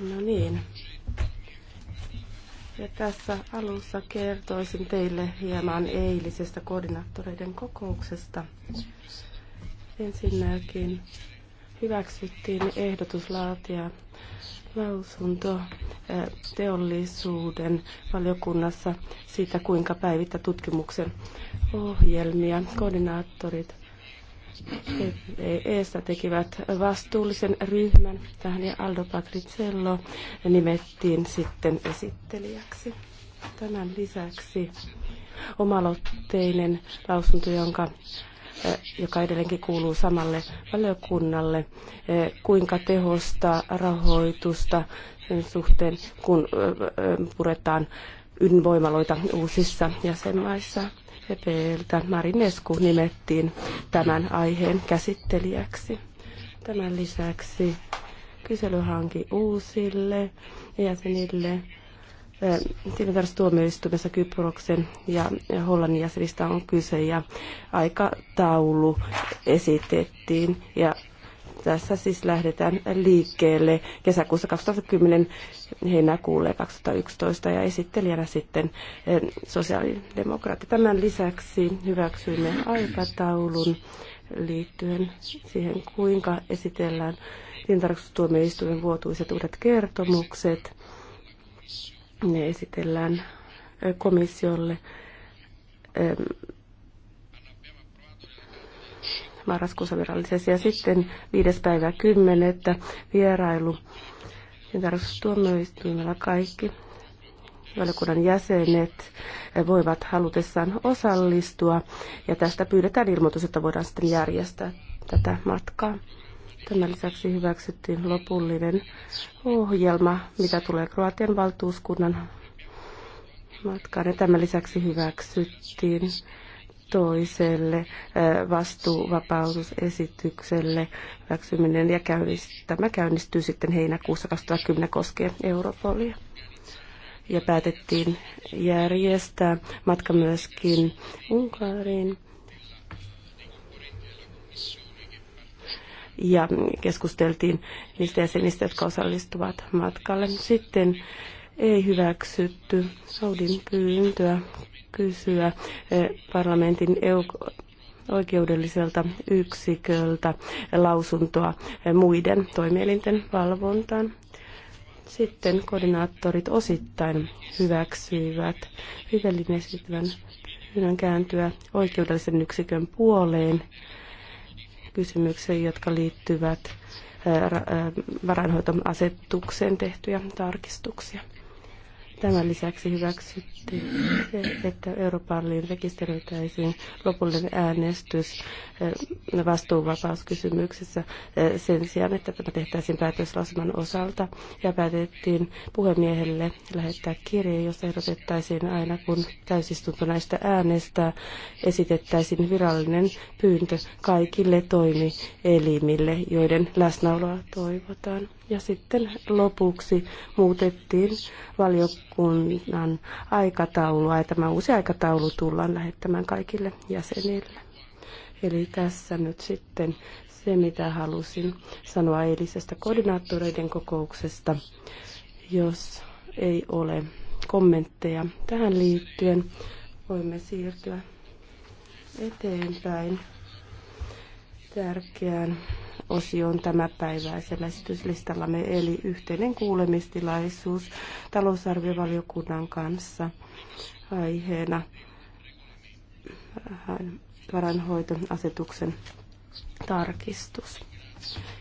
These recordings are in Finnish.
No niin. Ja tässä alussa kertoisin teille hieman eilisestä koordinaattoreiden kokouksesta. Ensinnäkin hyväksyttiin ehdotus laatia lausunto teollisuuden valiokunnassa siitä, kuinka päivittää tutkimuksen ohjelmia. Koordinaattorit EEstä tekivät vastuullisen ryhmän tähän ja Aldo Patricello nimettiin sitten esittelijäksi. Tämän lisäksi omalotteinen lausunto, jonka eh, joka edelleenkin kuuluu samalle valiokunnalle, eh, kuinka tehostaa rahoitusta sen suhteen, kun eh, puretaan ydinvoimaloita uusissa jäsenmaissa. EPLtä Marinesku nimettiin tämän aiheen käsittelijäksi. Tämän lisäksi kyselyhanki uusille jäsenille e, tilintarkastustuomioistuimessa Kyproksen ja Hollannin jäsenistä on kyse ja aikataulu esitettiin ja tässä siis lähdetään liikkeelle kesäkuussa 2010 heinäkuulle 2011 ja esittelijänä sitten eh, sosiaalidemokraatti. Tämän lisäksi hyväksyimme aikataulun liittyen siihen, kuinka esitellään tilintarkastustuomioistuimen vuotuiset uudet kertomukset. Ne esitellään eh, komissiolle marraskuussa virallisesti. Ja sitten 5. päivä 10. vierailu tarkastustuomioistuimella kaikki valiokunnan jäsenet voivat halutessaan osallistua. Ja tästä pyydetään ilmoitus, että voidaan sitten järjestää tätä matkaa. Tämän lisäksi hyväksyttiin lopullinen ohjelma, mitä tulee Kroatian valtuuskunnan matkaan. Ja tämän lisäksi hyväksyttiin toiselle vastuuvapautusesitykselle hyväksyminen ja tämä käynnistyy sitten heinäkuussa 2010 koskien Europolia. Ja päätettiin järjestää matka myöskin Unkariin. Ja keskusteltiin niistä jäsenistä, jotka osallistuvat matkalle. Sitten ei hyväksytty Saudin pyyntöä kysyä eh, parlamentin EU oikeudelliselta yksiköltä lausuntoa eh, muiden toimielinten valvontaan. Sitten koordinaattorit osittain hyväksyivät Hyvellin esittävän pyynnön kääntyä oikeudellisen yksikön puoleen kysymyksiin, jotka liittyvät eh, varainhoitoasetukseen tehtyjä tarkistuksia. Tämän lisäksi hyväksyttiin se, että Euroopan rekisteröitäisiin lopullinen äänestys eh, vastuunvapauskysymyksessä eh, sen sijaan, että tämä tehtäisiin päätöslasman osalta. Ja päätettiin puhemiehelle lähettää kirje, jossa ehdotettaisiin aina, kun täysistunto näistä äänestää, esitettäisiin virallinen pyyntö kaikille toimielimille, joiden läsnäoloa toivotaan ja sitten lopuksi muutettiin valiokunnan aikataulua ja tämä uusi aikataulu tullaan lähettämään kaikille jäsenille. Eli tässä nyt sitten se, mitä halusin sanoa eilisestä koordinaattoreiden kokouksesta. Jos ei ole kommentteja tähän liittyen, voimme siirtyä eteenpäin tärkeään osioon tämänpäiväisellä esityslistallamme, eli yhteinen kuulemistilaisuus talousarviovaliokunnan kanssa aiheena äh, varainhoitoasetuksen tarkistus.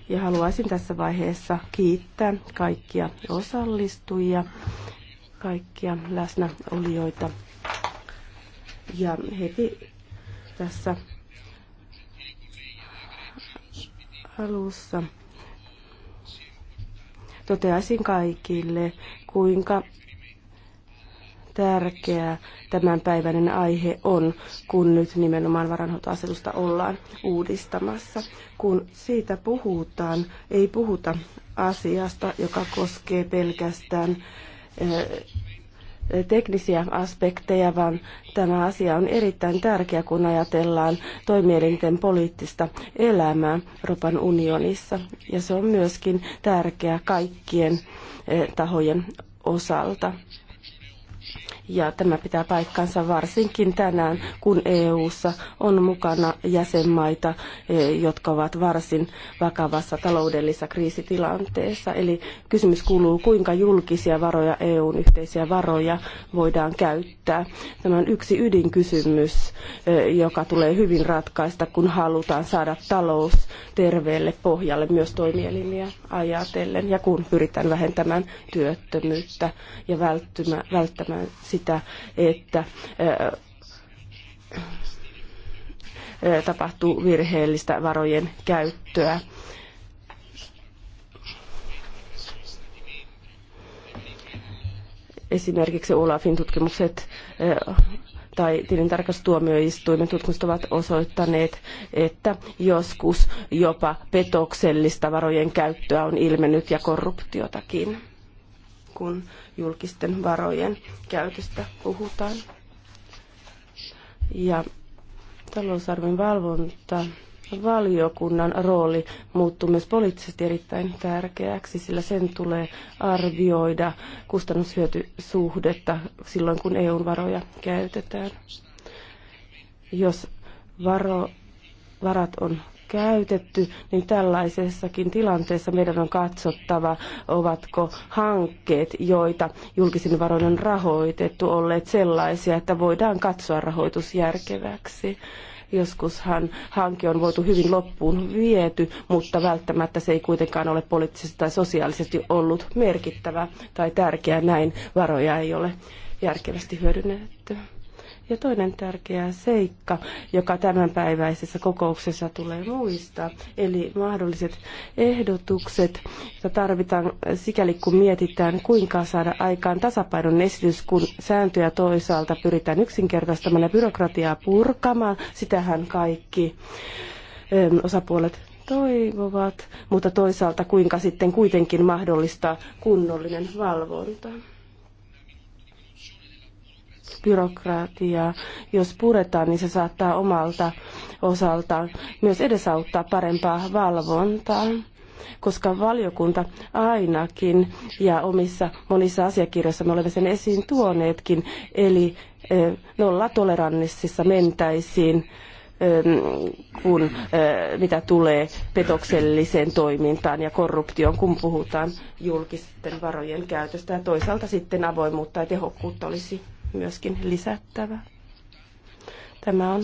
Ja haluaisin tässä vaiheessa kiittää kaikkia osallistujia, kaikkia läsnäolijoita. Ja heti tässä alussa toteaisin kaikille, kuinka tärkeä tämänpäiväinen aihe on, kun nyt nimenomaan varanhoitoasetusta ollaan uudistamassa. Kun siitä puhutaan, ei puhuta asiasta, joka koskee pelkästään eh, teknisiä aspekteja, vaan tämä asia on erittäin tärkeä, kun ajatellaan toimielinten poliittista elämää Euroopan unionissa. Ja se on myöskin tärkeä kaikkien eh, tahojen osalta ja tämä pitää paikkansa varsinkin tänään, kun EU:ssa on mukana jäsenmaita, e, jotka ovat varsin vakavassa taloudellisessa kriisitilanteessa. Eli kysymys kuuluu, kuinka julkisia varoja, EUn yhteisiä varoja voidaan käyttää. Tämä on yksi ydinkysymys, e, joka tulee hyvin ratkaista, kun halutaan saada talous terveelle pohjalle myös toimielimiä ajatellen ja kun pyritään vähentämään työttömyyttä ja välttämään sitä, sitä, että tapahtuu virheellistä varojen käyttöä. Esimerkiksi Olafin tutkimukset tai tilintarkastustuomioistuimen tutkimukset ovat osoittaneet, että joskus jopa petoksellista varojen käyttöä on ilmennyt ja korruptiotakin kun julkisten varojen käytöstä puhutaan. Ja talousarvon valvonta valiokunnan rooli muuttuu myös poliittisesti erittäin tärkeäksi, sillä sen tulee arvioida kustannushyötysuhdetta silloin, kun EUn varoja käytetään. Jos varo, varat on käytetty, niin tällaisessakin tilanteessa meidän on katsottava, ovatko hankkeet, joita julkisin varoin on rahoitettu, olleet sellaisia, että voidaan katsoa rahoitus järkeväksi joskushan hanke on voitu hyvin loppuun viety, mutta välttämättä se ei kuitenkaan ole poliittisesti tai sosiaalisesti ollut merkittävä tai tärkeä, näin varoja ei ole järkevästi hyödynnetty. Ja toinen tärkeä seikka, joka tämänpäiväisessä kokouksessa tulee muistaa, eli mahdolliset ehdotukset, joita tarvitaan sikäli kun mietitään, kuinka saada aikaan tasapainon esitys, kun sääntöjä toisaalta pyritään yksinkertaistamaan ja byrokratiaa purkamaan. Sitähän kaikki osapuolet toivovat, mutta toisaalta kuinka sitten kuitenkin mahdollistaa kunnollinen valvonta byrokratiaa, jos puretaan, niin se saattaa omalta osaltaan myös edesauttaa parempaa valvontaa koska valiokunta ainakin ja omissa monissa asiakirjoissa me olemme sen esiin tuoneetkin, eli e, nollatoleranssissa mentäisiin e, kun, e, mitä tulee petokselliseen toimintaan ja korruptioon, kun puhutaan julkisten varojen käytöstä ja toisaalta sitten avoimuutta ja tehokkuutta olisi myöskin lisättävä. Tämä on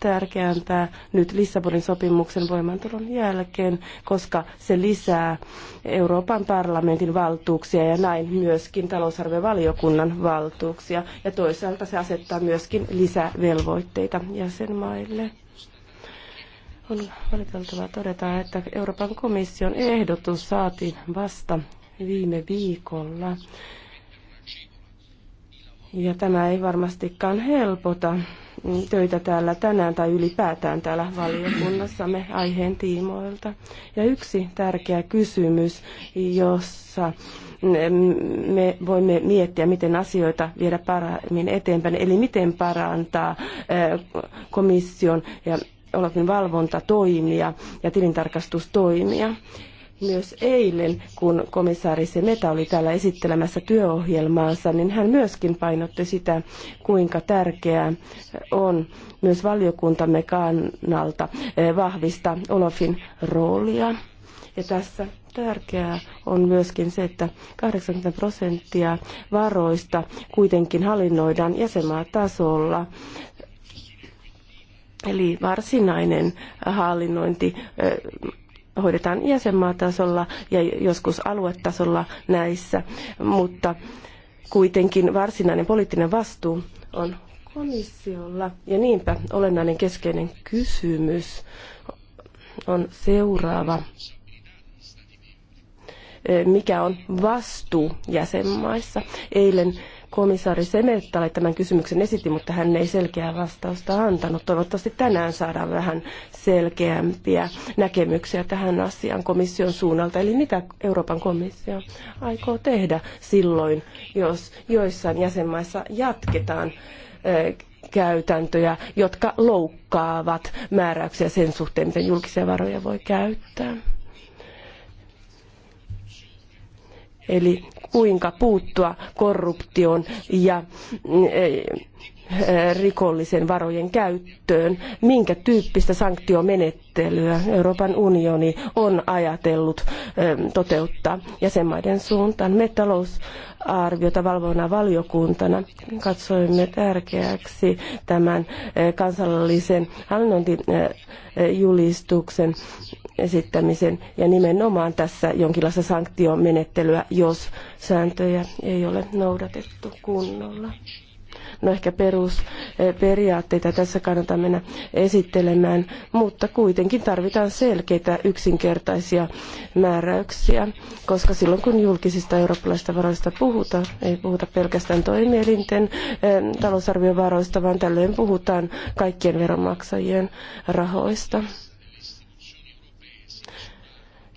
tärkeämpää nyt Lissabonin sopimuksen voimantulon jälkeen, koska se lisää Euroopan parlamentin valtuuksia ja näin myöskin talousarvevaliokunnan valtuuksia. Ja toisaalta se asettaa myöskin lisävelvoitteita jäsenmaille. On valiteltavaa todeta, että Euroopan komission ehdotus saatiin vasta viime viikolla. Ja tämä ei varmastikaan helpota töitä täällä tänään tai ylipäätään täällä valiokunnassamme aiheen tiimoilta. Ja yksi tärkeä kysymys, jossa me voimme miettiä, miten asioita viedä paremmin eteenpäin, eli miten parantaa eh, komission ja Olafin valvontatoimia ja tilintarkastustoimia myös eilen, kun komissaari Semeta oli täällä esittelemässä työohjelmaansa, niin hän myöskin painotti sitä, kuinka tärkeää on myös valiokuntamme kannalta eh, vahvistaa Olofin roolia. Ja tässä tärkeää on myöskin se, että 80 prosenttia varoista kuitenkin hallinnoidaan jäsenmaatasolla. Eli varsinainen hallinnointi eh, hoidetaan jäsenmaatasolla ja joskus aluetasolla näissä, mutta kuitenkin varsinainen poliittinen vastuu on komissiolla. Ja niinpä olennainen keskeinen kysymys on seuraava. Mikä on vastuu jäsenmaissa? Eilen komissaari Semettalle tämän kysymyksen esitti, mutta hän ei selkeää vastausta antanut. Toivottavasti tänään saadaan vähän selkeämpiä näkemyksiä tähän asiaan komission suunnalta. Eli mitä Euroopan komissio aikoo tehdä silloin, jos joissain jäsenmaissa jatketaan käytäntöjä, jotka loukkaavat määräyksiä sen suhteen, miten julkisia varoja voi käyttää. eli kuinka puuttua korruptioon ja eh, rikollisen varojen käyttöön. Minkä tyyppistä sanktiomenettelyä Euroopan unioni on ajatellut eh, toteuttaa jäsenmaiden suuntaan? Me talousarviota valvona valiokuntana katsoimme tärkeäksi tämän eh, kansallisen hallinnointijulistuksen esittämisen ja nimenomaan tässä jonkinlaista sanktiomenettelyä, jos sääntöjä ei ole noudatettu kunnolla. No ehkä perusperiaatteita tässä kannattaa mennä esittelemään, mutta kuitenkin tarvitaan selkeitä yksinkertaisia määräyksiä, koska silloin kun julkisista eurooppalaisista varoista puhutaan, ei puhuta pelkästään toimielinten eh, talousarviovaroista, vaan tällöin puhutaan kaikkien veronmaksajien rahoista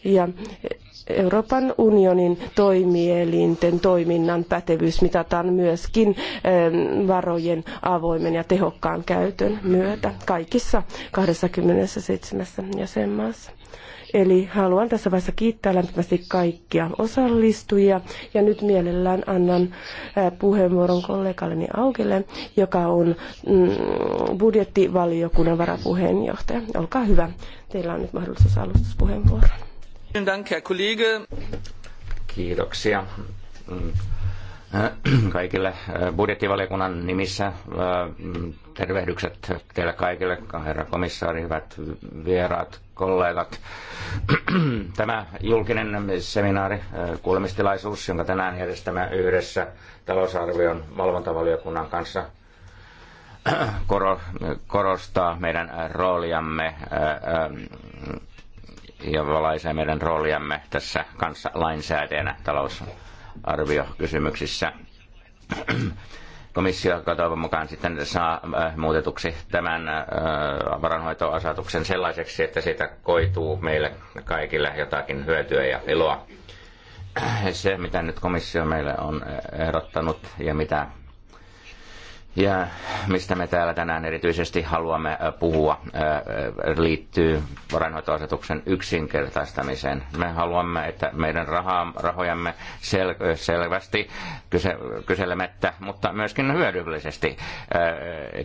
ja Euroopan unionin toimielinten toiminnan pätevyys mitataan myöskin ähm, varojen avoimen ja tehokkaan käytön myötä kaikissa 27 jäsenmaassa. Eli haluan tässä vaiheessa kiittää lämpimästi kaikkia osallistujia ja nyt mielellään annan äh, puheenvuoron kollegalleni Aukelle, joka on mm, budjettivaliokunnan varapuheenjohtaja. Olkaa hyvä, teillä on nyt mahdollisuus alustuspuheenvuoroon. Kiitoksia mm. kaikille äh, budjettivaliokunnan nimissä. Äh, tervehdykset teille kaikille, herra komissaari, hyvät vieraat, kollegat. Tämä julkinen seminaari, äh, kuulemistilaisuus, jonka tänään järjestämme yhdessä talousarvion valvontavaliokunnan kanssa, korostaa meidän rooliamme ähm, ja valaisee meidän rooliamme tässä kanssa lainsäätäjänä talousarviokysymyksissä. Komissio, joka toivon mukaan sitten saa äh, muutetuksi tämän äh, varanhoitoasetuksen sellaiseksi, että siitä koituu meille kaikille jotakin hyötyä ja iloa. Se, mitä nyt komissio meille on äh, ehdottanut ja mitä ja mistä me täällä tänään erityisesti haluamme äh, puhua, äh, äh, liittyy varainhoitoasetuksen yksinkertaistamiseen. Me haluamme, että meidän rahaa, rahojamme sel, selvästi kyse, kyselemättä, mutta myöskin hyödyllisesti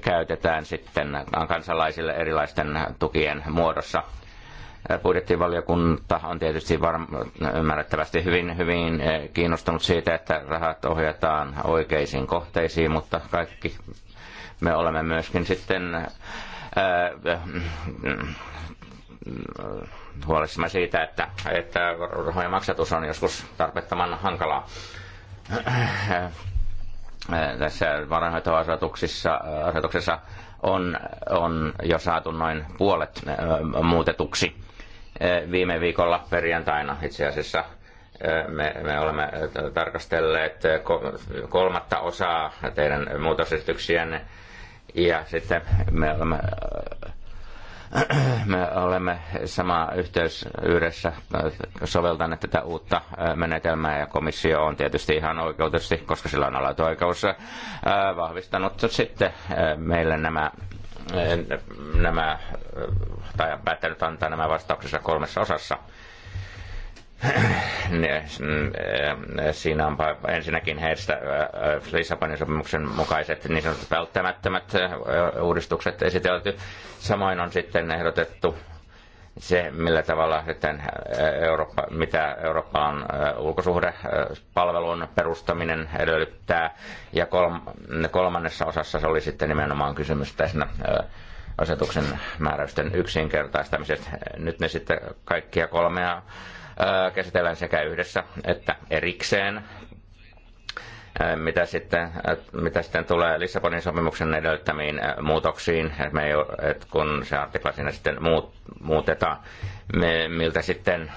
käytetään sitten kansalaisille erilaisten tukien muodossa budjettivaliokunta on tietysti varm- ymmärrettävästi hyvin, hyvin eh, kiinnostunut siitä, että rahat ohjataan oikeisiin kohteisiin, mutta kaikki me olemme myöskin sitten eh, huolissamme siitä, että, että rahojen maksatus on joskus tarpeettoman hankalaa. Eh, tässä varainhoitoasetuksessa on, on jo saatu noin puolet muutetuksi Eh, viime viikolla perjantaina itse asiassa eh, me, me olemme eh, tarkastelleet kolmatta osaa teidän muutosesityksiänne ja sitten me olemme, me olemme sama yhteys yhdessä soveltaneet tätä uutta menetelmää ja komissio on tietysti ihan oikeutusti, koska sillä on alaitoikeus vahvistanut sitten meille nämä nämä, tai on päättänyt antaa nämä vastauksensa kolmessa osassa. Eh, siinä on ensinnäkin heistä eh, Lissabonin sopimuksen mukaiset niin sanotut välttämättömät eh, uudistukset esitelty. Samoin on sitten ehdotettu se, millä tavalla sitten äh, Eurooppa, mitä Euroopan äh, ulkosuhdepalvelun äh, perustaminen edellyttää. Ja kolmannessa osassa se oli sitten nimenomaan kysymys tässä asetuksen määräysten yksinkertaistamisesta. Nyt ne sitten kaikkia kolmea käsitellään sekä yhdessä että erikseen Äh, mitä sitten, äh, mitä sitten tulee Lissabonin sopimuksen edellyttämiin äh, muutoksiin, me ei, että kun se artikla siinä sitten muut, muutetaan, me, miltä sitten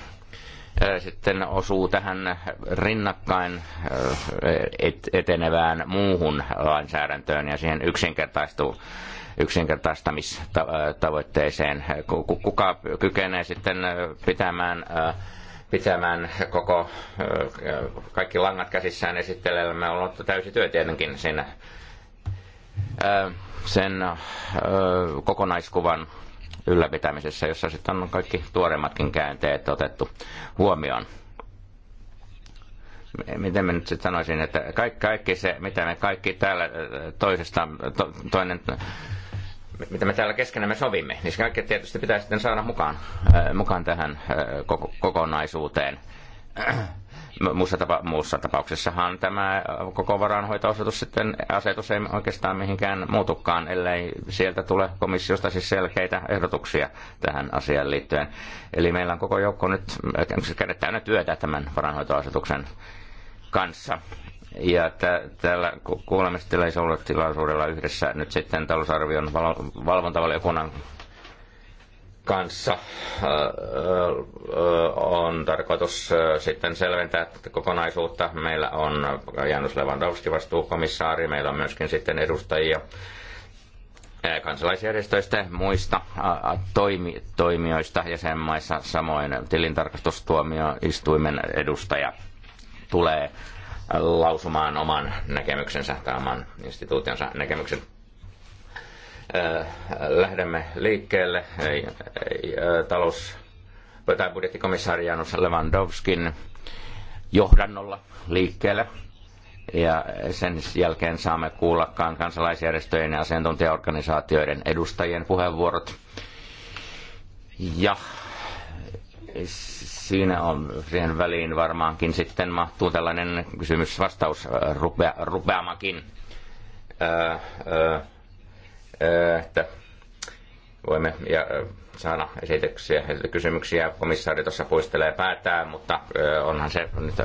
sitten osuu tähän rinnakkain etenevään muuhun lainsäädäntöön ja siihen yksinkertaistuu yksinkertaistamistavoitteeseen. Kuka kykenee sitten pitämään pitämään koko, kaikki langat käsissään esittelellä. Me on ollut täysi työ tietenkin siinä sen kokonaiskuvan ylläpitämisessä, jossa sitten on kaikki tuoreimmatkin käänteet otettu huomioon. Miten mä nyt sitten sanoisin, että kaikki, kaikki se, mitä me kaikki täällä toisesta, to, toinen mitä me täällä keskenämme sovimme, niin se kaikki tietysti pitää sitten saada mukaan, äh, mukaan tähän äh, kokonaisuuteen. Äh, muussa, tapa, muussa tapauksessahan tämä koko varainhoitoasetus sitten asetus ei oikeastaan mihinkään muutukaan, ellei sieltä tule komissiosta siis selkeitä ehdotuksia tähän asiaan liittyen. Eli meillä on koko joukko nyt kädet täynnä työtä tämän varainhoitoasetuksen kanssa. Ja tällä kuulemistilaisuudella yhdessä nyt sitten talousarvion val- valvontavaliokunnan kanssa on tarkoitus sitten selventää tätä kokonaisuutta. Meillä on Janus Lewandowski vastuukomissaari, meillä on myöskin sitten edustajia kansalaisjärjestöistä, muista toimi, toimijoista jäsenmaissa, samoin tilintarkastustuomioistuimen edustaja tulee lausumaan oman näkemyksensä tai oman instituutionsa näkemyksen. Lähdemme liikkeelle talous- tai budjettikomissaari Janus Lewandowskin johdannolla liikkeelle. Ja sen jälkeen saamme kuulla kansalaisjärjestöjen ja asiantuntijaorganisaatioiden edustajien puheenvuorot. Ja siinä on, siihen väliin varmaankin sitten mahtuu tällainen kysymys-vastaus äh, rupea, rupeamakin. Ää, äh, ää, äh, ää, että voimme ja, saada esityksiä ja kysymyksiä. Komissaari tuossa puistelee päätään, mutta onhan se nyt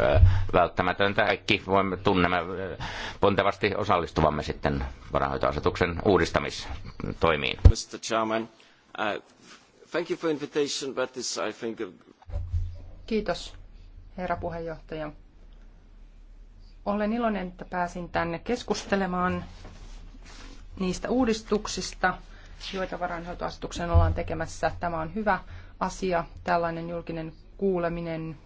välttämätöntä. Kaikki voimme tunnemme pontevasti osallistuvamme sitten varahoitoasetuksen uudistamistoimiin. Mr. Chairman, uh, thank you for invitation, but this I think Kiitos, herra puheenjohtaja. Olen iloinen, että pääsin tänne keskustelemaan niistä uudistuksista, joita varainhoitoasetuksen ollaan tekemässä. Tämä on hyvä asia, tällainen julkinen kuuleminen.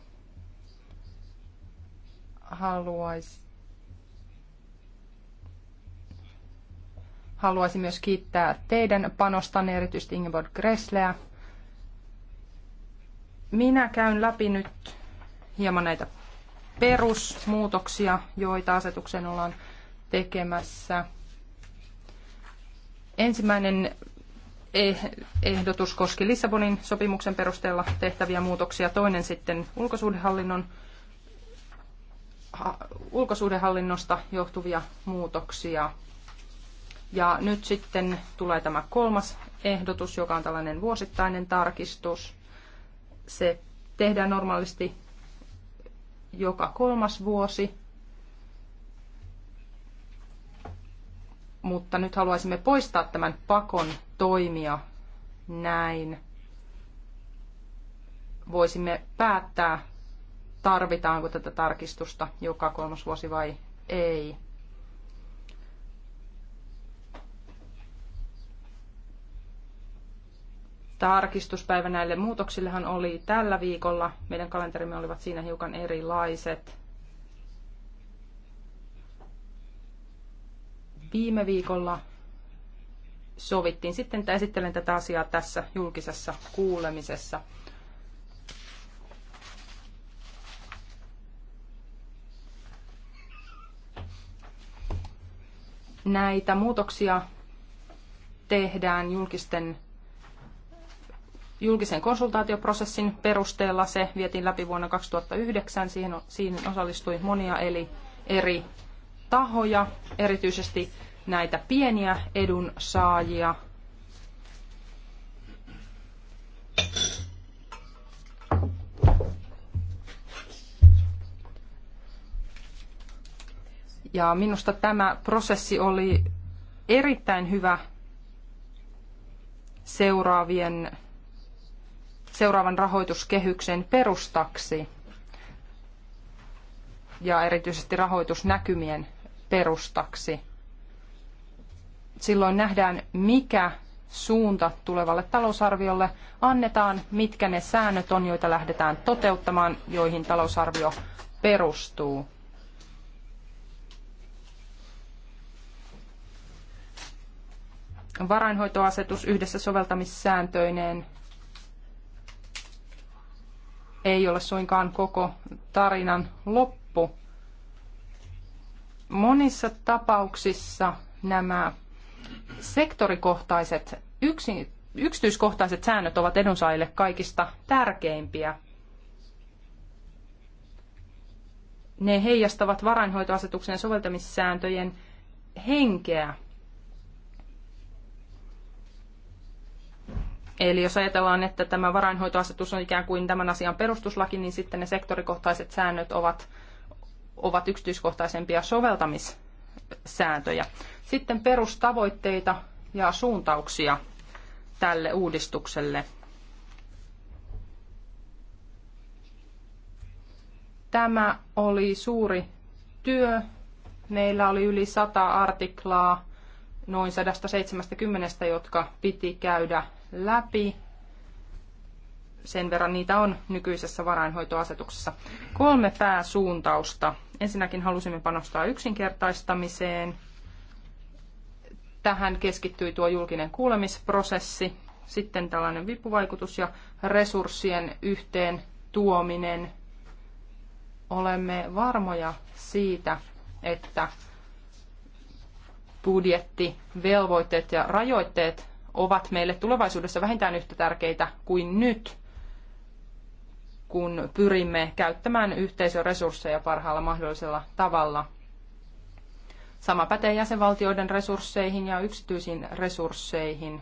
Haluaisin haluaisi myös kiittää teidän panostanne, erityisesti Ingeborg Gressleä, minä käyn läpi nyt hieman näitä perusmuutoksia, joita asetuksen ollaan tekemässä. Ensimmäinen eh- ehdotus koski Lissabonin sopimuksen perusteella tehtäviä muutoksia, toinen sitten ulkosuhdehallinnon, ulkosuhdehallinnosta johtuvia muutoksia. Ja nyt sitten tulee tämä kolmas ehdotus, joka on tällainen vuosittainen tarkistus – se tehdään normaalisti joka kolmas vuosi, mutta nyt haluaisimme poistaa tämän pakon toimia näin. Voisimme päättää, tarvitaanko tätä tarkistusta joka kolmas vuosi vai ei. tarkistuspäivä näille muutoksillehan oli tällä viikolla. Meidän kalenterimme olivat siinä hiukan erilaiset. Viime viikolla sovittiin sitten, että esittelen tätä asiaa tässä julkisessa kuulemisessa. Näitä muutoksia tehdään julkisten julkisen konsultaatioprosessin perusteella. Se vietiin läpi vuonna 2009. Siihen, siihen osallistui monia eli eri tahoja, erityisesti näitä pieniä edunsaajia. Ja minusta tämä prosessi oli erittäin hyvä seuraavien seuraavan rahoituskehyksen perustaksi ja erityisesti rahoitusnäkymien perustaksi. Silloin nähdään, mikä suunta tulevalle talousarviolle annetaan, mitkä ne säännöt on, joita lähdetään toteuttamaan, joihin talousarvio perustuu. Varainhoitoasetus yhdessä soveltamissääntöineen ei ole suinkaan koko tarinan loppu. Monissa tapauksissa nämä sektorikohtaiset yksi, yksityiskohtaiset säännöt ovat edunsaajille kaikista tärkeimpiä. Ne heijastavat varainhoitoasetuksen soveltamissääntöjen henkeä Eli jos ajatellaan, että tämä varainhoitoasetus on ikään kuin tämän asian perustuslaki, niin sitten ne sektorikohtaiset säännöt ovat, ovat yksityiskohtaisempia soveltamissääntöjä. Sitten perustavoitteita ja suuntauksia tälle uudistukselle. Tämä oli suuri työ. Meillä oli yli sata artiklaa noin 170, jotka piti käydä läpi. Sen verran niitä on nykyisessä varainhoitoasetuksessa. Kolme pääsuuntausta. Ensinnäkin halusimme panostaa yksinkertaistamiseen. Tähän keskittyi tuo julkinen kuulemisprosessi, sitten tällainen vipuvaikutus ja resurssien yhteen tuominen. Olemme varmoja siitä, että budjetti, velvoitteet ja rajoitteet ovat meille tulevaisuudessa vähintään yhtä tärkeitä kuin nyt, kun pyrimme käyttämään yhteisön resursseja parhaalla mahdollisella tavalla. Sama pätee jäsenvaltioiden resursseihin ja yksityisiin resursseihin.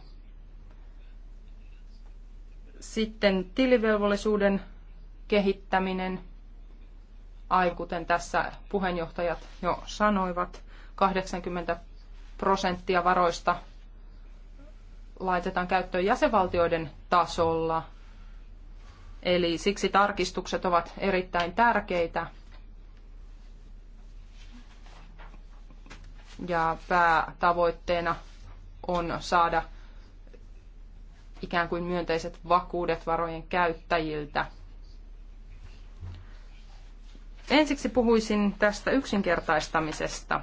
Sitten tilivelvollisuuden kehittäminen, aikuten kuten tässä puheenjohtajat jo sanoivat, 80 prosenttia varoista laitetaan käyttöön jäsenvaltioiden tasolla. Eli siksi tarkistukset ovat erittäin tärkeitä. Ja päätavoitteena on saada ikään kuin myönteiset vakuudet varojen käyttäjiltä. Ensiksi puhuisin tästä yksinkertaistamisesta.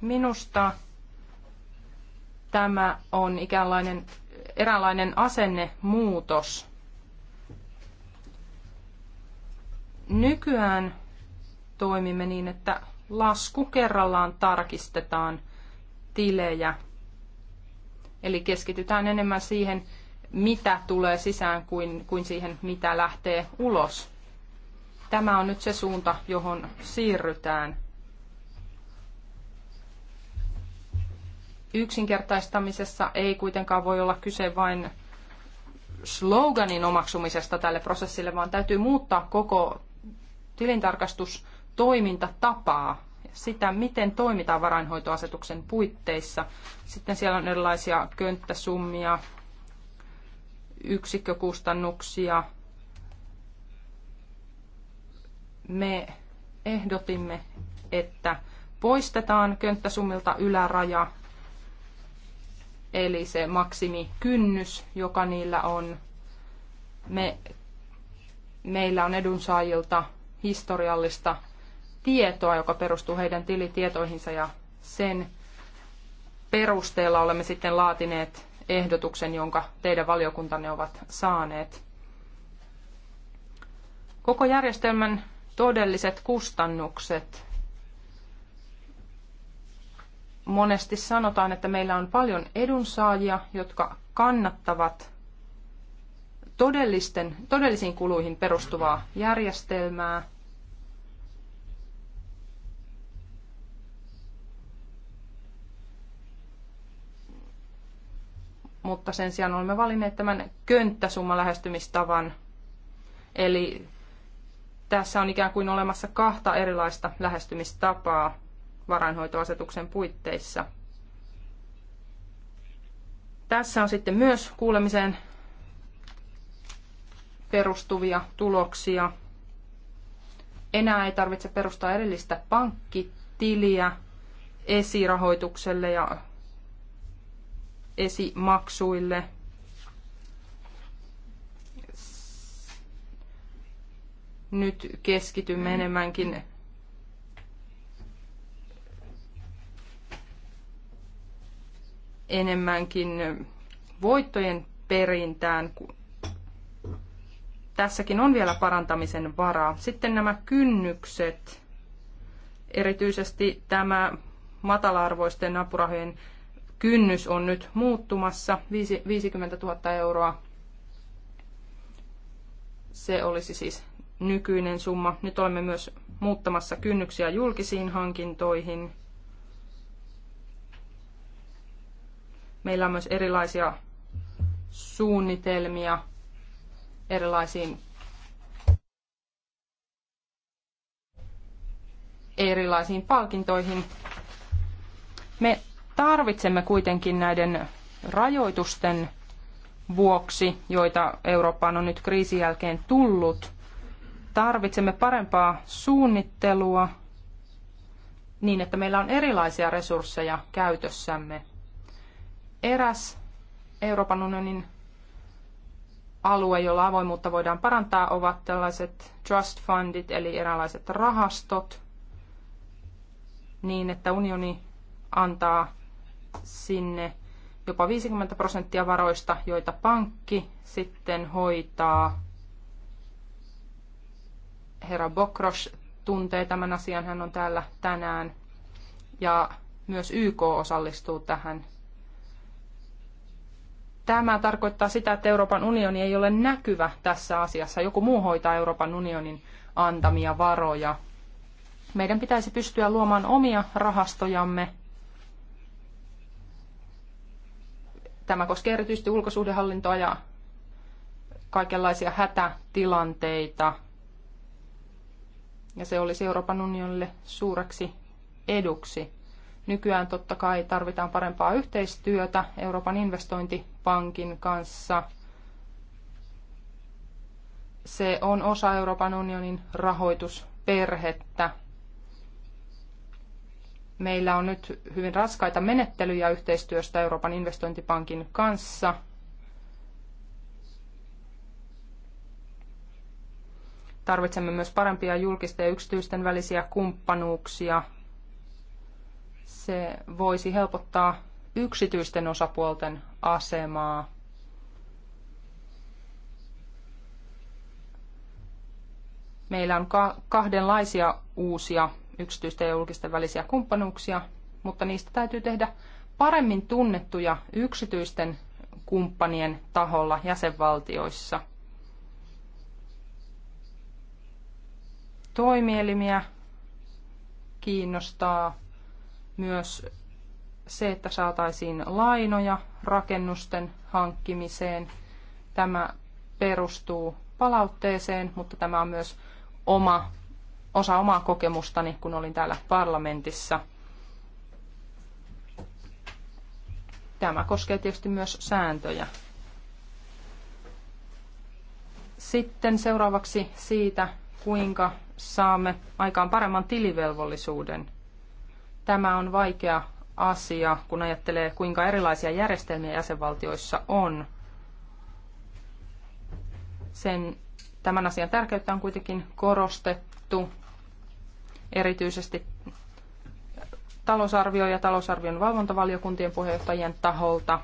Minusta Tämä on ikäänlainen, eräänlainen asennemuutos. Nykyään toimimme niin, että lasku kerrallaan tarkistetaan tilejä. Eli keskitytään enemmän siihen, mitä tulee sisään kuin, kuin siihen, mitä lähtee ulos. Tämä on nyt se suunta, johon siirrytään. Yksinkertaistamisessa ei kuitenkaan voi olla kyse vain sloganin omaksumisesta tälle prosessille, vaan täytyy muuttaa koko tilintarkastustoimintatapaa, sitä, miten toimitaan varainhoitoasetuksen puitteissa. Sitten siellä on erilaisia könttäsummia, yksikkökustannuksia. Me ehdotimme, että poistetaan könttäsummilta yläraja eli se maksimikynnys, joka niillä on. Me, meillä on edunsaajilta historiallista tietoa, joka perustuu heidän tilitietoihinsa ja sen perusteella olemme sitten laatineet ehdotuksen, jonka teidän valiokuntanne ovat saaneet. Koko järjestelmän todelliset kustannukset monesti sanotaan, että meillä on paljon edunsaajia, jotka kannattavat todellisten, todellisiin kuluihin perustuvaa järjestelmää. Mutta sen sijaan olemme valinneet tämän könttäsummalähestymistavan. lähestymistavan. Eli tässä on ikään kuin olemassa kahta erilaista lähestymistapaa varainhoitoasetuksen puitteissa. Tässä on sitten myös kuulemiseen perustuvia tuloksia. Enää ei tarvitse perustaa erillistä pankkitiliä esirahoitukselle ja esimaksuille. Nyt keskitymme enemmänkin enemmänkin voittojen perintään. Tässäkin on vielä parantamisen varaa. Sitten nämä kynnykset, erityisesti tämä matala-arvoisten apurahojen kynnys on nyt muuttumassa, 50 000 euroa. Se olisi siis nykyinen summa. Nyt olemme myös muuttamassa kynnyksiä julkisiin hankintoihin – Meillä on myös erilaisia suunnitelmia erilaisiin erilaisiin palkintoihin. Me tarvitsemme kuitenkin näiden rajoitusten vuoksi, joita Eurooppaan on nyt kriisin jälkeen tullut, tarvitsemme parempaa suunnittelua niin, että meillä on erilaisia resursseja käytössämme. Eräs Euroopan unionin alue, jolla avoimuutta voidaan parantaa, ovat tällaiset trust fundit, eli eräänlaiset rahastot, niin että unioni antaa sinne jopa 50 prosenttia varoista, joita pankki sitten hoitaa. Herra Bokros tuntee tämän asian, hän on täällä tänään. Ja myös YK osallistuu tähän Tämä tarkoittaa sitä, että Euroopan unioni ei ole näkyvä tässä asiassa. Joku muu hoitaa Euroopan unionin antamia varoja. Meidän pitäisi pystyä luomaan omia rahastojamme. Tämä koskee erityisesti ulkosuhdehallintoa ja kaikenlaisia hätätilanteita. Ja se olisi Euroopan unionille suureksi eduksi. Nykyään totta kai tarvitaan parempaa yhteistyötä Euroopan investointipankin kanssa. Se on osa Euroopan unionin rahoitusperhettä. Meillä on nyt hyvin raskaita menettelyjä yhteistyöstä Euroopan investointipankin kanssa. Tarvitsemme myös parempia julkisten ja yksityisten välisiä kumppanuuksia se voisi helpottaa yksityisten osapuolten asemaa. Meillä on kahdenlaisia uusia yksityisten ja julkisten välisiä kumppanuuksia, mutta niistä täytyy tehdä paremmin tunnettuja yksityisten kumppanien taholla jäsenvaltioissa. Toimielimiä kiinnostaa myös se, että saataisiin lainoja rakennusten hankkimiseen. Tämä perustuu palautteeseen, mutta tämä on myös oma, osa omaa kokemustani, kun olin täällä parlamentissa. Tämä koskee tietysti myös sääntöjä. Sitten seuraavaksi siitä, kuinka saamme aikaan paremman tilivelvollisuuden – Tämä on vaikea asia, kun ajattelee, kuinka erilaisia järjestelmiä jäsenvaltioissa on. Sen, tämän asian tärkeyttä on kuitenkin korostettu erityisesti talousarvio- ja talousarvion valvontavaliokuntien puheenjohtajien taholta.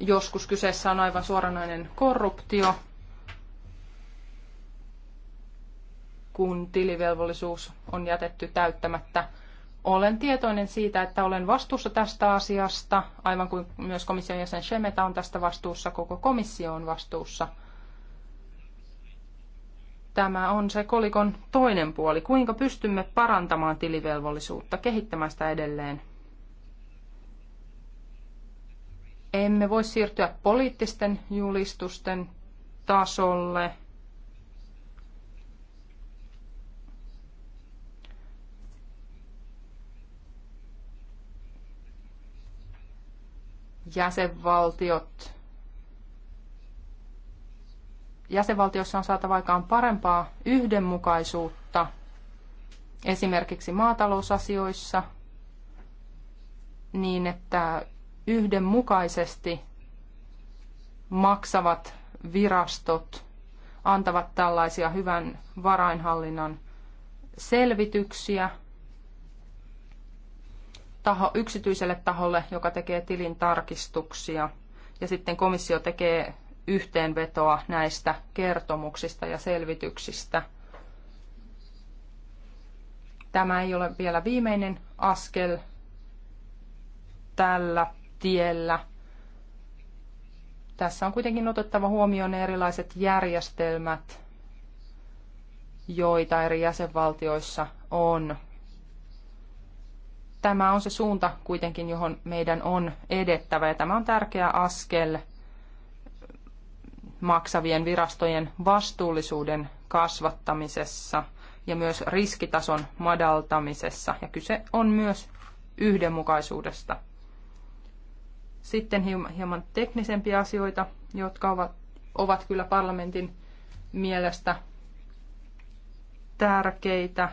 Joskus kyseessä on aivan suoranainen korruptio, kun tilivelvollisuus on jätetty täyttämättä. Olen tietoinen siitä, että olen vastuussa tästä asiasta, aivan kuin myös komission jäsen Shemeta on tästä vastuussa, koko komissio on vastuussa. Tämä on se kolikon toinen puoli. Kuinka pystymme parantamaan tilivelvollisuutta, kehittämään sitä edelleen? Emme voi siirtyä poliittisten julistusten tasolle – jäsenvaltiot jäsenvaltiossa on saatava aikaan parempaa yhdenmukaisuutta esimerkiksi maatalousasioissa niin, että yhdenmukaisesti maksavat virastot antavat tällaisia hyvän varainhallinnan selvityksiä – taho, yksityiselle taholle, joka tekee tilintarkistuksia. Ja sitten komissio tekee yhteenvetoa näistä kertomuksista ja selvityksistä. Tämä ei ole vielä viimeinen askel tällä tiellä. Tässä on kuitenkin otettava huomioon ne erilaiset järjestelmät, joita eri jäsenvaltioissa on tämä on se suunta kuitenkin, johon meidän on edettävä ja tämä on tärkeä askel maksavien virastojen vastuullisuuden kasvattamisessa ja myös riskitason madaltamisessa. Ja kyse on myös yhdenmukaisuudesta. Sitten hieman teknisempiä asioita, jotka ovat, ovat kyllä parlamentin mielestä tärkeitä.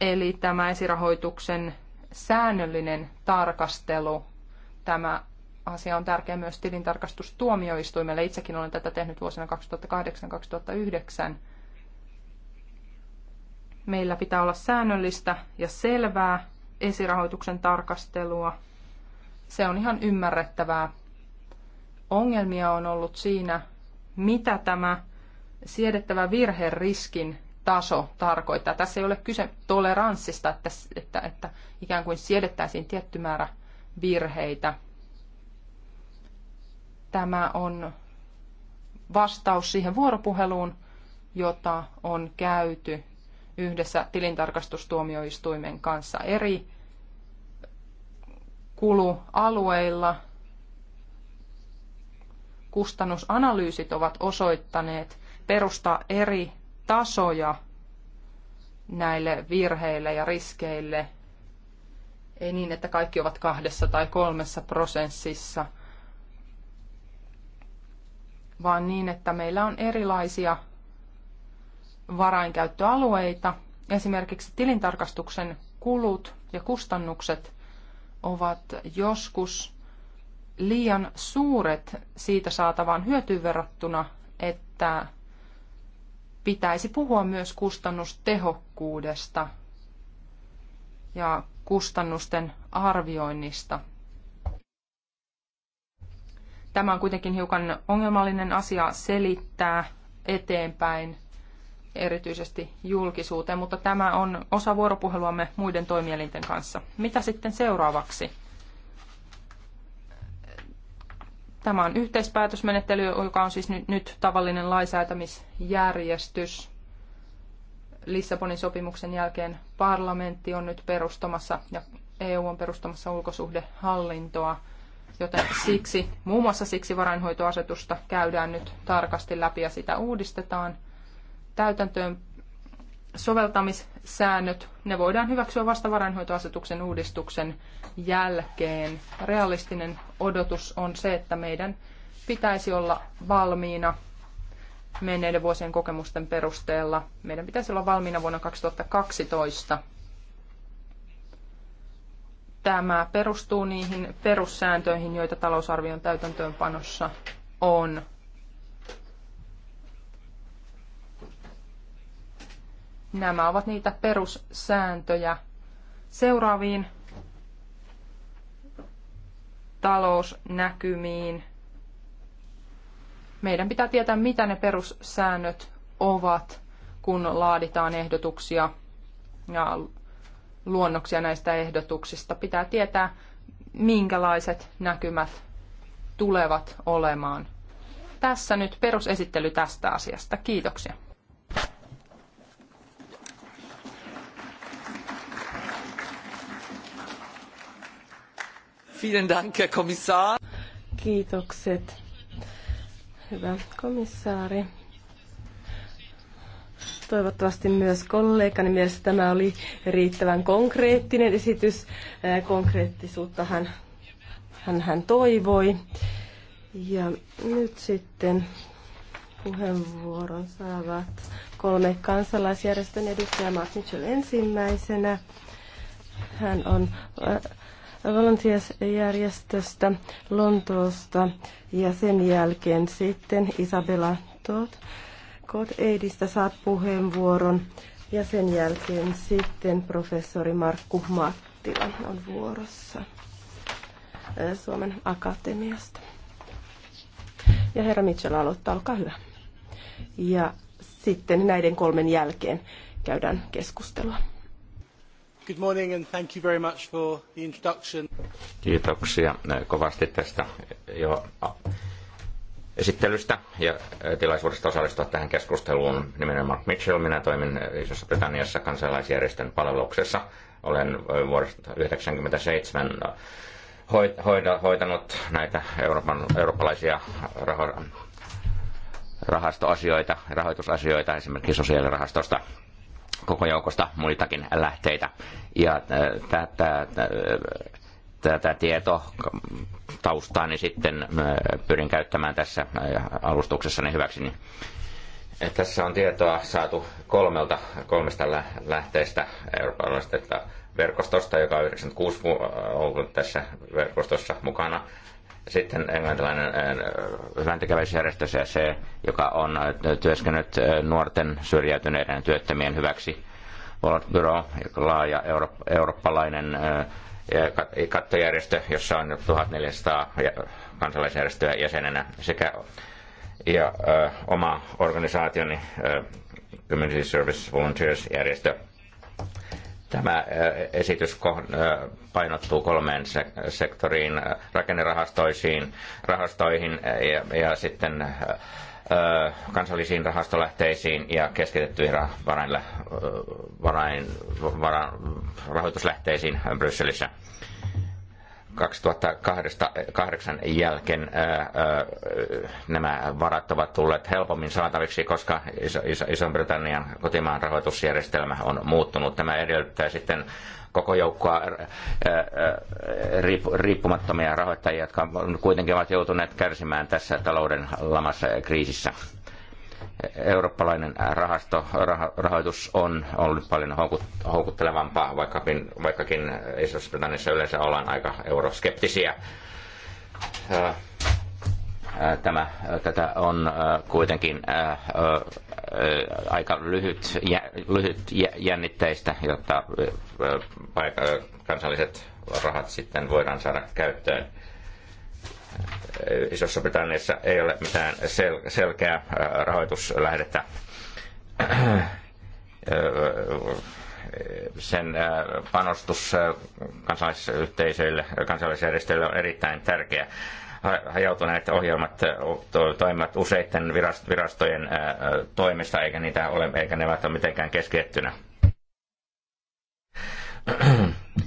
Eli tämä esirahoituksen säännöllinen tarkastelu. Tämä asia on tärkeä myös tilintarkastustuomioistuimelle. Itsekin olen tätä tehnyt vuosina 2008-2009. Meillä pitää olla säännöllistä ja selvää esirahoituksen tarkastelua. Se on ihan ymmärrettävää. Ongelmia on ollut siinä, mitä tämä siedettävä virheriskin taso tarkoittaa. Tässä ei ole kyse toleranssista, että, että, että ikään kuin siedettäisiin tietty määrä virheitä. Tämä on vastaus siihen vuoropuheluun, jota on käyty yhdessä tilintarkastustuomioistuimen kanssa eri kulualueilla. Kustannusanalyysit ovat osoittaneet perusta eri tasoja näille virheille ja riskeille. Ei niin, että kaikki ovat kahdessa tai kolmessa prosessissa, vaan niin, että meillä on erilaisia varainkäyttöalueita. Esimerkiksi tilintarkastuksen kulut ja kustannukset ovat joskus liian suuret siitä saatavaan hyötyyn verrattuna, että pitäisi puhua myös kustannustehokkuudesta ja kustannusten arvioinnista. Tämä on kuitenkin hiukan ongelmallinen asia selittää eteenpäin, erityisesti julkisuuteen, mutta tämä on osa vuoropuheluamme muiden toimielinten kanssa. Mitä sitten seuraavaksi? Tämä on yhteispäätösmenettely, joka on siis nyt, tavallinen lainsäätämisjärjestys. Lissabonin sopimuksen jälkeen parlamentti on nyt perustamassa ja EU on perustamassa ulkosuhdehallintoa, joten siksi, muun muassa siksi varainhoitoasetusta käydään nyt tarkasti läpi ja sitä uudistetaan. Täytäntöön soveltamissäännöt, ne voidaan hyväksyä vasta varainhoitoasetuksen uudistuksen jälkeen. Realistinen odotus on se, että meidän pitäisi olla valmiina menneiden vuosien kokemusten perusteella. Meidän pitäisi olla valmiina vuonna 2012. Tämä perustuu niihin perussääntöihin, joita talousarvion täytäntöönpanossa on. Nämä ovat niitä perussääntöjä seuraaviin talousnäkymiin. Meidän pitää tietää, mitä ne perussäännöt ovat, kun laaditaan ehdotuksia ja luonnoksia näistä ehdotuksista. Pitää tietää, minkälaiset näkymät tulevat olemaan. Tässä nyt perusesittely tästä asiasta. Kiitoksia. Vielen Dank, Herr Kommissar. Kiitokset, hyvä komissaari. Toivottavasti myös kollegani mielestä tämä oli riittävän konkreettinen esitys. Eh, Konkreettisuutta hän, hän, hän toivoi. Ja nyt sitten puheenvuoron saavat kolme kansalaisjärjestön edustajaa. Martin Schell ensimmäisenä. Hän on eh, Volunteers-järjestöstä Lontoosta ja sen jälkeen sitten Isabella Todd Code saat puheenvuoron ja sen jälkeen sitten professori Markku Mattila on vuorossa Suomen Akatemiasta. Ja herra Mitchell aloittaa, olkaa hyvä. Ja sitten näiden kolmen jälkeen käydään keskustelua. Good morning and thank you very much for the introduction. Kiitoksia eh, kovasti tästä jo esittelystä ja eh, tilaisuudesta osallistua tähän keskusteluun. Nimeni Mark Mitchell, minä toimin eh, Isossa Britanniassa kansalaisjärjestön palveluksessa. Olen vuodesta 1997 hoitanut näitä Euroopan, eurooppalaisia raho, rahastoasioita, rahoitusasioita esimerkiksi sosiaalirahastosta koko joukosta muitakin lähteitä. Ja äh, tätä äh, tietotaustaa niin sitten äh, pyrin käyttämään tässä alustuksessani hyväksi. Niin, tässä on tietoa saatu kolmelta, kolmesta lähteestä eurooppalaisesta verkostosta, joka on 96 ollut tässä verkostossa mukana. Sitten englantilainen hyväntekeväisyysjärjestö eh, CC, joka on eh, työskennellyt eh, nuorten syrjäytyneiden työttömien hyväksi. World Bureau, laaja euro, eurooppalainen kattojärjestö, jossa on 1400 kansalaisjärjestöä jäsenenä sekä ja, ö, oma organisaationi ö, Community Service Volunteers-järjestö Tämä esitys painottuu kolmeen sektoriin, rakennerahastoisiin rahastoihin ja, ja sitten kansallisiin rahastolähteisiin ja keskitettyihin varain, varain, varain, rahoituslähteisiin Brysselissä. 2008 jälkeen nämä varat ovat tulleet helpommin saataviksi, koska Iso-Britannian kotimaan rahoitusjärjestelmä on muuttunut. Tämä edellyttää sitten koko joukkoa riippumattomia rahoittajia, jotka kuitenkin ovat joutuneet kärsimään tässä talouden lamassa kriisissä eurooppalainen rahasto, rah, rahoitus on ollut paljon houkut, houkuttelevampaa, vaikkakin, vaikkakin Iso-Britanniassa yleensä ollaan aika euroskeptisiä. Tämä, tätä on kuitenkin aika lyhyt, lyhyt jännitteistä, jotta kansalliset rahat sitten voidaan saada käyttöön Isossa Britanniassa ei ole mitään sel- selkeää rahoituslähdettä. Sen panostus kansalaisyhteisöille, kansalaisjärjestöille on erittäin tärkeä. Hajautuneet ohjelmat toimivat useiden virastojen toimesta, eikä, niitä ole, eikä ne ole mitenkään keskittynä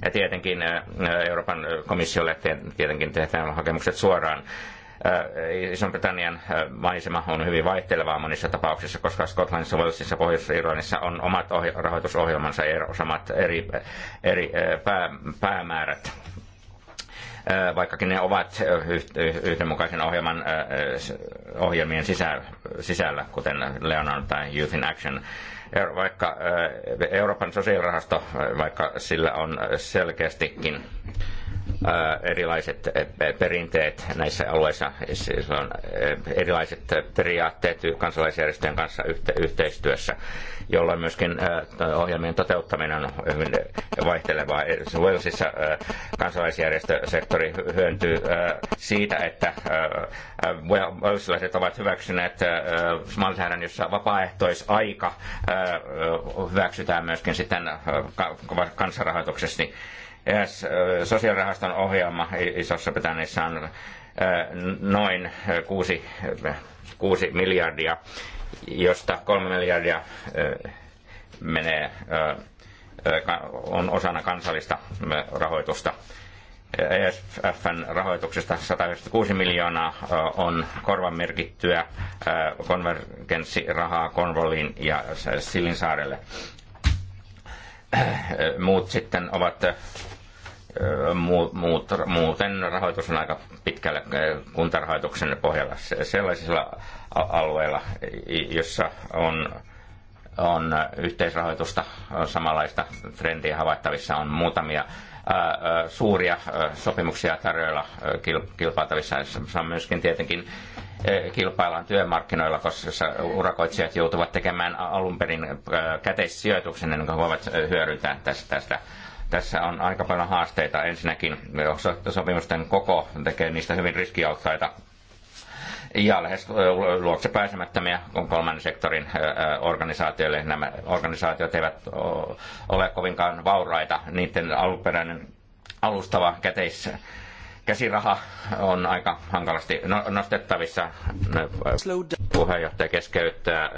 ja tietenkin äh, äh, Euroopan komissiolle tietenkin tehdään hakemukset suoraan. Äh, Iso-Britannian maisema on hyvin vaihtelevaa monissa tapauksissa, koska Skotlannissa, Walesissa ja Pohjois-Irlannissa on omat rahoitusohjelmansa ja samat eri, eri pää, päämäärät vaikkakin ne ovat yhdenmukaisen ohjelman, ohjelmien sisällä, sisällä kuten Leonard tai Youth in Action vaikka eh, Euroopan sosiaalirahasto, eh, vaikka sillä on eh, selkeästikin erilaiset eh, perinteet näissä alueissa, siis on eh, erilaiset periaatteet kansalaisjärjestöjen kanssa yhteistyössä, jolloin myöskin ohjelmien toteuttaminen on hyvin vaihtelevaa. Eh, Walesissa kansalaisjärjestösektori hyöntyy siitä, että walesilaiset ovat hyväksyneet lainsäädännön, jossa vapaaehtoisaika hyväksytään myöskin sitten niin eräs äh, sosiaalirahaston ohjelma isossa britanniassa on äh, noin 6, äh, 6 miljardia, josta 3 miljardia menee, on osana kansallista rahoitusta. ESFn rahoituksesta 196 miljoonaa on korvamerkittyä konvergenssirahaa Konvolin ja Silinsaarelle Äh, muut sitten ovat äh, muut, muuten rahoitus on aika pitkälle äh, kuntarahoituksen pohjalla sellaisilla alueilla, jossa on, on yhteisrahoitusta samanlaista trendiä havaittavissa on muutamia suuria sopimuksia tarjoilla kilpailtavissa. Se on myöskin tietenkin Eh, kilpaillaan työmarkkinoilla, koska urakoitsijat joutuvat tekemään alun perin eh, käteissijoituksen, kuin voivat eh, hyödyntää tästä. Tässä on aika paljon haasteita. Ensinnäkin sopimusten koko tekee niistä hyvin riskialttaita ja lähes luokse pääsemättömiä kolmannen sektorin organisaatioille. Nämä organisaatiot eivät ole kovinkaan vauraita. Niiden alkuperäinen alustava käteis käsiraha on aika hankalasti no, nostettavissa. Puheenjohtaja keskeyttää,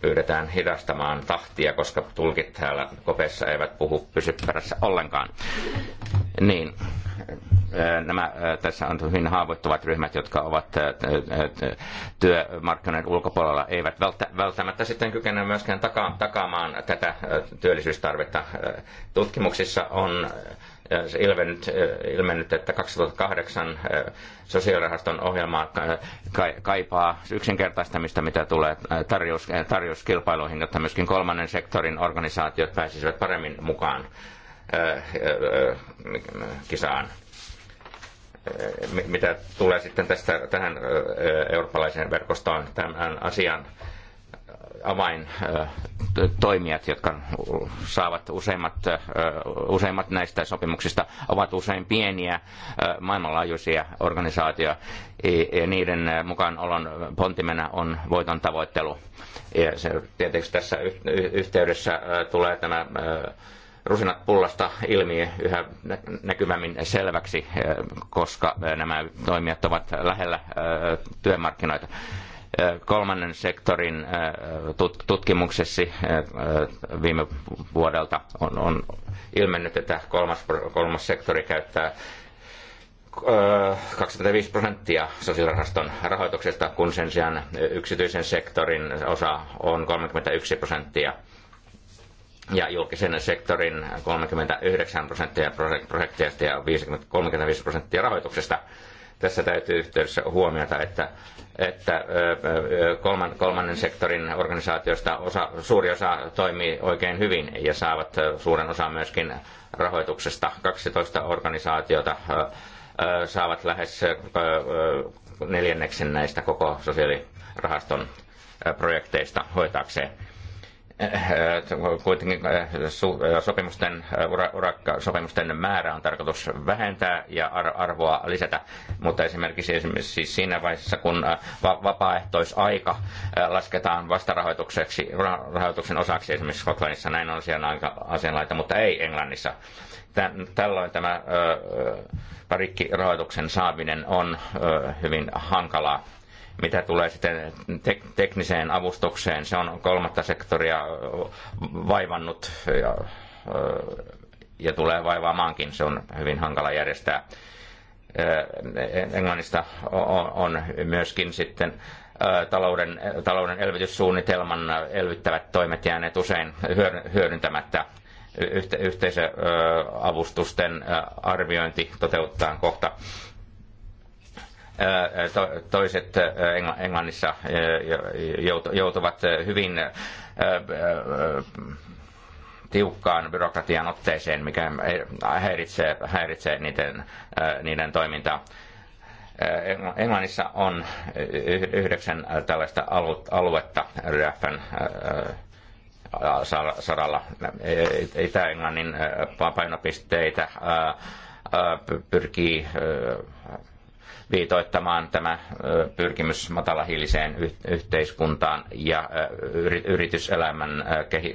pyydetään hidastamaan tahtia, koska tulkit täällä kopeessa eivät puhu pysy perässä ollenkaan. Niin, nämä, tässä on hyvin haavoittuvat ryhmät, jotka ovat työmarkkinoiden ulkopuolella, eivät välttämättä sitten kykene myöskään takaamaan tätä työllisyystarvetta. Tutkimuksissa on ilmennyt, äh, ilmennyt että 2008 äh, sosiaalirahaston ohjelma kaipaa yksinkertaistamista, mitä tulee äh, tarjous, tarjouskilpailuihin, jotta myöskin kolmannen sektorin organisaatiot pääsisivät paremmin mukaan kisaan mitä tulee sitten tästä, tähän eurooppalaiseen verkostoon tämän asian avaintoimijat, äh, jotka saavat useimmat, äh, useimmat näistä sopimuksista, ovat usein pieniä äh, maailmanlaajuisia organisaatioita ja e, e, niiden mukaanolon pontimena on voiton tavoittelu. Ja se, tietysti tässä yhteydessä tulee tämä rusinat pullasta ilmi yhä näkyvämmin selväksi, koska nämä toimijat ovat lähellä työmarkkinoita kolmannen sektorin tutkimuksessa viime vuodelta on, on ilmennyt, että kolmas, kolmas sektori käyttää 25 prosenttia sosiaalirahaston rahoituksesta, kun sen sijaan yksityisen sektorin osa on 31 prosenttia ja julkisen sektorin 39 prosenttia projekteista ja 35 prosenttia rahoituksesta. Tässä täytyy yhteydessä huomata, että että kolmannen sektorin organisaatioista osa, suuri osa toimii oikein hyvin ja saavat suuren osan myöskin rahoituksesta. 12 organisaatiota saavat lähes neljänneksen näistä koko sosiaalirahaston projekteista hoitaakseen. Eh, eh, kuitenkin eh, sopimusten, sopimusten määrä on tarkoitus vähentää ja arvoa lisätä, mutta esimerkiksi, esimerkiksi siis siinä vaiheessa, kun vapaaehtoisaika lasketaan vastarahoitukseksi, rahoituksen osaksi esimerkiksi Skotlannissa, näin on siellä asianlaita, mutta ei Englannissa. Tällöin tämä parikkirahoituksen saaminen on hyvin hankalaa mitä tulee sitten tek- tekniseen avustukseen, se on kolmatta sektoria vaivannut ja, ja tulee vaivaamaankin. Se on hyvin hankala järjestää. Englannista on myöskin sitten talouden, talouden elvytyssuunnitelman elvyttävät toimet jääneet usein hyödyntämättä. Yhteisöavustusten arviointi toteuttaa kohta toiset Englannissa joutuvat hyvin tiukkaan byrokratian otteeseen, mikä häiritsee, häiritsee niiden, niiden toimintaa. Englannissa on yhdeksän tällaista aluetta RFn saralla Itä-Englannin painopisteitä pyrkii viitoittamaan tämä pyrkimys matalahiiliseen yhteiskuntaan ja yrityselämän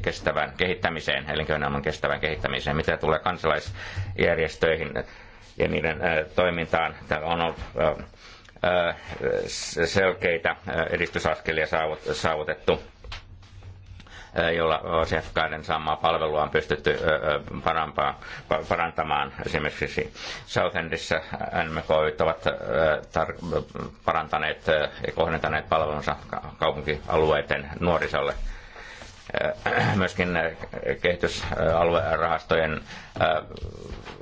kestävän kehittämiseen, elinkeinoelämän kestävän kehittämiseen, mitä tulee kansalaisjärjestöihin ja niiden toimintaan. Täällä on ollut selkeitä edistysaskelia saavutettu Eh, jolla asiakkaiden saamaa palvelua on pystytty eh, eh, parantamaan. Esimerkiksi Southendissa NMK ovat parantaneet ja kohdentaneet palvelunsa kaupunkialueiden nuorisolle myöskin kehitysaluerahastojen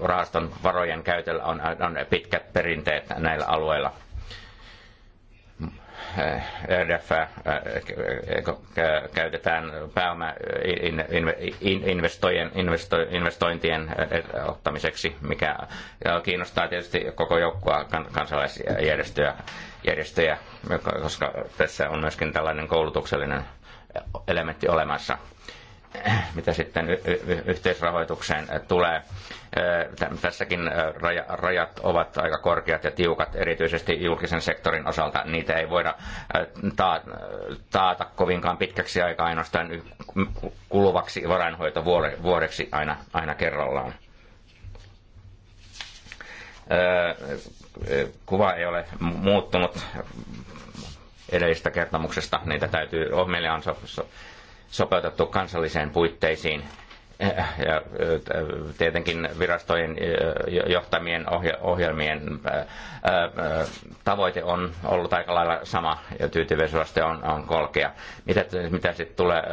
rahaston varojen käytöllä on, on pitkät perinteet näillä alueilla – EDF äh, äh, käytetään pääomainvestointien äh, ottamiseksi, mikä kiinnostaa tietysti koko joukkoa kansalaisjärjestöjä, järjestöjä, koska tässä on myöskin tällainen koulutuksellinen elementti olemassa mitä sitten yhteisrahoitukseen tulee, Tässäkin rajat ovat aika korkeat ja tiukat, erityisesti julkisen sektorin osalta. Niitä ei voida taata kovinkaan pitkäksi aikaa ainoastaan kuluvaksi varainhoitovuodeksi aina, aina kerrallaan kuva ei ole muuttunut edellisestä kertomuksesta. Niitä täytyy, meille on sopeutettu kansalliseen puitteisiin ja tietenkin virastojen johtamien ohjelmien tavoite on ollut aika lailla sama ja tyytyväisyysaste on, on kolkea. Mitä, mitä sitten tulee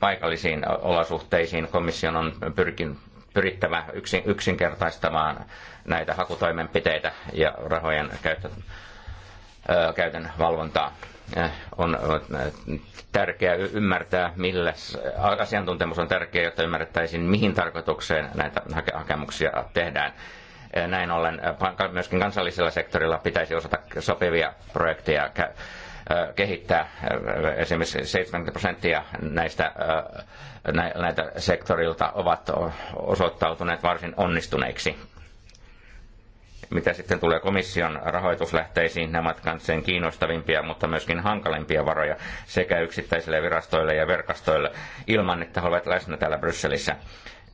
paikallisiin olosuhteisiin, komission on pyrkin, pyrittävä yksin, yksinkertaistamaan näitä hakutoimenpiteitä ja rahojen käyttö, käytön valvontaa Äh, on äh, tärkeää ymmärtää, millä asiantuntemus on tärkeää, jotta ymmärrettäisiin, mihin tarkoitukseen näitä hakemuksia tehdään. Äh, näin ollen myöskin kansallisella sektorilla pitäisi osata sopivia projekteja kehittää. Esimerkiksi 70 prosenttia näistä näitä sektorilta ovat osoittautuneet varsin onnistuneiksi mitä sitten tulee komission rahoituslähteisiin, nämä ovat sen kiinnostavimpia, mutta myöskin hankalimpia varoja sekä yksittäisille virastoille ja verkostoille ilman, että he ovat läsnä täällä Brysselissä.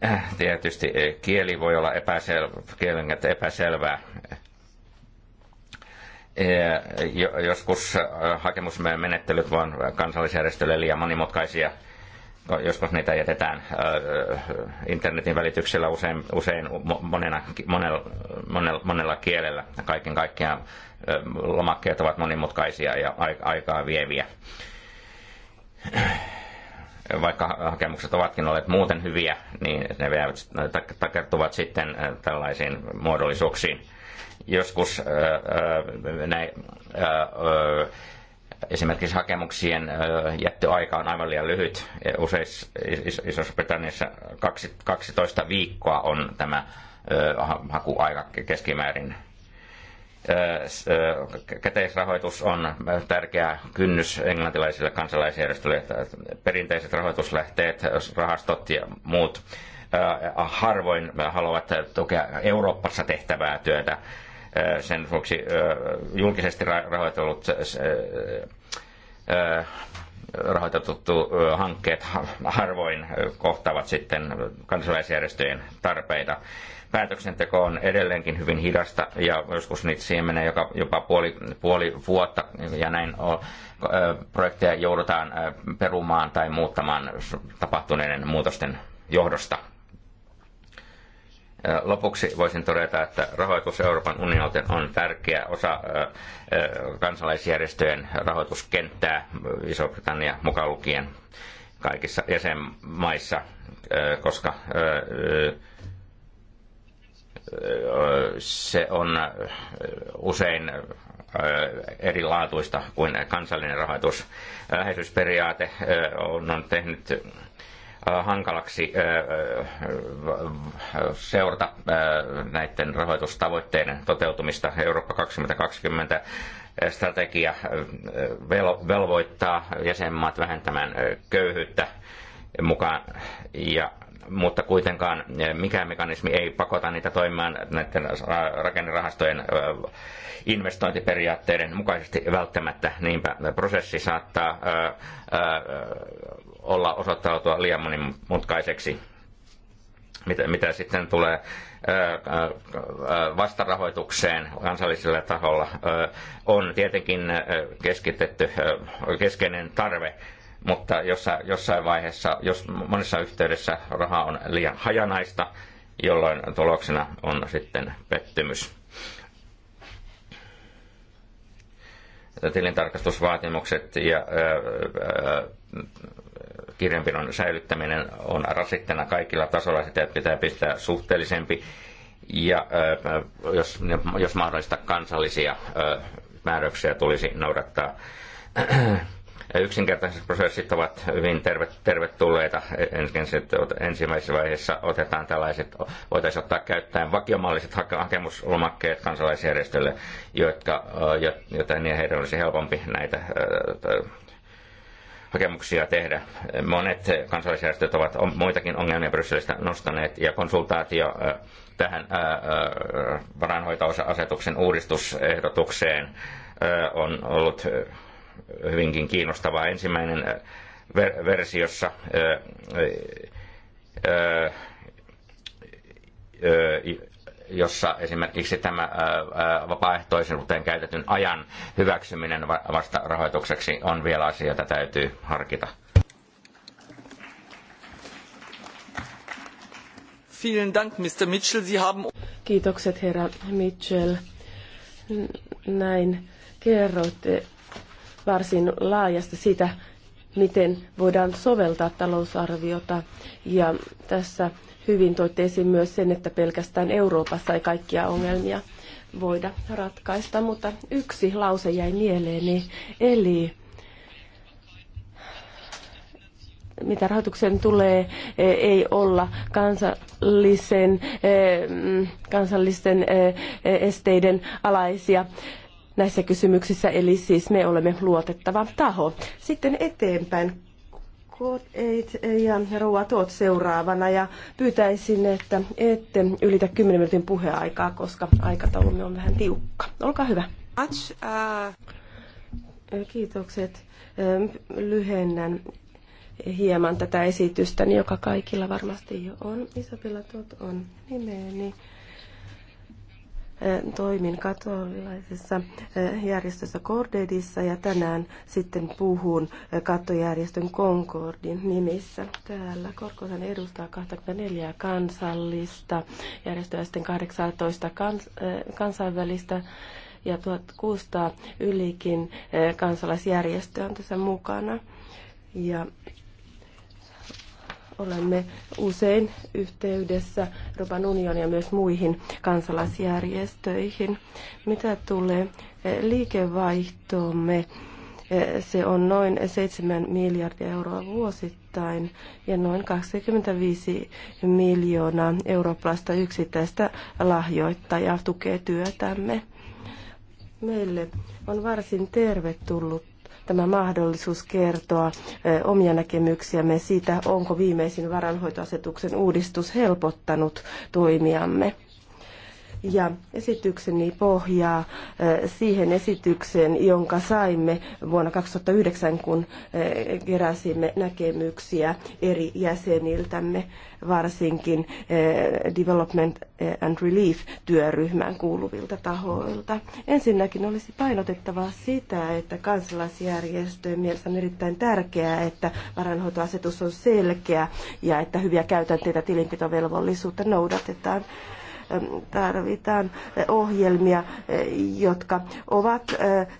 Äh, tietysti eh, kieli voi olla epäsel- kielen, epäselvää. Eh, joskus eh, hakemusmenettelyt ovat kansallisjärjestölle liian monimutkaisia – joskus niitä jätetään internetin välityksellä usein, usein monena, monella, monella, monella kielellä. Kaiken kaikkiaan lomakkeet ovat monimutkaisia ja aikaa vieviä. Vaikka hakemukset ovatkin olleet muuten hyviä, niin ne takertuvat sitten tällaisiin muodollisuuksiin. Joskus näin Esimerkiksi hakemuksien jättöaika on aivan liian lyhyt. Useissa Isossa-Britanniassa 12 viikkoa on tämä hakuaika keskimäärin käteisrahoitus on tärkeä kynnys englantilaisille kansalaisjärjestöille. Perinteiset rahoituslähteet, rahastot ja muut harvoin haluavat tukea Euroopassa tehtävää työtä sen vuoksi julkisesti rahoitellut rahoitetut hankkeet harvoin kohtaavat sitten kansalaisjärjestöjen tarpeita. Päätöksenteko on edelleenkin hyvin hidasta ja joskus niitä siihen menee joka, jopa puoli, puoli vuotta ja näin on, projekteja joudutaan perumaan tai muuttamaan tapahtuneiden muutosten johdosta Lopuksi voisin todeta, että rahoitus Euroopan unionilta on tärkeä osa kansalaisjärjestöjen rahoituskenttää, Iso-Britannia mukaan lukien kaikissa jäsenmaissa, koska se on usein erilaatuista kuin kansallinen rahoitus. Läheisyysperiaate on tehnyt Äh, hankalaksi äh, äh, seurata näiden rahoitustavoitteiden toteutumista. Eurooppa 2020 strategia velvoittaa jäsenmaat vähentämään köyhyyttä mukaan ja mutta kuitenkaan mikään mekanismi ei pakota niitä toimimaan näiden rakennerahastojen investointiperiaatteiden mukaisesti välttämättä. Niinpä prosessi saattaa olla osoittautua liian monimutkaiseksi. Mitä, mitä sitten tulee vastarahoitukseen kansallisella taholla, on tietenkin keskitetty keskeinen tarve, mutta jossain vaiheessa, jos monessa yhteydessä raha on liian hajanaista, jolloin tuloksena on sitten pettymys tilintarkastusvaatimukset ja kirjanpidon säilyttäminen on rasitteena kaikilla tasoilla, sitä pitää pistää suhteellisempi ja jos, jos mahdollista kansallisia määräyksiä tulisi noudattaa Yksinkertaiset prosessit ovat hyvin tervetulleita. Ensimmäisessä vaiheessa otetaan tällaiset, voitaisiin ottaa käyttäen vakiomalliset hakemuslomakkeet kansalaisjärjestöille, jotka, äh, joita niin heidän olisi helpompi näitä äh, hakemuksia tehdä. Monet kansalaisjärjestöt ovat muitakin ongelmia Brysselistä nostaneet ja konsultaatio äh, tähän varainhoitoasetuksen uudistusehdotukseen on ollut hyvinkin kiinnostavaa. Ensimmäinen äh, ver- versiossa äh, äh, jossa esimerkiksi tämä vapaaehtoisuuteen käytetyn ajan hyväksyminen vasta rahoitukseksi on vielä asia, jota täytyy harkita. Vielen Dank, Mr. Mitchell. Sie haben... Kiitokset, herra Mitchell. Näin kerroitte varsin laajasti sitä, miten voidaan soveltaa talousarviota. Ja tässä hyvin toitte esiin myös sen, että pelkästään Euroopassa ei kaikkia ongelmia voida ratkaista, mutta yksi lause jäi mieleeni, eli mitä rahoituksen tulee, e, ei olla kansallisen, e, mm, kansallisten e, esteiden alaisia näissä kysymyksissä, eli siis me olemme luotettava taho. Sitten eteenpäin ja Rouva tuot seuraavana ja pyytäisin, että ette ylitä 10 minuutin puheaikaa, koska aikataulumme on vähän tiukka. Olkaa hyvä. Uh, Kiitokset. Lyhennän hieman tätä esitystäni, joka kaikilla varmasti jo on. Isabella tuot on nimeeni. Eh, toimin katolilaisessa eh, järjestössä Cordedissa ja tänään sitten puhun eh, kattojärjestön Concordin nimissä. Täällä Korkosan edustaa 24 kansallista järjestöä sitten 18 kans, kansainvälistä ja 1600 ylikin kansalaisjärjestöä on tässä mukana. Ja olemme usein yhteydessä Euroopan unionin ja myös muihin kansalaisjärjestöihin. Mitä tulee eh, liikevaihtoomme, eh, se on noin 7 miljardia euroa vuosittain ja noin 25 miljoonaa eurooppalaista yksittäistä lahjoittajaa tukee työtämme. Meille on varsin tervetullut tämä mahdollisuus kertoa omia näkemyksiämme siitä, onko viimeisin varanhoitoasetuksen uudistus helpottanut toimiamme. Ja esitykseni pohjaa äh, siihen esitykseen, jonka saimme vuonna 2009, kun äh, keräsimme näkemyksiä eri jäseniltämme, varsinkin äh, Development and Relief-työryhmään kuuluvilta tahoilta. Ensinnäkin olisi painotettava sitä, että kansalaisjärjestöjen mielestä on erittäin tärkeää, että varainhoitoasetus on selkeä ja että hyviä käytänteitä tilinpitovelvollisuutta noudatetaan tarvitaan ohjelmia, jotka ovat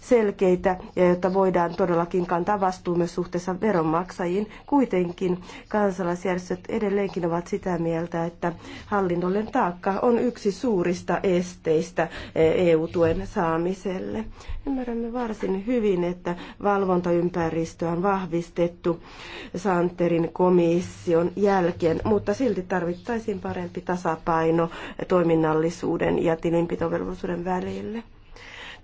selkeitä ja jotta voidaan todellakin kantaa vastuu myös suhteessa veronmaksajiin. Kuitenkin kansalaisjärjestöt edelleenkin ovat sitä mieltä, että hallinnollinen taakka on yksi suurista esteistä EU-tuen saamiselle. Ymmärrämme varsin hyvin, että valvontaympäristöä on vahvistettu Santerin komission jälkeen, mutta silti tarvittaisiin parempi tasapaino toiminnallisuuden ja tilinpitovelvollisuuden välille.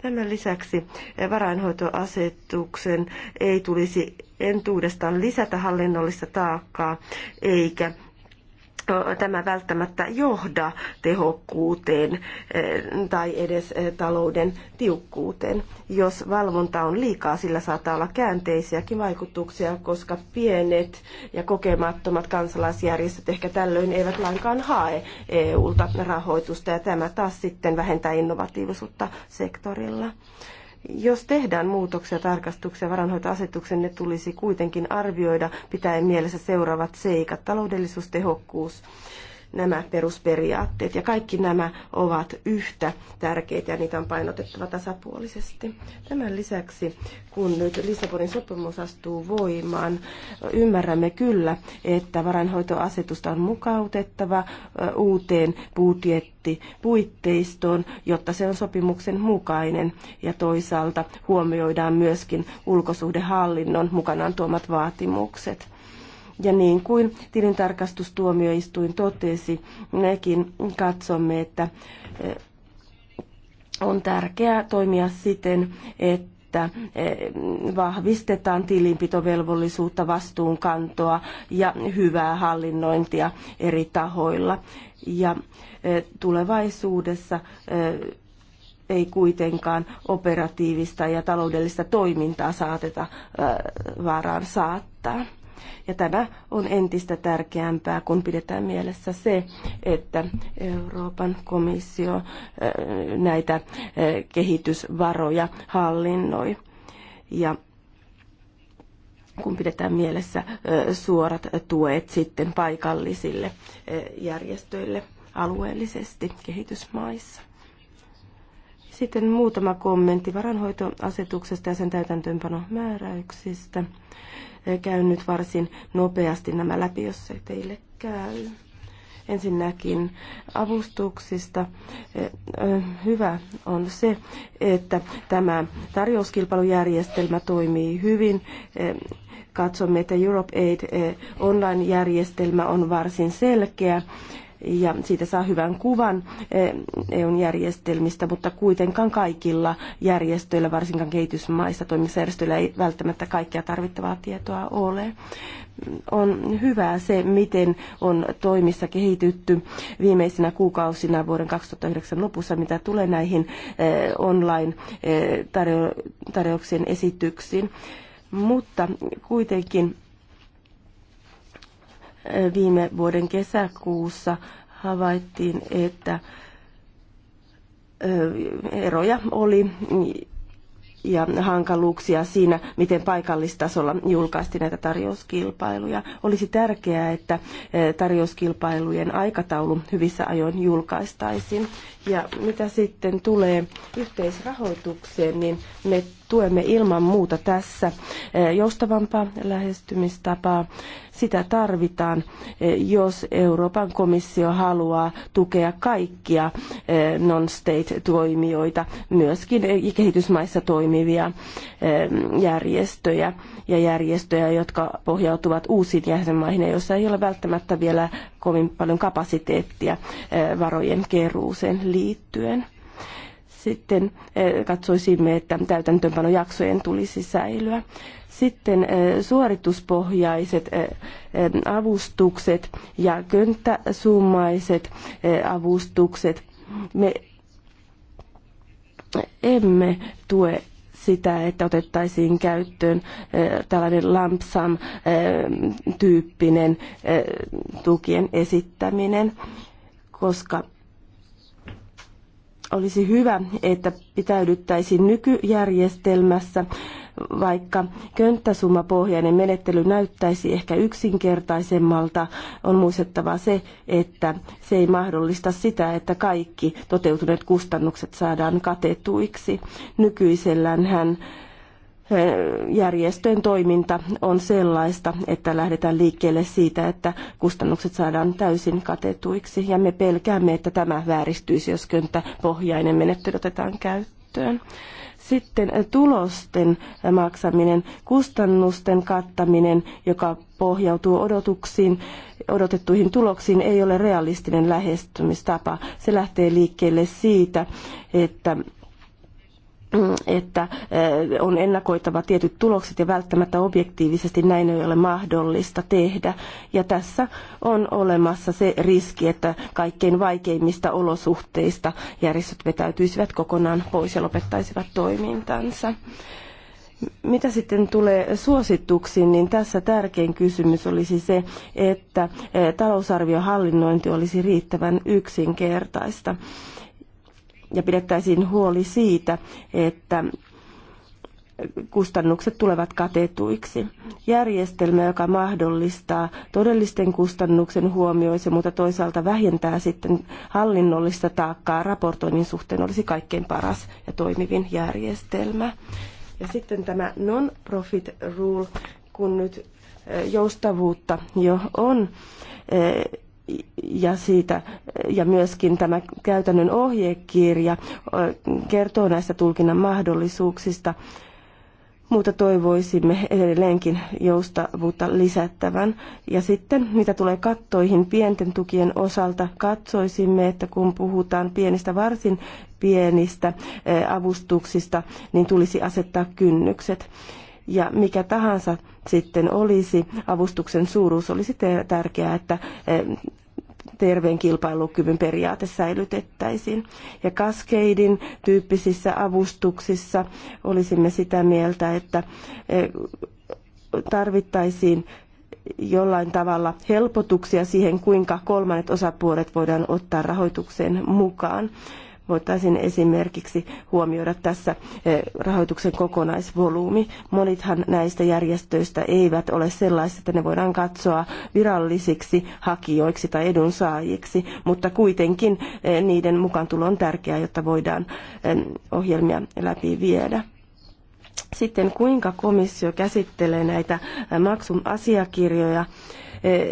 Tämän lisäksi eh, varainhoitoasetuksen ei tulisi entuudestaan lisätä hallinnollista taakkaa eikä tämä välttämättä johda tehokkuuteen eh, tai edes eh, talouden tiukkuuteen. Jos valvonta on liikaa, sillä saattaa olla käänteisiäkin vaikutuksia, koska pienet ja kokemattomat kansalaisjärjestöt ehkä tällöin eivät lainkaan hae EUlta rahoitusta ja tämä taas sitten vähentää innovatiivisuutta sektorilla. Jos tehdään muutoksia tarkastuksia varanhoitoasetuksen, ne tulisi kuitenkin arvioida pitäen mielessä seuraavat seikat. Taloudellisuus, tehokkuus, nämä perusperiaatteet. Ja kaikki nämä ovat yhtä tärkeitä ja niitä on painotettava tasapuolisesti. Tämän lisäksi, kun nyt Lissabonin sopimus astuu voimaan, ymmärrämme kyllä, että varainhoitoasetusta on mukautettava uuteen budjettipuitteistoon, jotta se on sopimuksen mukainen. Ja toisaalta huomioidaan myöskin ulkosuhdehallinnon mukanaan tuomat vaatimukset ja niin kuin tilintarkastustuomioistuin totesi, mekin katsomme, että eh, on tärkeää toimia siten, että että eh, vahvistetaan tilinpitovelvollisuutta, vastuunkantoa ja hyvää hallinnointia eri tahoilla. Ja eh, tulevaisuudessa ei kuitenkaan operatiivista ja taloudellista toimintaa saateta vaaraan saattaa. Ja tämä on entistä tärkeämpää, kun pidetään mielessä se, että Euroopan komissio äh, näitä äh, kehitysvaroja hallinnoi. Ja kun pidetään mielessä äh, suorat tuet sitten paikallisille järjestöille alueellisesti kehitysmaissa. Sitten muutama kommentti varanhoitoasetuksesta ja sen täytäntöönpanomääräyksistä. Käyn nyt varsin nopeasti nämä läpi, jos se teille käy. Ensinnäkin avustuksista. E, hyvä on se, että tämä tarjouskilpailujärjestelmä toimii hyvin e, katsomme, että Europe Aid e, online-järjestelmä on varsin selkeä ja siitä saa hyvän kuvan eh, EUn järjestelmistä, mutta kuitenkaan kaikilla järjestöillä, varsinkaan kehitysmaissa toimivissa järjestöillä ei välttämättä kaikkea tarvittavaa tietoa ole. On hyvää se, miten on toimissa kehitytty viimeisinä kuukausina vuoden 2009 lopussa, mitä tulee näihin eh, online-tarjouksien eh, esityksiin. Mutta kuitenkin viime vuoden kesäkuussa havaittiin, että eroja oli ja hankaluuksia siinä, miten paikallistasolla julkaistiin näitä tarjouskilpailuja. Olisi tärkeää, että tarjouskilpailujen aikataulu hyvissä ajoin julkaistaisiin. Ja mitä sitten tulee yhteisrahoitukseen, niin me tuemme ilman muuta tässä eh, joustavampaa lähestymistapaa. Sitä tarvitaan, eh, jos Euroopan komissio haluaa tukea kaikkia eh, non-state-toimijoita, myöskin kehitysmaissa toimivia järjestöjä ja järjestöjä, jotka pohjautuvat uusiin jäsenmaihin, joissa ei ole välttämättä vielä kovin paljon kapasiteettia varojen keruuseen liittyen. Sitten eh, katsoisimme, että täytäntöönpanojaksojen tulisi säilyä. Sitten eh, suorituspohjaiset eh, avustukset ja könttäsummaiset avustukset. Me emme tue sitä, että otettaisiin käyttöön tällainen lampsam tyyppinen tukien esittäminen, koska olisi hyvä, että pitäydyttäisiin nykyjärjestelmässä, vaikka könttäsummapohjainen menettely näyttäisi ehkä yksinkertaisemmalta, on muistettava se, että se ei mahdollista sitä, että kaikki toteutuneet kustannukset saadaan katetuiksi. Nykyisellään hän järjestöjen toiminta on sellaista, että lähdetään liikkeelle siitä, että kustannukset saadaan täysin katetuiksi. Ja me pelkäämme, että tämä vääristyisi, jos könttäpohjainen menettely otetaan käyttöön. Sitten äh, tulosten äh, maksaminen, kustannusten kattaminen, joka pohjautuu odotuksiin, odotettuihin tuloksiin, ei ole realistinen lähestymistapa. Se lähtee liikkeelle siitä, että Mm, että eh, on ennakoitava tietyt tulokset ja välttämättä objektiivisesti näin ei ole mahdollista tehdä. Ja tässä on olemassa se riski, että kaikkein vaikeimmista olosuhteista järjestöt vetäytyisivät kokonaan pois ja lopettaisivat toimintansa. Mitä sitten tulee suosituksiin, niin tässä tärkein kysymys olisi se, että eh, talousarviohallinnointi olisi riittävän yksinkertaista ja pidettäisiin huoli siitä, että kustannukset tulevat katetuiksi. Järjestelmä, joka mahdollistaa todellisten kustannuksen huomioisen, mutta toisaalta vähentää sitten hallinnollista taakkaa raportoinnin suhteen, olisi kaikkein paras ja toimivin järjestelmä. Ja sitten tämä non-profit rule, kun nyt e, joustavuutta jo on e, ja, siitä, ja myöskin tämä käytännön ohjekirja kertoo näistä tulkinnan mahdollisuuksista, mutta toivoisimme edelleenkin joustavuutta lisättävän. Ja sitten mitä tulee kattoihin pienten tukien osalta, katsoisimme, että kun puhutaan pienistä varsin pienistä avustuksista, niin tulisi asettaa kynnykset ja mikä tahansa sitten olisi avustuksen suuruus, olisi tärkeää, että e, terveen kilpailukyvyn periaate säilytettäisiin. Ja kaskeidin tyyppisissä avustuksissa olisimme sitä mieltä, että e, tarvittaisiin jollain tavalla helpotuksia siihen, kuinka kolmannet osapuolet voidaan ottaa rahoitukseen mukaan voitaisiin esimerkiksi huomioida tässä eh, rahoituksen kokonaisvolyymi. Monithan näistä järjestöistä eivät ole sellaisia, että ne voidaan katsoa virallisiksi hakijoiksi tai edunsaajiksi, mutta kuitenkin eh, niiden mukaantulo on tärkeää, jotta voidaan eh, ohjelmia läpi viedä. Sitten kuinka komissio käsittelee näitä maksun asiakirjoja?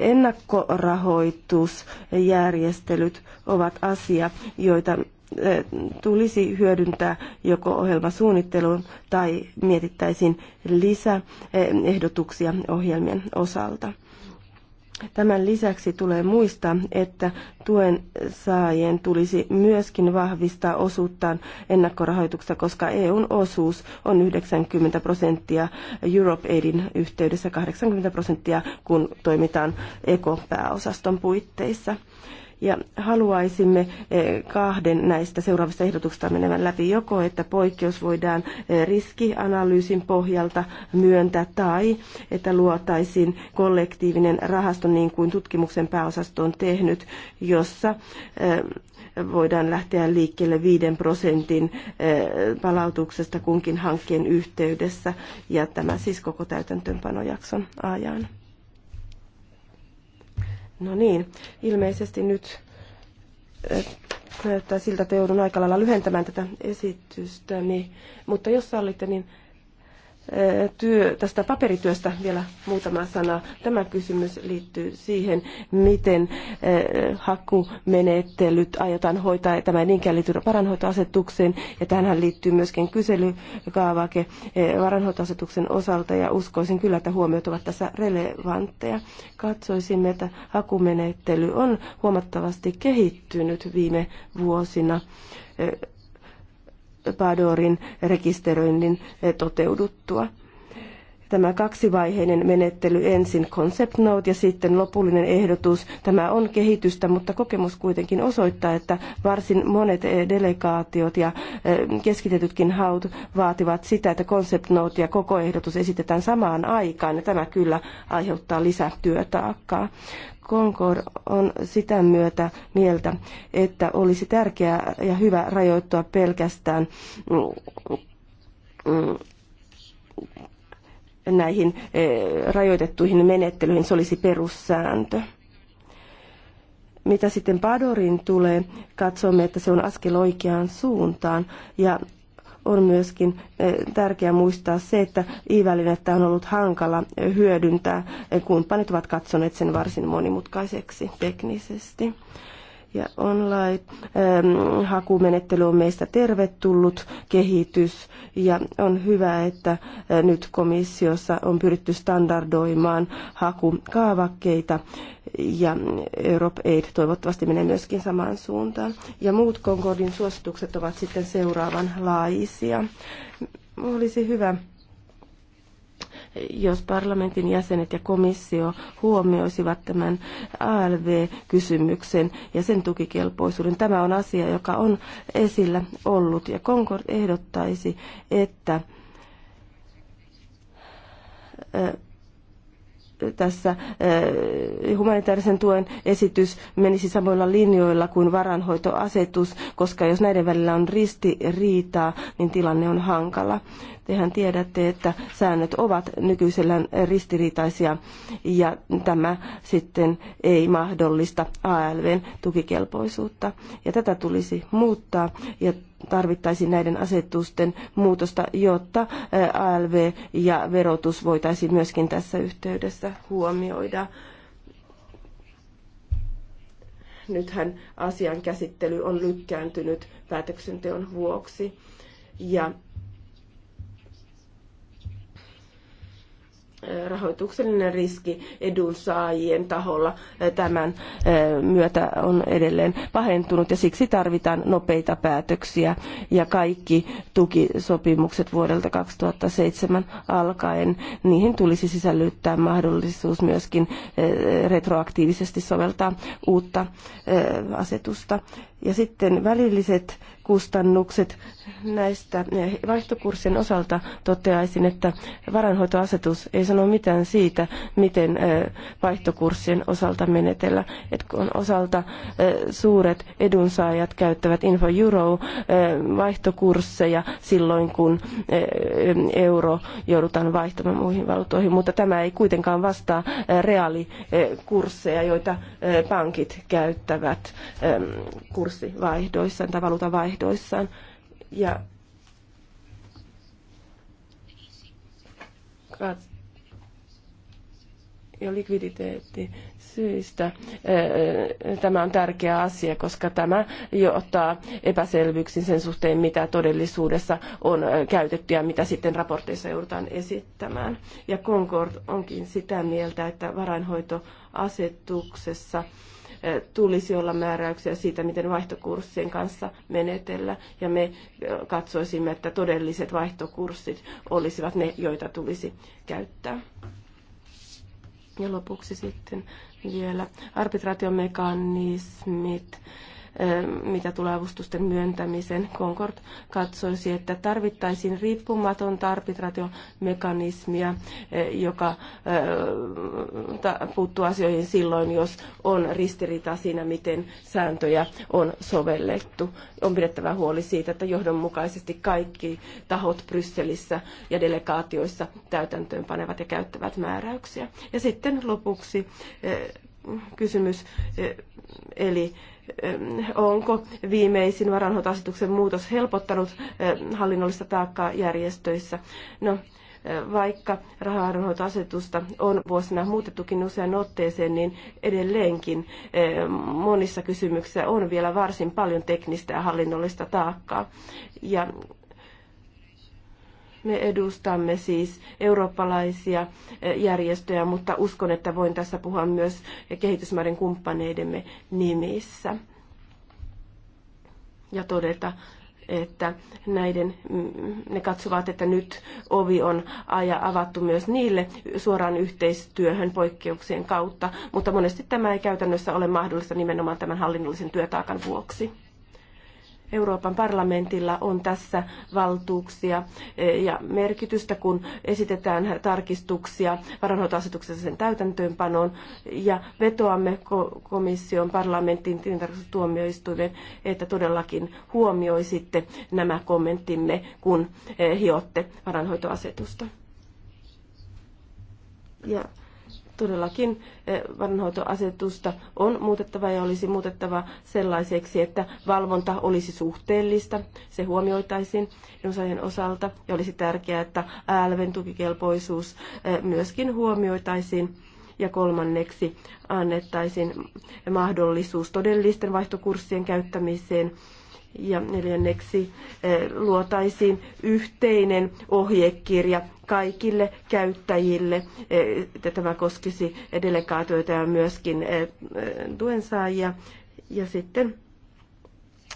Ennakkorahoitusjärjestelyt ovat asia, joita Eh, tulisi hyödyntää joko ohjelmasuunnitteluun tai mietittäisiin lisäehdotuksia ohjelmien osalta. Tämän lisäksi tulee muistaa, että tuen saajien tulisi myöskin vahvistaa osuuttaan ennakkorahoituksessa, koska EUn osuus on 90 prosenttia Europe Aidin yhteydessä 80 prosenttia, kun toimitaan ekopääosaston puitteissa. Ja haluaisimme eh, kahden näistä seuraavista ehdotuksista menevän läpi joko, että poikkeus voidaan eh, riskianalyysin pohjalta myöntää tai että luotaisiin kollektiivinen rahasto niin kuin tutkimuksen pääosasto on tehnyt, jossa eh, voidaan lähteä liikkeelle 5 prosentin palautuksesta kunkin hankkeen yhteydessä ja tämä siis koko täytäntöönpanojakson ajan. No niin, ilmeisesti nyt näyttää siltä, että joudun aika lailla lyhentämään tätä esitystä, niin, mutta jos sallitte, niin työ, tästä paperityöstä vielä muutama sana. Tämä kysymys liittyy siihen, miten hakumenettelyt aiotaan hoitaa. Tämä ei niinkään liittyy varanhoitoasetukseen ja tähän liittyy myöskin kyselykaavake varanhoitoasetuksen osalta ja uskoisin kyllä, että huomiot ovat tässä relevantteja. Katsoisimme, että hakumenettely on huomattavasti kehittynyt viime vuosina Padorin rekisteröinnin eh, toteuduttua. Tämä kaksivaiheinen menettely ensin concept note ja sitten lopullinen ehdotus. Tämä on kehitystä, mutta kokemus kuitenkin osoittaa, että varsin monet eh, delegaatiot ja eh, keskitetytkin haut vaativat sitä, että concept note ja koko ehdotus esitetään samaan aikaan. Ja tämä kyllä aiheuttaa lisätyötaakkaa. Concord on sitä myötä mieltä, että olisi tärkeää ja hyvä rajoittua pelkästään mm, näihin eh, rajoitettuihin menettelyihin. Se olisi perussääntö. Mitä sitten Padorin tulee, katsomme, että se on askel oikeaan suuntaan ja on myöskin eh, tärkeää muistaa se, että i-välinettä on ollut hankala eh, hyödyntää. Eh, kumppanit ovat katsoneet sen varsin monimutkaiseksi teknisesti ja online-hakumenettely ähm, on meistä tervetullut kehitys ja on hyvä, että äh, nyt komissiossa on pyritty standardoimaan hakukaavakkeita ja Europe Aid toivottavasti menee myöskin samaan suuntaan. Ja muut Concordin suositukset ovat sitten seuraavan laisia. Olisi hyvä jos parlamentin jäsenet ja komissio huomioisivat tämän ALV-kysymyksen ja sen tukikelpoisuuden. Tämä on asia, joka on esillä ollut ja Concord ehdottaisi, että tässä humanitaarisen tuen esitys menisi samoilla linjoilla kuin varanhoitoasetus, koska jos näiden välillä on ristiriitaa, niin tilanne on hankala. Tehän tiedätte, että säännöt ovat nykyisellään ristiriitaisia ja tämä sitten ei mahdollista ALVn tukikelpoisuutta. Ja tätä tulisi muuttaa ja tarvittaisiin näiden asetusten muutosta, jotta ALV ja verotus voitaisiin myöskin tässä yhteydessä huomioida nythän asian käsittely on lykkääntynyt päätöksenteon vuoksi. Ja rahoituksellinen riski edunsaajien taholla tämän eh, myötä on edelleen pahentunut ja siksi tarvitaan nopeita päätöksiä ja kaikki tukisopimukset vuodelta 2007 alkaen, niihin tulisi sisällyttää mahdollisuus myöskin eh, retroaktiivisesti soveltaa uutta eh, asetusta. Ja sitten välilliset kustannukset näistä vaihtokurssien osalta toteaisin, että varanhoitoasetus ei sano mitään siitä, miten vaihtokurssien osalta menetellä. Et kun osalta suuret edunsaajat käyttävät Info Euro vaihtokursseja silloin, kun euro joudutaan vaihtamaan muihin valuutoihin, mutta tämä ei kuitenkaan vastaa reaalikursseja, joita pankit käyttävät kurssivaihdoissa tai valuutan vaihdoissaan. Ja ja likviditeetti syistä. Eh, tämä on tärkeä asia, koska tämä johtaa epäselvyyksiin sen suhteen, mitä todellisuudessa on eh, käytetty ja mitä sitten raporteissa joudutaan esittämään. Ja Concord onkin sitä mieltä, että varainhoitoasetuksessa tulisi olla määräyksiä siitä, miten vaihtokurssien kanssa menetellä. Ja me katsoisimme, että todelliset vaihtokurssit olisivat ne, joita tulisi käyttää. Ja lopuksi sitten vielä arbitraatiomekanismit. mekanismit mitä tulee avustusten myöntämisen. Concord katsoisi, että tarvittaisiin riippumatonta arbitraatiomekanismia, joka puuttuu asioihin silloin, jos on ristiriita siinä, miten sääntöjä on sovellettu. On pidettävä huoli siitä, että johdonmukaisesti kaikki tahot Brysselissä ja delegaatioissa täytäntöön panevat ja käyttävät määräyksiä. Ja sitten lopuksi kysymys, eli onko viimeisin varanhoitoasetuksen muutos helpottanut hallinnollista taakkaa järjestöissä. No, vaikka rahanhoitoasetusta on vuosina muutettukin usean otteeseen, niin edelleenkin monissa kysymyksissä on vielä varsin paljon teknistä ja hallinnollista taakkaa. Ja me edustamme siis eurooppalaisia eh, järjestöjä, mutta uskon, että voin tässä puhua myös kehitysmaiden kumppaneidemme nimissä ja todeta, että näiden, mm, ne katsovat, että nyt ovi on aja avattu myös niille suoraan yhteistyöhön poikkeuksien kautta, mutta monesti tämä ei käytännössä ole mahdollista nimenomaan tämän hallinnollisen työtaakan vuoksi. Euroopan parlamentilla on tässä valtuuksia e, ja merkitystä, kun esitetään tarkistuksia varanhoitoasetuksessa sen täytäntöönpanoon ja vetoamme komission parlamenttiin tilintarkastustuomioistuimen, että todellakin huomioisitte nämä kommenttimme, kun e, hiotte varanhoitoasetusta. Ja Todellakin eh, vanhoitoasetusta on muutettava ja olisi muutettava sellaiseksi, että valvonta olisi suhteellista, se huomioitaisiin edunsaajien osalta ja olisi tärkeää, että ALVn tukikelpoisuus eh, myöskin huomioitaisiin ja kolmanneksi annettaisiin mahdollisuus todellisten vaihtokurssien käyttämiseen ja neljänneksi eh, luotaisiin yhteinen ohjekirja kaikille käyttäjille. Eh, tämä koskisi delegaatioita ja myöskin eh, tuensaajia. Ja sitten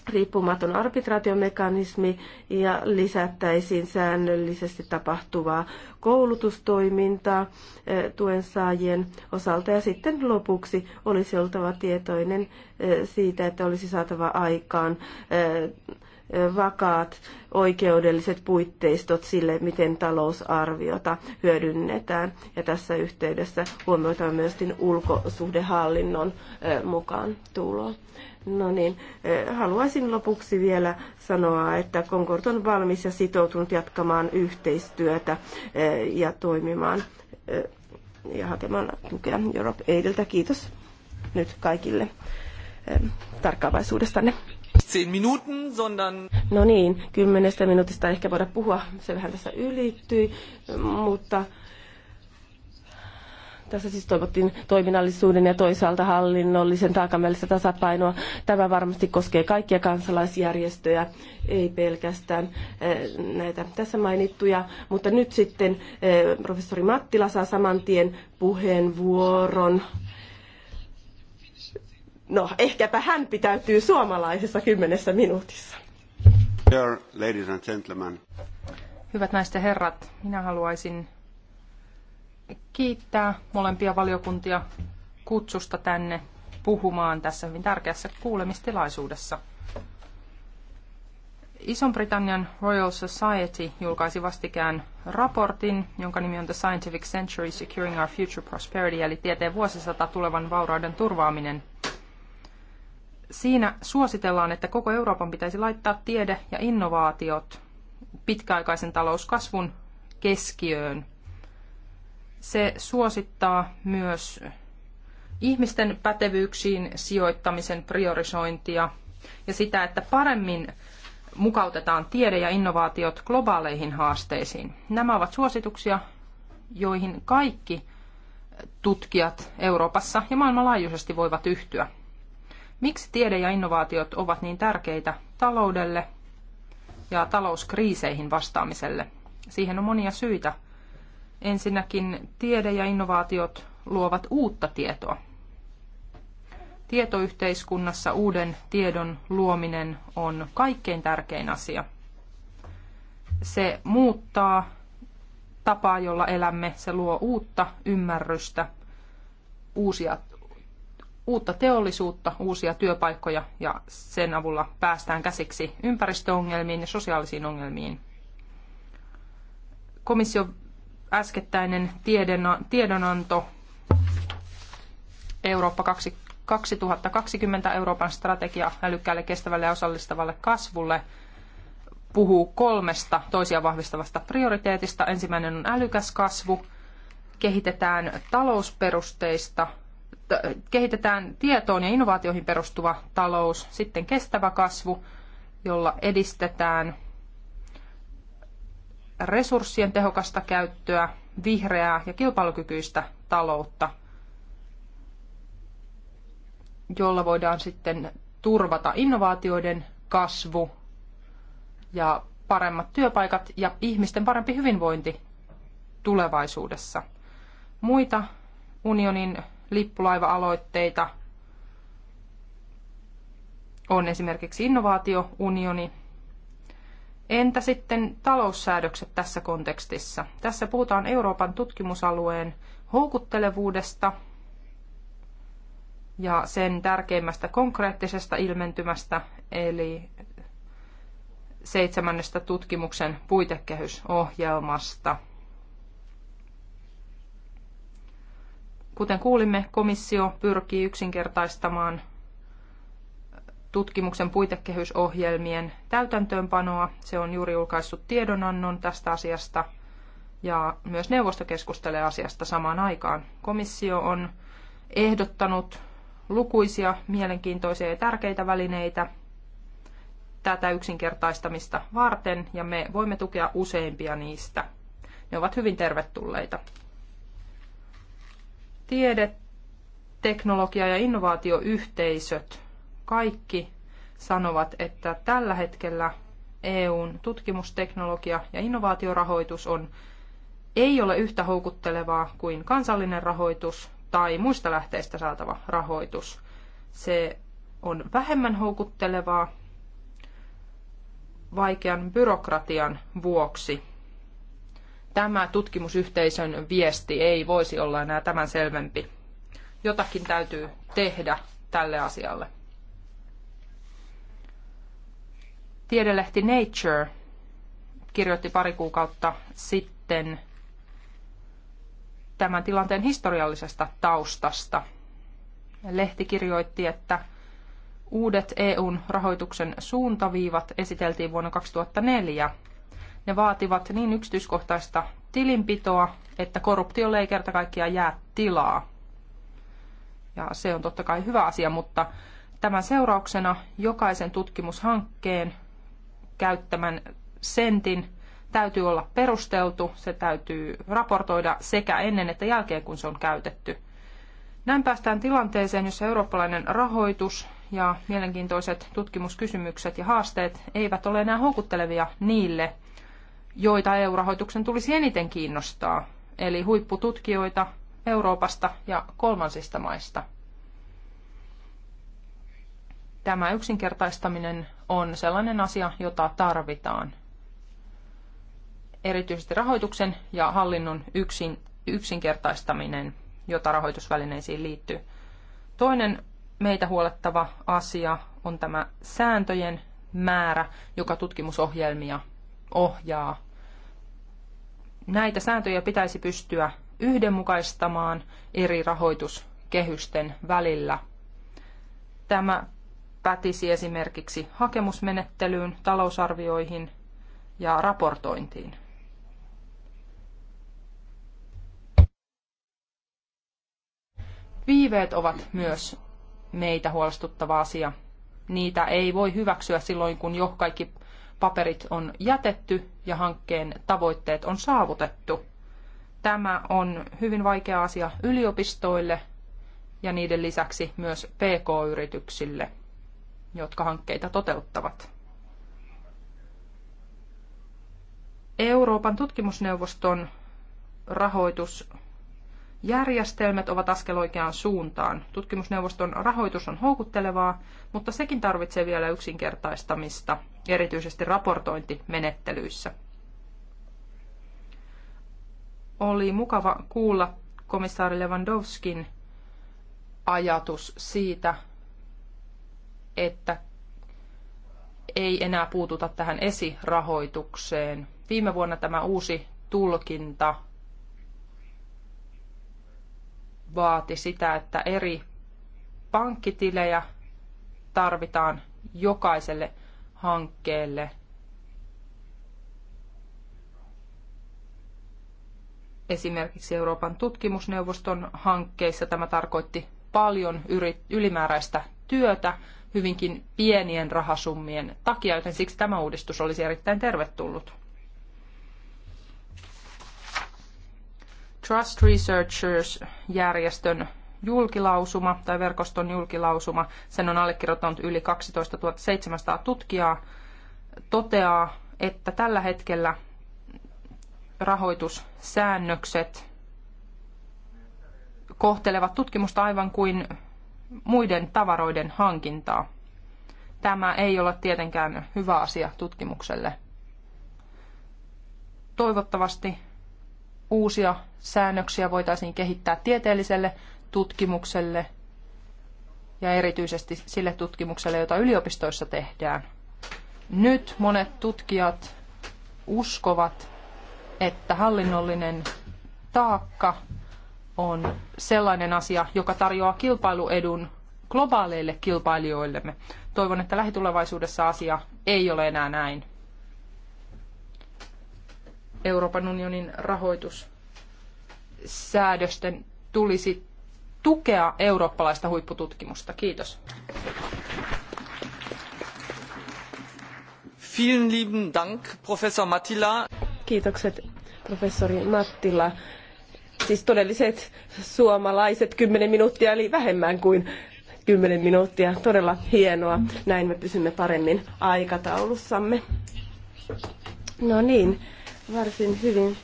riippumaton arbitraatiomekanismi ja lisättäisiin säännöllisesti tapahtuvaa koulutustoimintaa eh, tuen saajien osalta. Ja sitten lopuksi olisi oltava tietoinen eh, siitä, että olisi saatava aikaan eh, vakaat oikeudelliset puitteistot sille, miten talousarviota hyödynnetään. Ja tässä yhteydessä huomioitaan myöskin ulkosuhdehallinnon mukaan tulo. No niin, eh, haluaisin lopuksi vielä sanoa, että Concord on valmis ja sitoutunut jatkamaan yhteistyötä eh, ja toimimaan eh, ja hakemaan tukea Europe Aidiltä. Kiitos nyt kaikille tarkkaavaisuudestanne. 10 minuutin, sondern... No niin, kymmenestä minuutista ehkä voida puhua, se vähän tässä ylittyi, mutta tässä siis toivottiin toiminnallisuuden ja toisaalta hallinnollisen taakan välistä tasapainoa. Tämä varmasti koskee kaikkia kansalaisjärjestöjä, ei pelkästään eh, näitä tässä mainittuja. Mutta nyt sitten eh, professori Mattila saa saman tien puheenvuoron. No, ehkäpä hän pitäytyy suomalaisessa kymmenessä minuutissa. ladies and gentlemen. Hyvät naiset ja herrat, minä haluaisin kiittää molempia valiokuntia kutsusta tänne puhumaan tässä hyvin tärkeässä kuulemistilaisuudessa. Ison-Britannian Royal Society julkaisi vastikään raportin, jonka nimi on The Scientific Century Securing Our Future Prosperity, eli tieteen vuosisata tulevan vaurauden turvaaminen. Siinä suositellaan, että koko Euroopan pitäisi laittaa tiede ja innovaatiot pitkäaikaisen talouskasvun keskiöön – se suosittaa myös ihmisten pätevyyksiin sijoittamisen priorisointia ja sitä, että paremmin mukautetaan tiede ja innovaatiot globaaleihin haasteisiin. Nämä ovat suosituksia, joihin kaikki tutkijat Euroopassa ja maailmanlaajuisesti voivat yhtyä. Miksi tiede ja innovaatiot ovat niin tärkeitä taloudelle ja talouskriiseihin vastaamiselle? Siihen on monia syitä – Ensinnäkin tiede ja innovaatiot luovat uutta tietoa. Tietoyhteiskunnassa uuden tiedon luominen on kaikkein tärkein asia. Se muuttaa tapaa, jolla elämme. Se luo uutta ymmärrystä, uusia, uutta teollisuutta, uusia työpaikkoja ja sen avulla päästään käsiksi ympäristöongelmiin ja sosiaalisiin ongelmiin. Komission äskettäinen tiedonanto Eurooppa 2020 Euroopan strategia älykkäälle, kestävälle ja osallistavalle kasvulle puhuu kolmesta toisia vahvistavasta prioriteetista. Ensimmäinen on älykäs kasvu, kehitetään talousperusteista, kehitetään tietoon ja innovaatioihin perustuva talous, sitten kestävä kasvu, jolla edistetään – resurssien tehokasta käyttöä, vihreää ja kilpailukykyistä taloutta, jolla voidaan sitten turvata innovaatioiden kasvu ja paremmat työpaikat ja ihmisten parempi hyvinvointi tulevaisuudessa. Muita unionin lippulaiva-aloitteita on esimerkiksi innovaatiounioni, Entä sitten taloussäädökset tässä kontekstissa? Tässä puhutaan Euroopan tutkimusalueen houkuttelevuudesta ja sen tärkeimmästä konkreettisesta ilmentymästä, eli seitsemännestä tutkimuksen puitekehysohjelmasta. Kuten kuulimme, komissio pyrkii yksinkertaistamaan tutkimuksen puitekehysohjelmien täytäntöönpanoa. Se on juuri julkaissut tiedonannon tästä asiasta ja myös neuvosto keskustelee asiasta samaan aikaan. Komissio on ehdottanut lukuisia mielenkiintoisia ja tärkeitä välineitä tätä yksinkertaistamista varten ja me voimme tukea useimpia niistä. Ne ovat hyvin tervetulleita. Tiede, teknologia ja innovaatioyhteisöt kaikki sanovat, että tällä hetkellä EUn tutkimusteknologia ja innovaatiorahoitus on, ei ole yhtä houkuttelevaa kuin kansallinen rahoitus tai muista lähteistä saatava rahoitus. Se on vähemmän houkuttelevaa vaikean byrokratian vuoksi. Tämä tutkimusyhteisön viesti ei voisi olla enää tämän selvempi. Jotakin täytyy tehdä tälle asialle. Tiedelehti Nature kirjoitti pari kuukautta sitten tämän tilanteen historiallisesta taustasta. Lehti kirjoitti, että uudet EUn rahoituksen suuntaviivat esiteltiin vuonna 2004. Ne vaativat niin yksityiskohtaista tilinpitoa, että korruptiolle ei kerta kaikkiaan jää tilaa. Ja se on totta kai hyvä asia, mutta tämän seurauksena jokaisen tutkimushankkeen käyttämän sentin täytyy olla perusteltu, se täytyy raportoida sekä ennen että jälkeen, kun se on käytetty. Näin päästään tilanteeseen, jossa eurooppalainen rahoitus ja mielenkiintoiset tutkimuskysymykset ja haasteet eivät ole enää houkuttelevia niille, joita EU-rahoituksen tulisi eniten kiinnostaa, eli huippututkijoita Euroopasta ja kolmansista maista – Tämä yksinkertaistaminen on sellainen asia, jota tarvitaan. Erityisesti rahoituksen ja hallinnon yksin, yksinkertaistaminen, jota rahoitusvälineisiin liittyy. Toinen meitä huolettava asia on tämä sääntöjen määrä, joka tutkimusohjelmia ohjaa. Näitä sääntöjä pitäisi pystyä yhdenmukaistamaan eri rahoituskehysten välillä. Tämä pätisi esimerkiksi hakemusmenettelyyn, talousarvioihin ja raportointiin. Viiveet ovat myös meitä huolestuttava asia. Niitä ei voi hyväksyä silloin, kun jo kaikki paperit on jätetty ja hankkeen tavoitteet on saavutettu. Tämä on hyvin vaikea asia yliopistoille ja niiden lisäksi myös PK-yrityksille jotka hankkeita toteuttavat. Euroopan tutkimusneuvoston rahoitusjärjestelmät ovat askel oikeaan suuntaan. Tutkimusneuvoston rahoitus on houkuttelevaa, mutta sekin tarvitsee vielä yksinkertaistamista, erityisesti raportointimenettelyissä. Oli mukava kuulla komissaari Lewandowskin ajatus siitä, että ei enää puututa tähän esirahoitukseen. Viime vuonna tämä uusi tulkinta vaati sitä, että eri pankkitilejä tarvitaan jokaiselle hankkeelle. Esimerkiksi Euroopan tutkimusneuvoston hankkeissa tämä tarkoitti paljon ylimääräistä työtä, hyvinkin pienien rahasummien takia, joten siksi tämä uudistus olisi erittäin tervetullut. Trust Researchers-järjestön julkilausuma tai verkoston julkilausuma, sen on allekirjoittanut yli 12 700 tutkijaa, toteaa, että tällä hetkellä rahoitussäännökset kohtelevat tutkimusta aivan kuin muiden tavaroiden hankintaa. Tämä ei ole tietenkään hyvä asia tutkimukselle. Toivottavasti uusia säännöksiä voitaisiin kehittää tieteelliselle tutkimukselle ja erityisesti sille tutkimukselle, jota yliopistoissa tehdään. Nyt monet tutkijat uskovat, että hallinnollinen taakka on sellainen asia, joka tarjoaa kilpailuedun globaaleille kilpailijoillemme. Toivon, että lähitulevaisuudessa asia ei ole enää näin. Euroopan unionin rahoitussäädösten tulisi tukea eurooppalaista huippututkimusta. Kiitos. Vielen lieben Dank, Professor Mattila. Kiitokset, professori Mattila siis todelliset suomalaiset 10 minuuttia, eli vähemmän kuin 10 minuuttia. Todella hienoa. Näin me pysymme paremmin aikataulussamme. No niin, varsin hyvin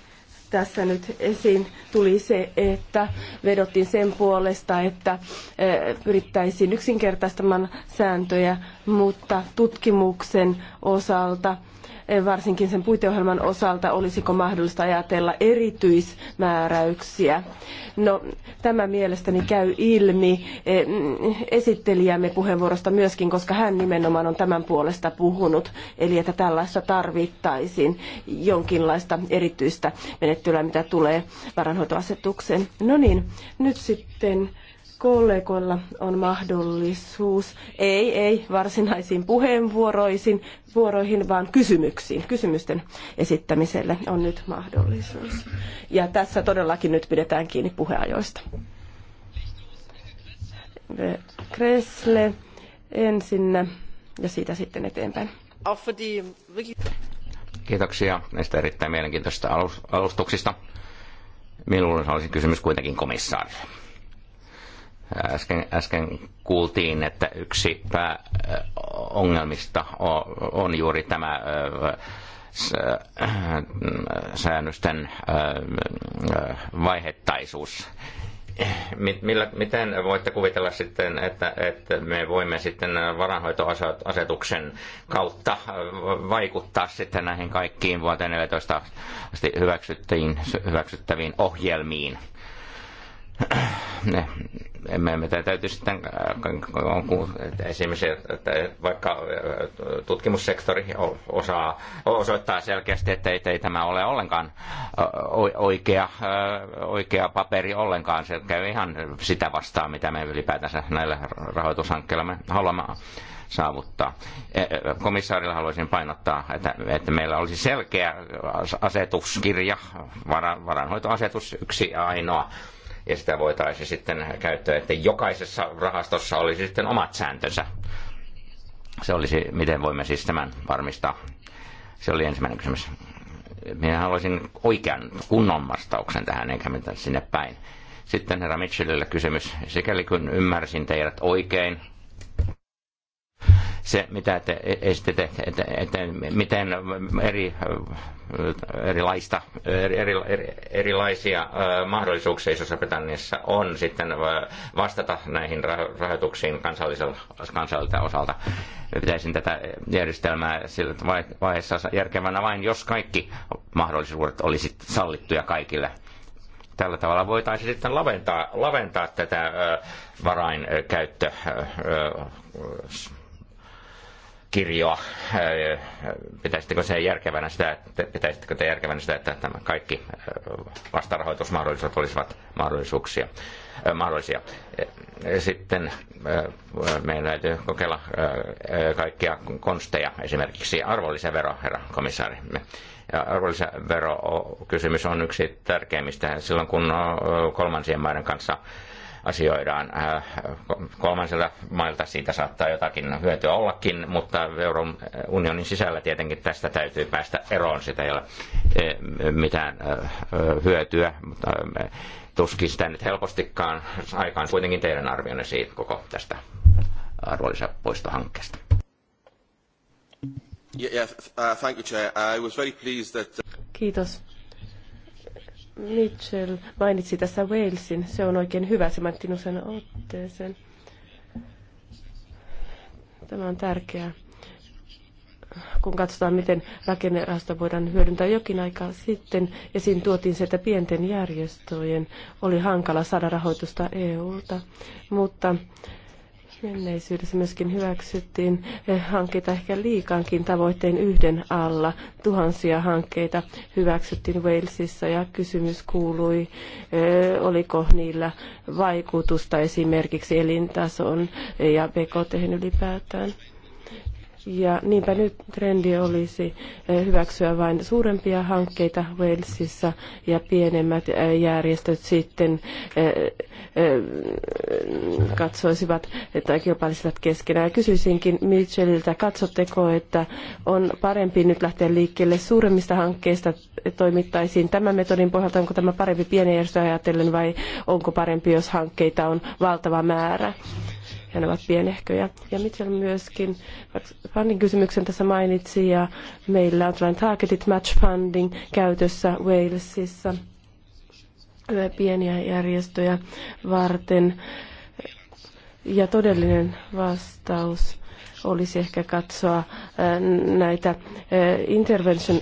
tässä nyt esiin tuli se, että vedottiin sen puolesta, että eh, pyrittäisiin yksinkertaistamaan sääntöjä, mutta tutkimuksen osalta – varsinkin sen puiteohjelman osalta, olisiko mahdollista ajatella erityismääräyksiä. No, tämä mielestäni käy ilmi eh, esittelijämme puheenvuorosta myöskin, koska hän nimenomaan on tämän puolesta puhunut, eli että tällaista tarvittaisiin jonkinlaista erityistä menettelyä, mitä tulee varanhoitoasetukseen. No niin, nyt sitten kollegoilla on mahdollisuus, ei, ei varsinaisiin puheenvuoroihin, vuoroihin, vaan kysymyksiin, kysymysten esittämiselle on nyt mahdollisuus. Ja tässä todellakin nyt pidetään kiinni puheajoista. Kresle ensinnä ja siitä sitten eteenpäin. Kiitoksia näistä erittäin mielenkiintoisista alustuksista. Minulla olisi kysymys kuitenkin komissaarille äsken, äsken kuultiin, että yksi pääongelmista on juuri tämä säännösten vaihettaisuus. Millä, miten voitte kuvitella sitten, että, että me voimme sitten varanhoitoasetuksen kautta vaikuttaa sitten näihin kaikkiin vuoteen 14 asti hyväksyttäviin, hyväksyttäviin ohjelmiin? Emme emme me täytyy sitten, äh, esimerkiksi vaikka äh, tutkimussektori osaa, osoittaa selkeästi, että ei, ei tämä ole ollenkaan äh, oikea, oikea paperi ollenkaan. Se käy ihan sitä vastaan, mitä me ylipäätänsä näillä rahoitushankkeilla me haluamme saavuttaa. Komissaarilla haluaisin painottaa, että, että meillä olisi selkeä asetuskirja, varan, varanhoitoasetus yksi ainoa ja sitä voitaisiin sitten käyttää, että jokaisessa rahastossa olisi sitten omat sääntönsä. Se olisi, miten voimme siis tämän varmistaa. Se oli ensimmäinen kysymys. Minä haluaisin oikean kunnon vastauksen tähän, enkä mitään sinne päin. Sitten herra Mitchellille kysymys. Sikäli kun ymmärsin teidät oikein, se, mitä te e-, e-, esitette, että, että miten eri, erilaista, eri, eri, erilaisia mahdollisuuksia isossa britanniassa on sitten vastata näihin rahoituksiin kansallisella, kansalliselta osalta. Pitäisin tätä järjestelmää sillä vaiheessa järkevänä vain, jos kaikki mahdollisuudet olisivat sallittuja kaikille tällä tavalla voitaisiin sitten laventaa, laventaa tätä varainkäyttö kirjoa. Pitäisittekö se järkevänä sitä, pitäisittekö te järkevänä sitä, että tämä kaikki vastarahoitusmahdollisuudet olisivat mahdollisuuksia? mahdollisia. Sitten meidän täytyy kokeilla kaikkia konsteja, esimerkiksi arvonlisävero, herra komissaari. Ja arvonlisäverokysymys on yksi tärkeimmistä silloin, kun kolmansien maiden kanssa asioidaan äh, Kolmansilta mailta. Siitä saattaa jotakin hyötyä ollakin, mutta Euroopan unionin sisällä tietenkin tästä täytyy päästä eroon. Sitä ei ole eh, mitään eh, hyötyä, mutta eh, tuskin sitä nyt helpostikaan aikaan. Kuitenkin teidän arvionne siitä koko tästä arvonlisäpoistohankkeesta. Uh, uh, uh, Kiitos. Mitchell mainitsi tässä Walesin. Se on oikein hyvä, se mainittiin otteeseen. Tämä on tärkeää, kun katsotaan, miten rakennerahasta voidaan hyödyntää. Jokin aika sitten esiin tuotiin se, että pienten järjestöjen oli hankala saada rahoitusta EUlta, mutta Menneisyydessä myöskin hyväksyttiin eh, hankkeita ehkä liikaankin tavoitteen yhden alla. Tuhansia hankkeita hyväksyttiin Walesissa ja kysymys kuului, eh, oliko niillä vaikutusta esimerkiksi elintason ja BKT ylipäätään. Ja niinpä nyt trendi olisi eh, hyväksyä vain suurempia hankkeita Walesissa ja pienemmät eh, järjestöt sitten eh, katsoisivat tai kilpailisivat keskenään. Kysyisinkin Mitchelliltä, katsotteko, että on parempi nyt lähteä liikkeelle suuremmista hankkeista toimittaisiin tämän metodin pohjalta, onko tämä parempi pienen järjestö ajatellen vai onko parempi, jos hankkeita on valtava määrä? ja ne ovat pienehköjä. Ja Mitchell myöskin funding kysymyksen tässä mainitsi ja meillä on tällainen targeted match funding käytössä Walesissa pieniä järjestöjä varten. Ja todellinen vastaus olisi ehkä katsoa äh, näitä äh, intervention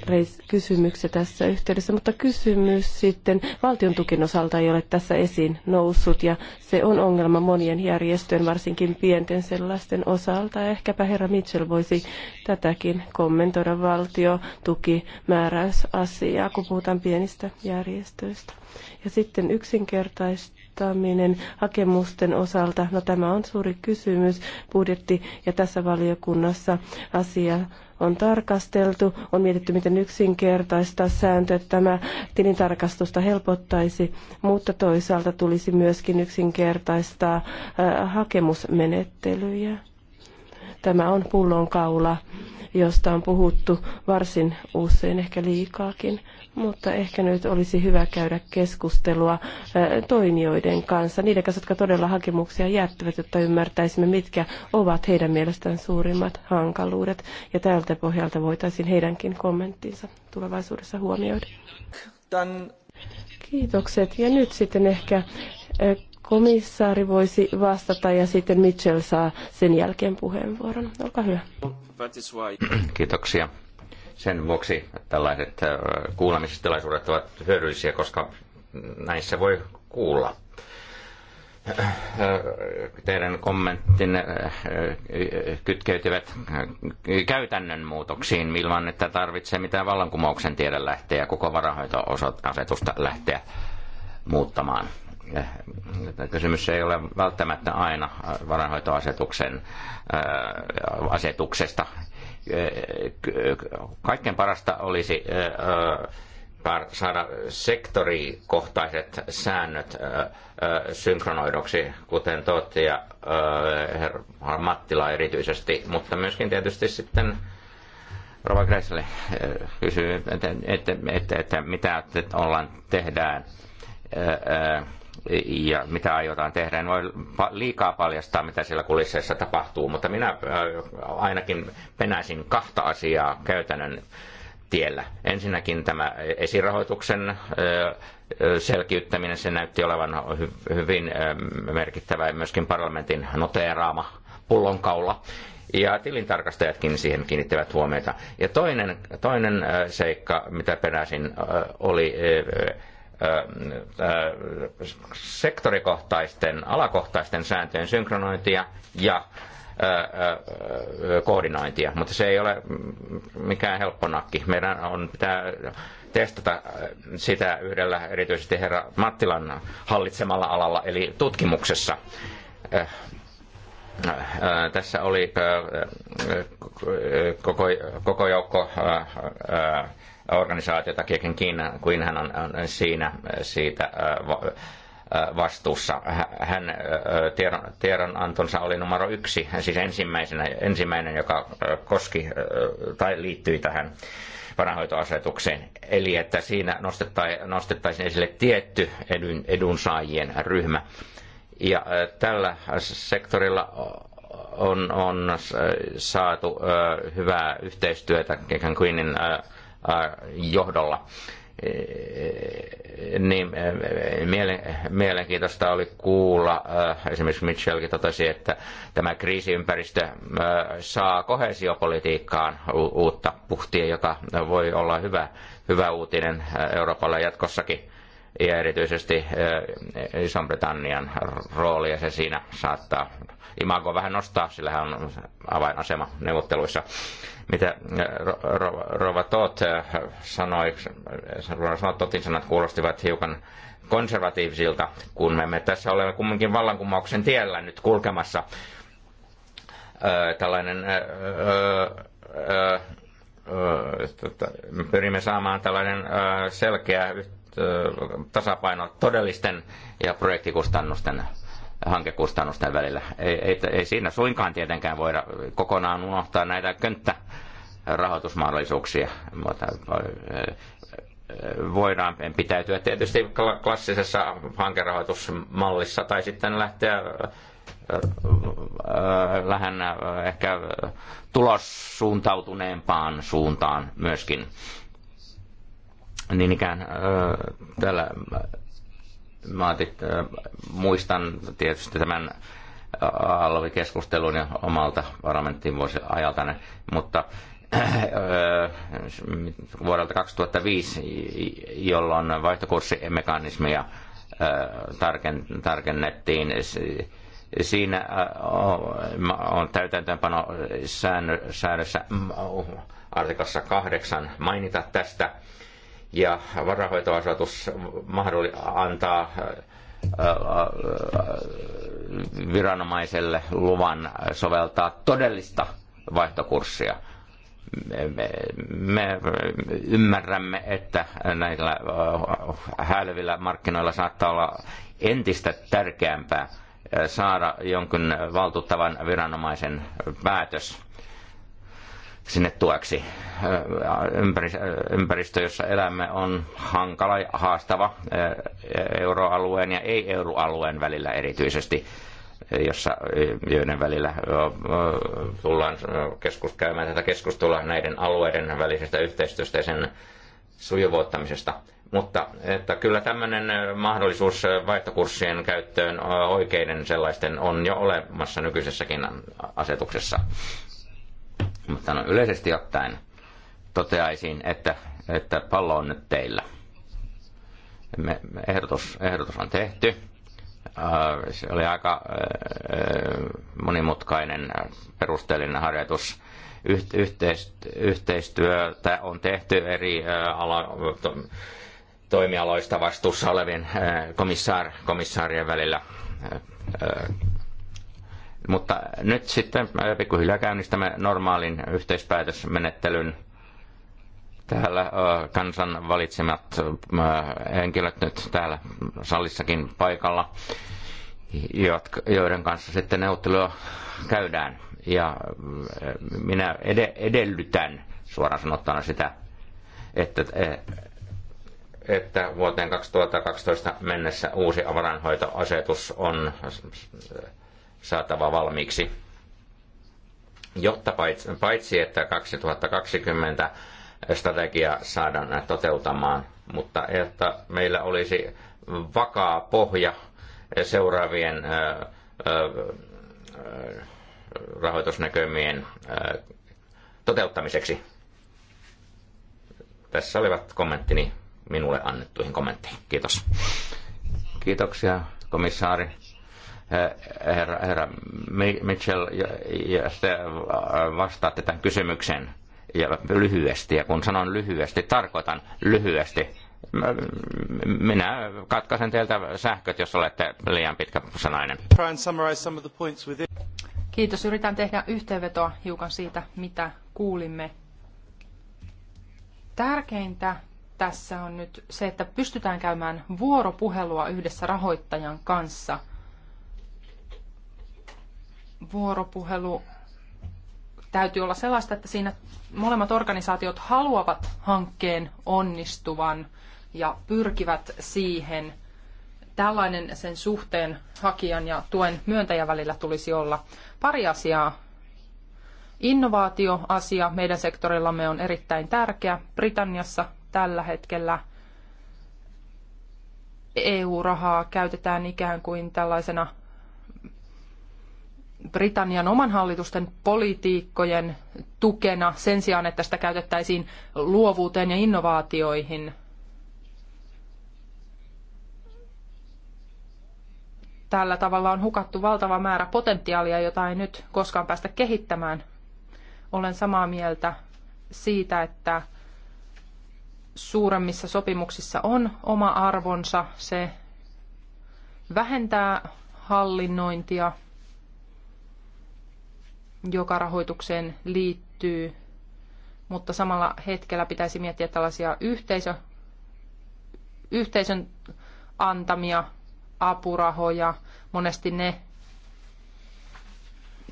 kysymyksiä tässä yhteydessä, mutta kysymys sitten valtion tukin osalta ei ole tässä esiin noussut ja se on ongelma monien järjestöjen, varsinkin pienten sellaisten osalta. Ehkäpä herra Mitchell voisi tätäkin kommentoida valtiotukimääräysasiaa, kun puhutaan pienistä järjestöistä. Ja sitten yksinkertaista kohtaaminen hakemusten osalta, no tämä on suuri kysymys budjetti ja tässä valiokunnassa asia on tarkasteltu, on mietitty, miten yksinkertaista sääntö, että tämä tilintarkastusta helpottaisi, mutta toisaalta tulisi myöskin yksinkertaistaa äh, hakemusmenettelyjä. Tämä on pullonkaula, josta on puhuttu varsin usein, ehkä liikaakin. Mutta ehkä nyt olisi hyvä käydä keskustelua toimijoiden kanssa, niiden kanssa, jotka todella hakemuksia jättävät, jotta ymmärtäisimme, mitkä ovat heidän mielestään suurimmat hankaluudet. Ja tältä pohjalta voitaisiin heidänkin kommenttinsa tulevaisuudessa huomioida. Kiitokset. Ja nyt sitten ehkä komissaari voisi vastata ja sitten Mitchell saa sen jälkeen puheenvuoron. Olkaa hyvä. Kiitoksia. Sen vuoksi tällaiset äh, kuulemistilaisuudet ovat hyödyllisiä, koska näissä voi kuulla äh, teidän kommenttinne äh, kytkeytyvät käytännön muutoksiin ilman, että tarvitsee mitään vallankumouksen tiedä lähteä ja koko asetusta lähteä muuttamaan. Kysymys ei ole välttämättä aina varahoitoasetuksen asetuksesta Kaikkein parasta olisi saada sektorikohtaiset säännöt synkronoiduksi, kuten Totti ja herra Mattila erityisesti, mutta myöskin tietysti sitten Rova Gressle kysyy, että, että, että, että mitä ollaan tehdään ja mitä aiotaan tehdä. En voi liikaa paljastaa, mitä siellä kulisseissa tapahtuu, mutta minä äh, ainakin penäisin kahta asiaa käytännön tiellä. Ensinnäkin tämä esirahoituksen äh, selkiyttäminen, se näytti olevan hyvin äh, merkittävä ja myöskin parlamentin noteeraama pullonkaula. Ja tilintarkastajatkin siihen kiinnittävät huomiota. Ja toinen, toinen seikka, mitä peräsin, oli sektorikohtaisten, alakohtaisten sääntöjen synkronointia ja koordinointia, mutta se ei ole mikään helppo nakki. Meidän on pitää testata sitä yhdellä erityisesti herra Mattilan hallitsemalla alalla, eli tutkimuksessa. Tässä oli koko, koko joukko organisaatiota kuin hän on siinä äh, siitä äh, äh, vastuussa. Hän tiedon, tiedonantonsa oli numero yksi, siis ensimmäisenä, ensimmäinen, joka koski tai liittyi tähän varainhoitoasetukseen. Eli että siinä nostettaisiin esille tietty edun, edunsaajien ryhmä. Ja tällä sektorilla on, on saatu hyvää yhteistyötä Kekan Queenin Äh, johdolla niin e, e, mielenkiintoista oli kuulla, äh, esimerkiksi Mitchellkin totesi, että tämä kriisiympäristö äh, saa kohesiopolitiikkaan uutta puhtia, joka voi olla hyvä, hyvä uutinen Euroopalle jatkossakin ja erityisesti eh, Iso-Britannian rooli ja se siinä saattaa imago vähän nostaa, sillä hän on avainasema neuvotteluissa. Mitä eh, Rova Tot eh, sanoi, sanoi, Totin sanat kuulostivat hiukan konservatiivisilta, kun me tässä olemme kumminkin vallankumouksen tiellä nyt kulkemassa. tällainen tota, me pyrimme saamaan tällainen selkeä tasapaino todellisten ja projektikustannusten hankekustannusten välillä. Ei, ei, ei siinä suinkaan tietenkään voida kokonaan unohtaa näitä könttä rahoitusmahdollisuuksia, mutta voidaan pitäytyä tietysti klassisessa hankerahoitusmallissa tai sitten lähteä lähinnä ehkä tulossuuntautuneempaan suuntaan myöskin niin ikään täällä maatit, muistan tietysti tämän alvikeskustelun ja omalta parlamenttiin vuosi ajalta, niin, mutta vuodelta 2005, jolloin vaihtokurssimekanismia tarkennettiin. Siinä on täytäntöönpano säännössä artikassa kahdeksan mainita tästä – ja varahoitoasetus mahdolli, antaa äh, äh, viranomaiselle luvan soveltaa todellista vaihtokurssia. Me, me ymmärrämme, että näillä äh, hälvillä markkinoilla saattaa olla entistä tärkeämpää saada jonkun valtuuttavan viranomaisen päätös sinne tueksi. Ympäristö, jossa elämme, on hankala ja haastava euroalueen ja ei-euroalueen välillä erityisesti jossa, joiden välillä tullaan keskus, käymään tätä keskustelua näiden alueiden välisestä yhteistyöstä ja sen sujuvoittamisesta. Mutta että kyllä tämmöinen mahdollisuus vaihtokurssien käyttöön oikeiden sellaisten on jo olemassa nykyisessäkin asetuksessa. Mutta sanon yleisesti ottaen toteaisin, että, että pallo on nyt teillä. Me, me ehdotus, ehdotus on tehty. Äh, se oli aika äh, äh, monimutkainen perusteellinen harjoitus. Yhteistyötä on tehty eri ala, toimialoista vastuussa olevien komissaar, komissaarien välillä mutta nyt sitten äh, pikkuhiljaa käynnistämme normaalin yhteispäätösmenettelyn. Täällä äh, kansan valitsemat äh, henkilöt nyt täällä salissakin paikalla, joiden kanssa sitten neuvottelua käydään. Ja minä edellytän suoraan sanottuna sitä, että, että vuoteen 2012 mennessä uusi avaranhoitoasetus on saatava valmiiksi. Jotta paitsi, että 2020 strategia saadaan toteutamaan, mutta että meillä olisi vakaa pohja seuraavien rahoitusnäkömien toteuttamiseksi. Tässä olivat kommenttini minulle annettuihin kommentteihin. Kiitos. Kiitoksia komissaari herra, herra Mitchell, jos te vastaatte tämän kysymyksen ja lyhyesti, ja kun sanon lyhyesti, tarkoitan lyhyesti. Minä katkaisen teiltä sähköt, jos olette liian pitkä sanainen. Kiitos. Yritän tehdä yhteenvetoa hiukan siitä, mitä kuulimme. Tärkeintä tässä on nyt se, että pystytään käymään vuoropuhelua yhdessä rahoittajan kanssa – vuoropuhelu täytyy olla sellaista, että siinä molemmat organisaatiot haluavat hankkeen onnistuvan ja pyrkivät siihen. Tällainen sen suhteen hakijan ja tuen myöntäjän välillä tulisi olla. Pari asiaa. Innovaatioasia meidän sektorillamme on erittäin tärkeä. Britanniassa tällä hetkellä EU-rahaa käytetään ikään kuin tällaisena Britannian oman hallitusten politiikkojen tukena sen sijaan, että sitä käytettäisiin luovuuteen ja innovaatioihin. Tällä tavalla on hukattu valtava määrä potentiaalia, jota ei nyt koskaan päästä kehittämään. Olen samaa mieltä siitä, että suuremmissa sopimuksissa on oma arvonsa. Se vähentää hallinnointia joka rahoitukseen liittyy, mutta samalla hetkellä pitäisi miettiä tällaisia yhteisö, yhteisön antamia apurahoja. Monesti ne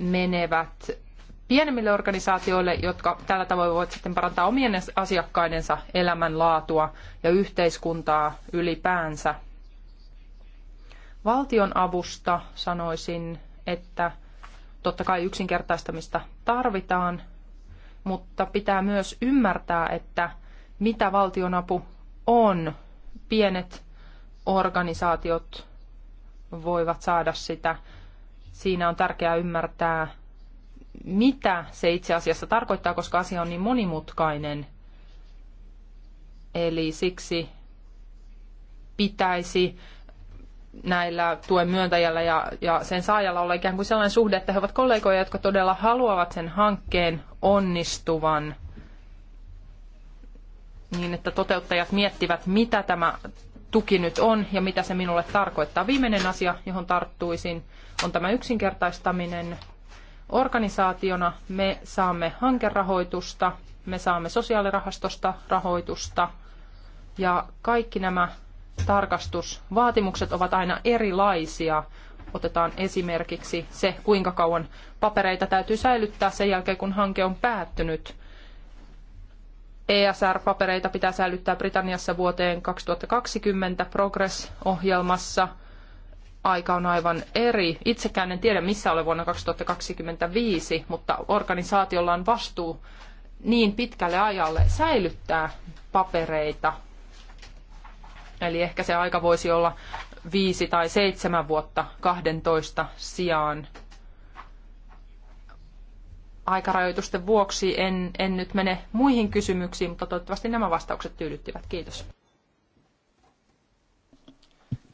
menevät pienemmille organisaatioille, jotka tällä tavoin voivat sitten parantaa omien asiakkaidensa elämänlaatua ja yhteiskuntaa ylipäänsä. Valtion avusta sanoisin, että Totta kai yksinkertaistamista tarvitaan, mutta pitää myös ymmärtää, että mitä valtionapu on. Pienet organisaatiot voivat saada sitä. Siinä on tärkeää ymmärtää, mitä se itse asiassa tarkoittaa, koska asia on niin monimutkainen. Eli siksi pitäisi näillä tuen myöntäjällä ja, ja sen saajalla olla ikään kuin sellainen suhde, että he ovat kollegoja, jotka todella haluavat sen hankkeen onnistuvan niin, että toteuttajat miettivät, mitä tämä tuki nyt on ja mitä se minulle tarkoittaa. Viimeinen asia, johon tarttuisin, on tämä yksinkertaistaminen. Organisaationa me saamme hankerahoitusta, me saamme sosiaalirahastosta rahoitusta ja kaikki nämä tarkastusvaatimukset ovat aina erilaisia. Otetaan esimerkiksi se, kuinka kauan papereita täytyy säilyttää sen jälkeen, kun hanke on päättynyt. ESR-papereita pitää säilyttää Britanniassa vuoteen 2020 Progress-ohjelmassa. Aika on aivan eri. Itsekään en tiedä, missä olen vuonna 2025, mutta organisaatiolla on vastuu niin pitkälle ajalle säilyttää papereita Eli ehkä se aika voisi olla viisi tai seitsemän vuotta 12 sijaan. Aikarajoitusten vuoksi en, en nyt mene muihin kysymyksiin, mutta toivottavasti nämä vastaukset tyydyttivät. Kiitos.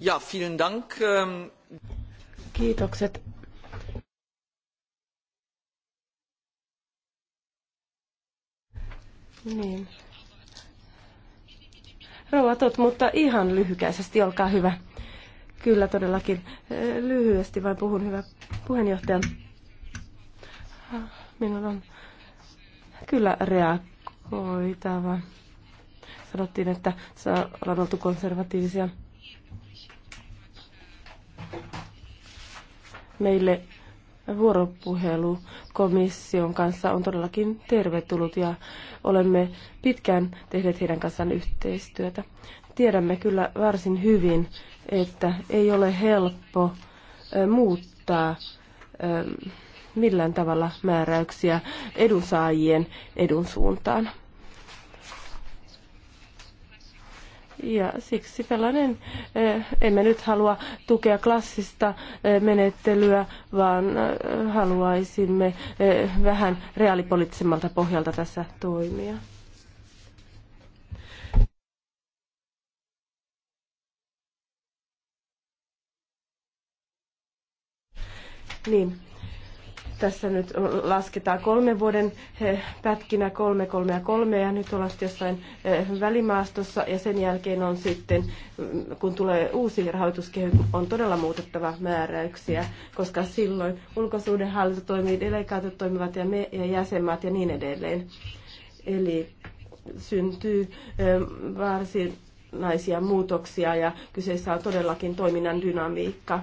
Ja, vielen dank. Ähm. Kiitokset. Niin. Rouva Tot, mutta ihan lyhykäisesti, olkaa hyvä. Kyllä todellakin. Lyhyesti vain puhun, hyvä puheenjohtaja. Minulla on kyllä reagoitava. Sanottiin, että ollaan oltu konservatiivisia. Meille vuoropuhelu komission kanssa on todellakin tervetullut ja olemme pitkään tehneet heidän kanssaan yhteistyötä. Tiedämme kyllä varsin hyvin, että ei ole helppo muuttaa millään tavalla määräyksiä edunsaajien edun suuntaan. Ja siksi tällainen, eh, emme nyt halua tukea klassista eh, menettelyä, vaan eh, haluaisimme vähän reaalipoliittisemmalta pohjalta tässä toimia. Niin, tässä nyt lasketaan kolmen vuoden pätkinä kolme, kolme ja kolme ja nyt ollaan jossain eh, välimaastossa ja sen jälkeen on sitten, mm, kun tulee uusi rahoituskehys, on todella muutettava määräyksiä, koska silloin ulkosuudenhallinto toimii, delegaatit toimivat ja me ja jäsenmaat ja niin edelleen. Eli syntyy eh, varsin naisia muutoksia ja kyseessä on todellakin toiminnan dynamiikka.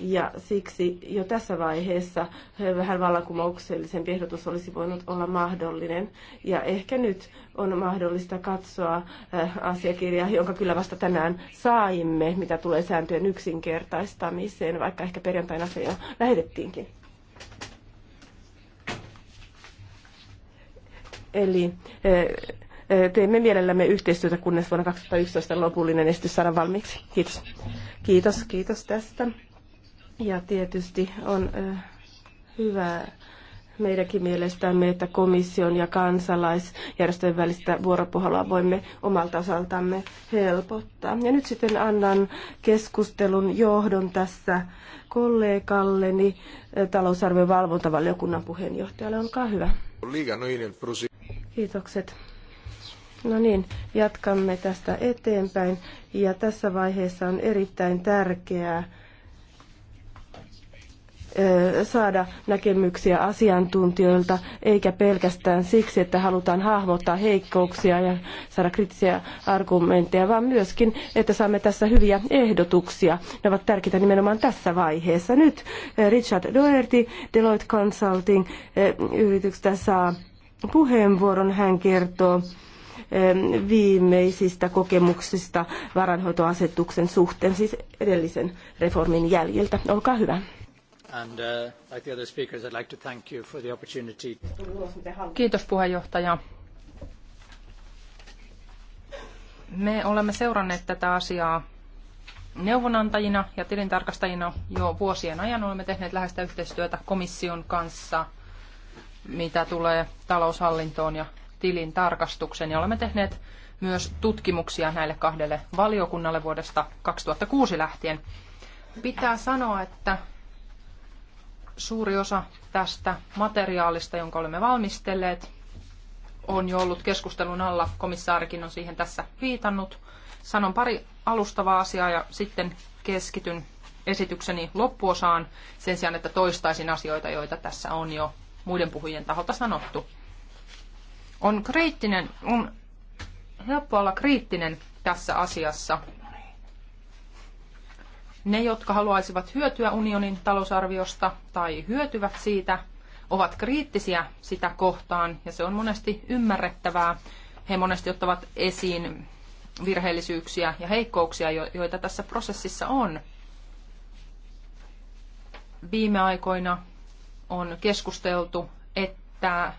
Ja siksi jo tässä vaiheessa eh, vähän vallankumouksellisen ehdotus olisi voinut olla mahdollinen. Ja ehkä nyt on mahdollista katsoa eh, asiakirjaa, jonka kyllä vasta tänään saimme, mitä tulee sääntöjen yksinkertaistamiseen, vaikka ehkä perjantaina se jo lähetettiinkin. Eli eh, teemme mielellämme yhteistyötä, kunnes vuonna 2011 lopullinen esitys saadaan valmiiksi. Kiitos. Kiitos, kiitos tästä. Ja tietysti on hyvä meidänkin mielestämme, että komission ja kansalaisjärjestöjen välistä vuoropuhelua voimme omalta osaltamme helpottaa. Ja nyt sitten annan keskustelun johdon tässä kollegalleni talousarvion valvontavaliokunnan puheenjohtajalle. Olkaa hyvä. Kiitokset. No niin, jatkamme tästä eteenpäin ja tässä vaiheessa on erittäin tärkeää, saada näkemyksiä asiantuntijoilta, eikä pelkästään siksi, että halutaan hahmottaa heikkouksia ja saada kriittisiä argumentteja, vaan myöskin, että saamme tässä hyviä ehdotuksia. Ne ovat tärkeitä nimenomaan tässä vaiheessa. Nyt Richard Doherty, Deloitte Consulting yrityksestä saa puheenvuoron. Hän kertoo viimeisistä kokemuksista varanhoitoasetuksen suhteen, siis edellisen reformin jäljiltä. Olkaa hyvä. Kiitos puheenjohtaja. Me olemme seuranneet tätä asiaa neuvonantajina ja tilintarkastajina jo vuosien ajan. Olemme tehneet läheistä yhteistyötä komission kanssa, mitä tulee taloushallintoon ja tilintarkastukseen, Ja olemme tehneet myös tutkimuksia näille kahdelle valiokunnalle vuodesta 2006 lähtien. Pitää sanoa, että Suuri osa tästä materiaalista, jonka olemme valmistelleet, on jo ollut keskustelun alla. Komissaarikin on siihen tässä viitannut. Sanon pari alustavaa asiaa ja sitten keskityn esitykseni loppuosaan sen sijaan, että toistaisin asioita, joita tässä on jo muiden puhujien taholta sanottu. On kriittinen, on helppo olla kriittinen tässä asiassa ne, jotka haluaisivat hyötyä unionin talousarviosta tai hyötyvät siitä, ovat kriittisiä sitä kohtaan, ja se on monesti ymmärrettävää. He monesti ottavat esiin virheellisyyksiä ja heikkouksia, joita tässä prosessissa on. Viime aikoina on keskusteltu, että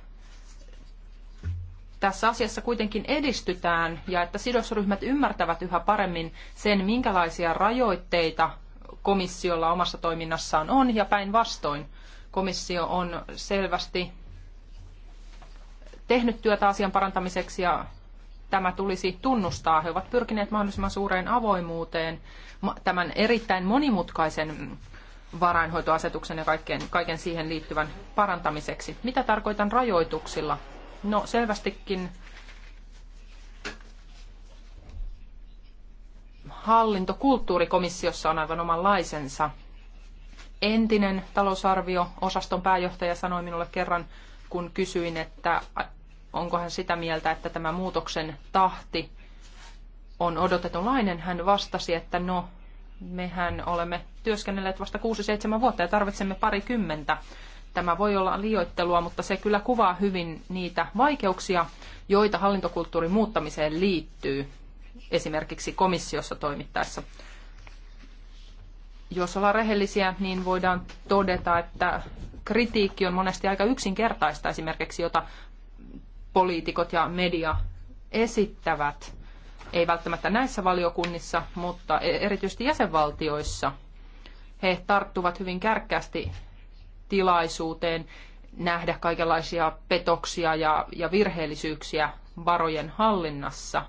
tässä asiassa kuitenkin edistytään ja että sidosryhmät ymmärtävät yhä paremmin sen, minkälaisia rajoitteita komissiolla omassa toiminnassaan on ja päinvastoin. Komissio on selvästi tehnyt työtä asian parantamiseksi ja tämä tulisi tunnustaa. He ovat pyrkineet mahdollisimman suureen avoimuuteen tämän erittäin monimutkaisen varainhoitoasetuksen ja kaiken, kaiken siihen liittyvän parantamiseksi. Mitä tarkoitan rajoituksilla? No selvästikin hallintokulttuurikomissiossa on aivan omanlaisensa. Entinen talousarvio-osaston pääjohtaja sanoi minulle kerran, kun kysyin, että onko hän sitä mieltä, että tämä muutoksen tahti on odotetunlainen. Hän vastasi, että no, mehän olemme työskennelleet vasta 6-7 vuotta ja tarvitsemme pari kymmentä Tämä voi olla liioittelua, mutta se kyllä kuvaa hyvin niitä vaikeuksia, joita hallintokulttuurin muuttamiseen liittyy esimerkiksi komissiossa toimittaessa. Jos ollaan rehellisiä, niin voidaan todeta, että kritiikki on monesti aika yksinkertaista esimerkiksi, jota poliitikot ja media esittävät. Ei välttämättä näissä valiokunnissa, mutta e- erityisesti jäsenvaltioissa. He tarttuvat hyvin kärkkäästi tilaisuuteen nähdä kaikenlaisia petoksia ja, ja virheellisyyksiä varojen hallinnassa.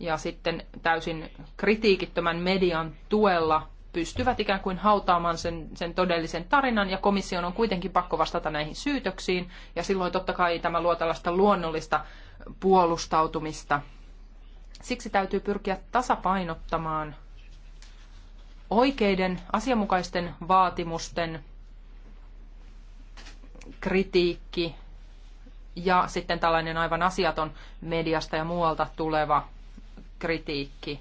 Ja sitten täysin kritiikittömän median tuella pystyvät ikään kuin hautaamaan sen, sen todellisen tarinan, ja komission on kuitenkin pakko vastata näihin syytöksiin, ja silloin totta kai tämä luo tällaista luonnollista puolustautumista. Siksi täytyy pyrkiä tasapainottamaan oikeiden asianmukaisten vaatimusten kritiikki ja sitten tällainen aivan asiaton mediasta ja muualta tuleva kritiikki.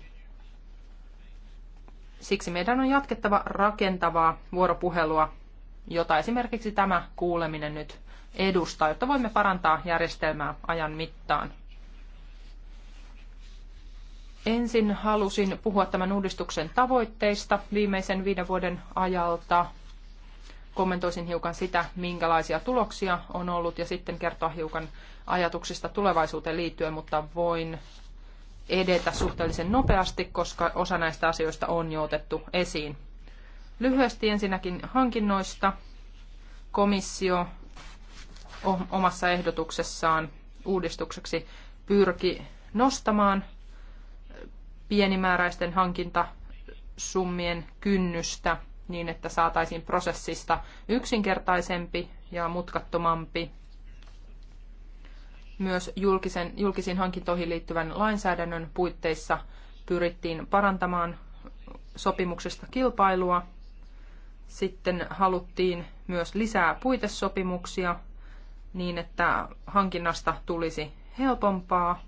Siksi meidän on jatkettava rakentavaa vuoropuhelua, jota esimerkiksi tämä kuuleminen nyt edustaa, jotta voimme parantaa järjestelmää ajan mittaan. Ensin halusin puhua tämän uudistuksen tavoitteista viimeisen viiden vuoden ajalta – kommentoisin hiukan sitä, minkälaisia tuloksia on ollut ja sitten kertoa hiukan ajatuksista tulevaisuuteen liittyen, mutta voin edetä suhteellisen nopeasti, koska osa näistä asioista on jo otettu esiin. Lyhyesti ensinnäkin hankinnoista. Komissio omassa ehdotuksessaan uudistukseksi pyrki nostamaan pienimääräisten hankintasummien kynnystä – niin, että saataisiin prosessista yksinkertaisempi ja mutkattomampi. Myös julkisen, julkisiin hankintoihin liittyvän lainsäädännön puitteissa pyrittiin parantamaan sopimuksesta kilpailua. Sitten haluttiin myös lisää puitesopimuksia niin, että hankinnasta tulisi helpompaa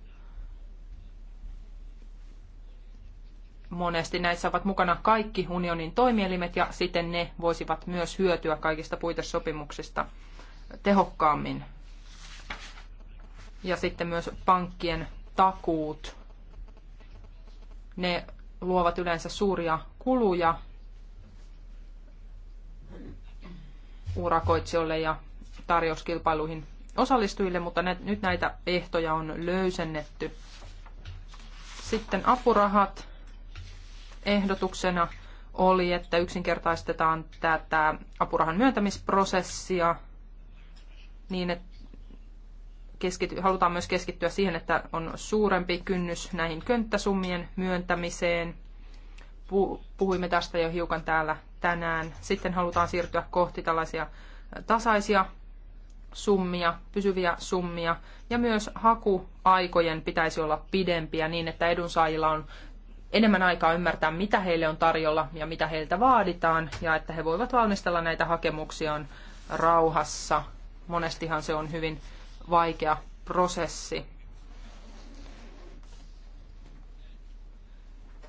Monesti näissä ovat mukana kaikki unionin toimielimet ja siten ne voisivat myös hyötyä kaikista puitesopimuksista tehokkaammin. Ja sitten myös pankkien takuut. Ne luovat yleensä suuria kuluja urakoitsijoille ja tarjouskilpailuihin osallistujille, mutta ne, nyt näitä ehtoja on löysennetty. Sitten apurahat ehdotuksena oli, että yksinkertaistetaan tätä apurahan myöntämisprosessia niin, että keskity, halutaan myös keskittyä siihen, että on suurempi kynnys näihin könttäsummien myöntämiseen. Puhuimme tästä jo hiukan täällä tänään. Sitten halutaan siirtyä kohti tällaisia tasaisia summia, pysyviä summia ja myös hakuaikojen pitäisi olla pidempiä niin, että edunsaajilla on enemmän aikaa ymmärtää, mitä heille on tarjolla ja mitä heiltä vaaditaan, ja että he voivat valmistella näitä hakemuksiaan rauhassa. Monestihan se on hyvin vaikea prosessi.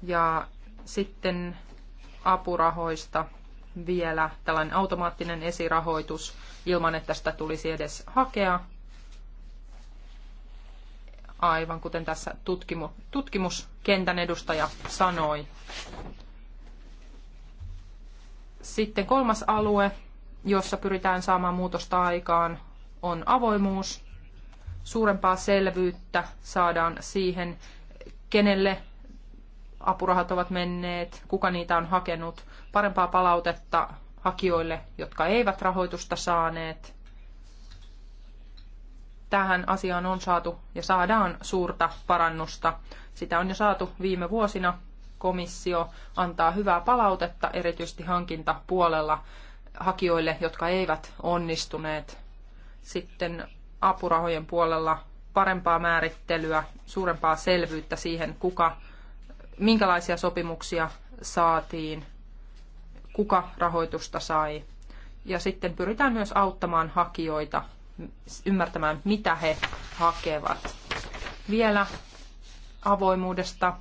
Ja sitten apurahoista vielä tällainen automaattinen esirahoitus ilman, että sitä tulisi edes hakea aivan kuten tässä tutkimu, tutkimuskentän edustaja sanoi. Sitten kolmas alue, jossa pyritään saamaan muutosta aikaan, on avoimuus. Suurempaa selvyyttä saadaan siihen, kenelle apurahat ovat menneet, kuka niitä on hakenut, parempaa palautetta hakijoille, jotka eivät rahoitusta saaneet tähän asiaan on saatu ja saadaan suurta parannusta. Sitä on jo saatu viime vuosina. Komissio antaa hyvää palautetta erityisesti hankintapuolella hakijoille, jotka eivät onnistuneet. Sitten apurahojen puolella parempaa määrittelyä, suurempaa selvyyttä siihen, kuka, minkälaisia sopimuksia saatiin, kuka rahoitusta sai. Ja sitten pyritään myös auttamaan hakijoita ymmärtämään, mitä he hakevat. Vielä avoimuudesta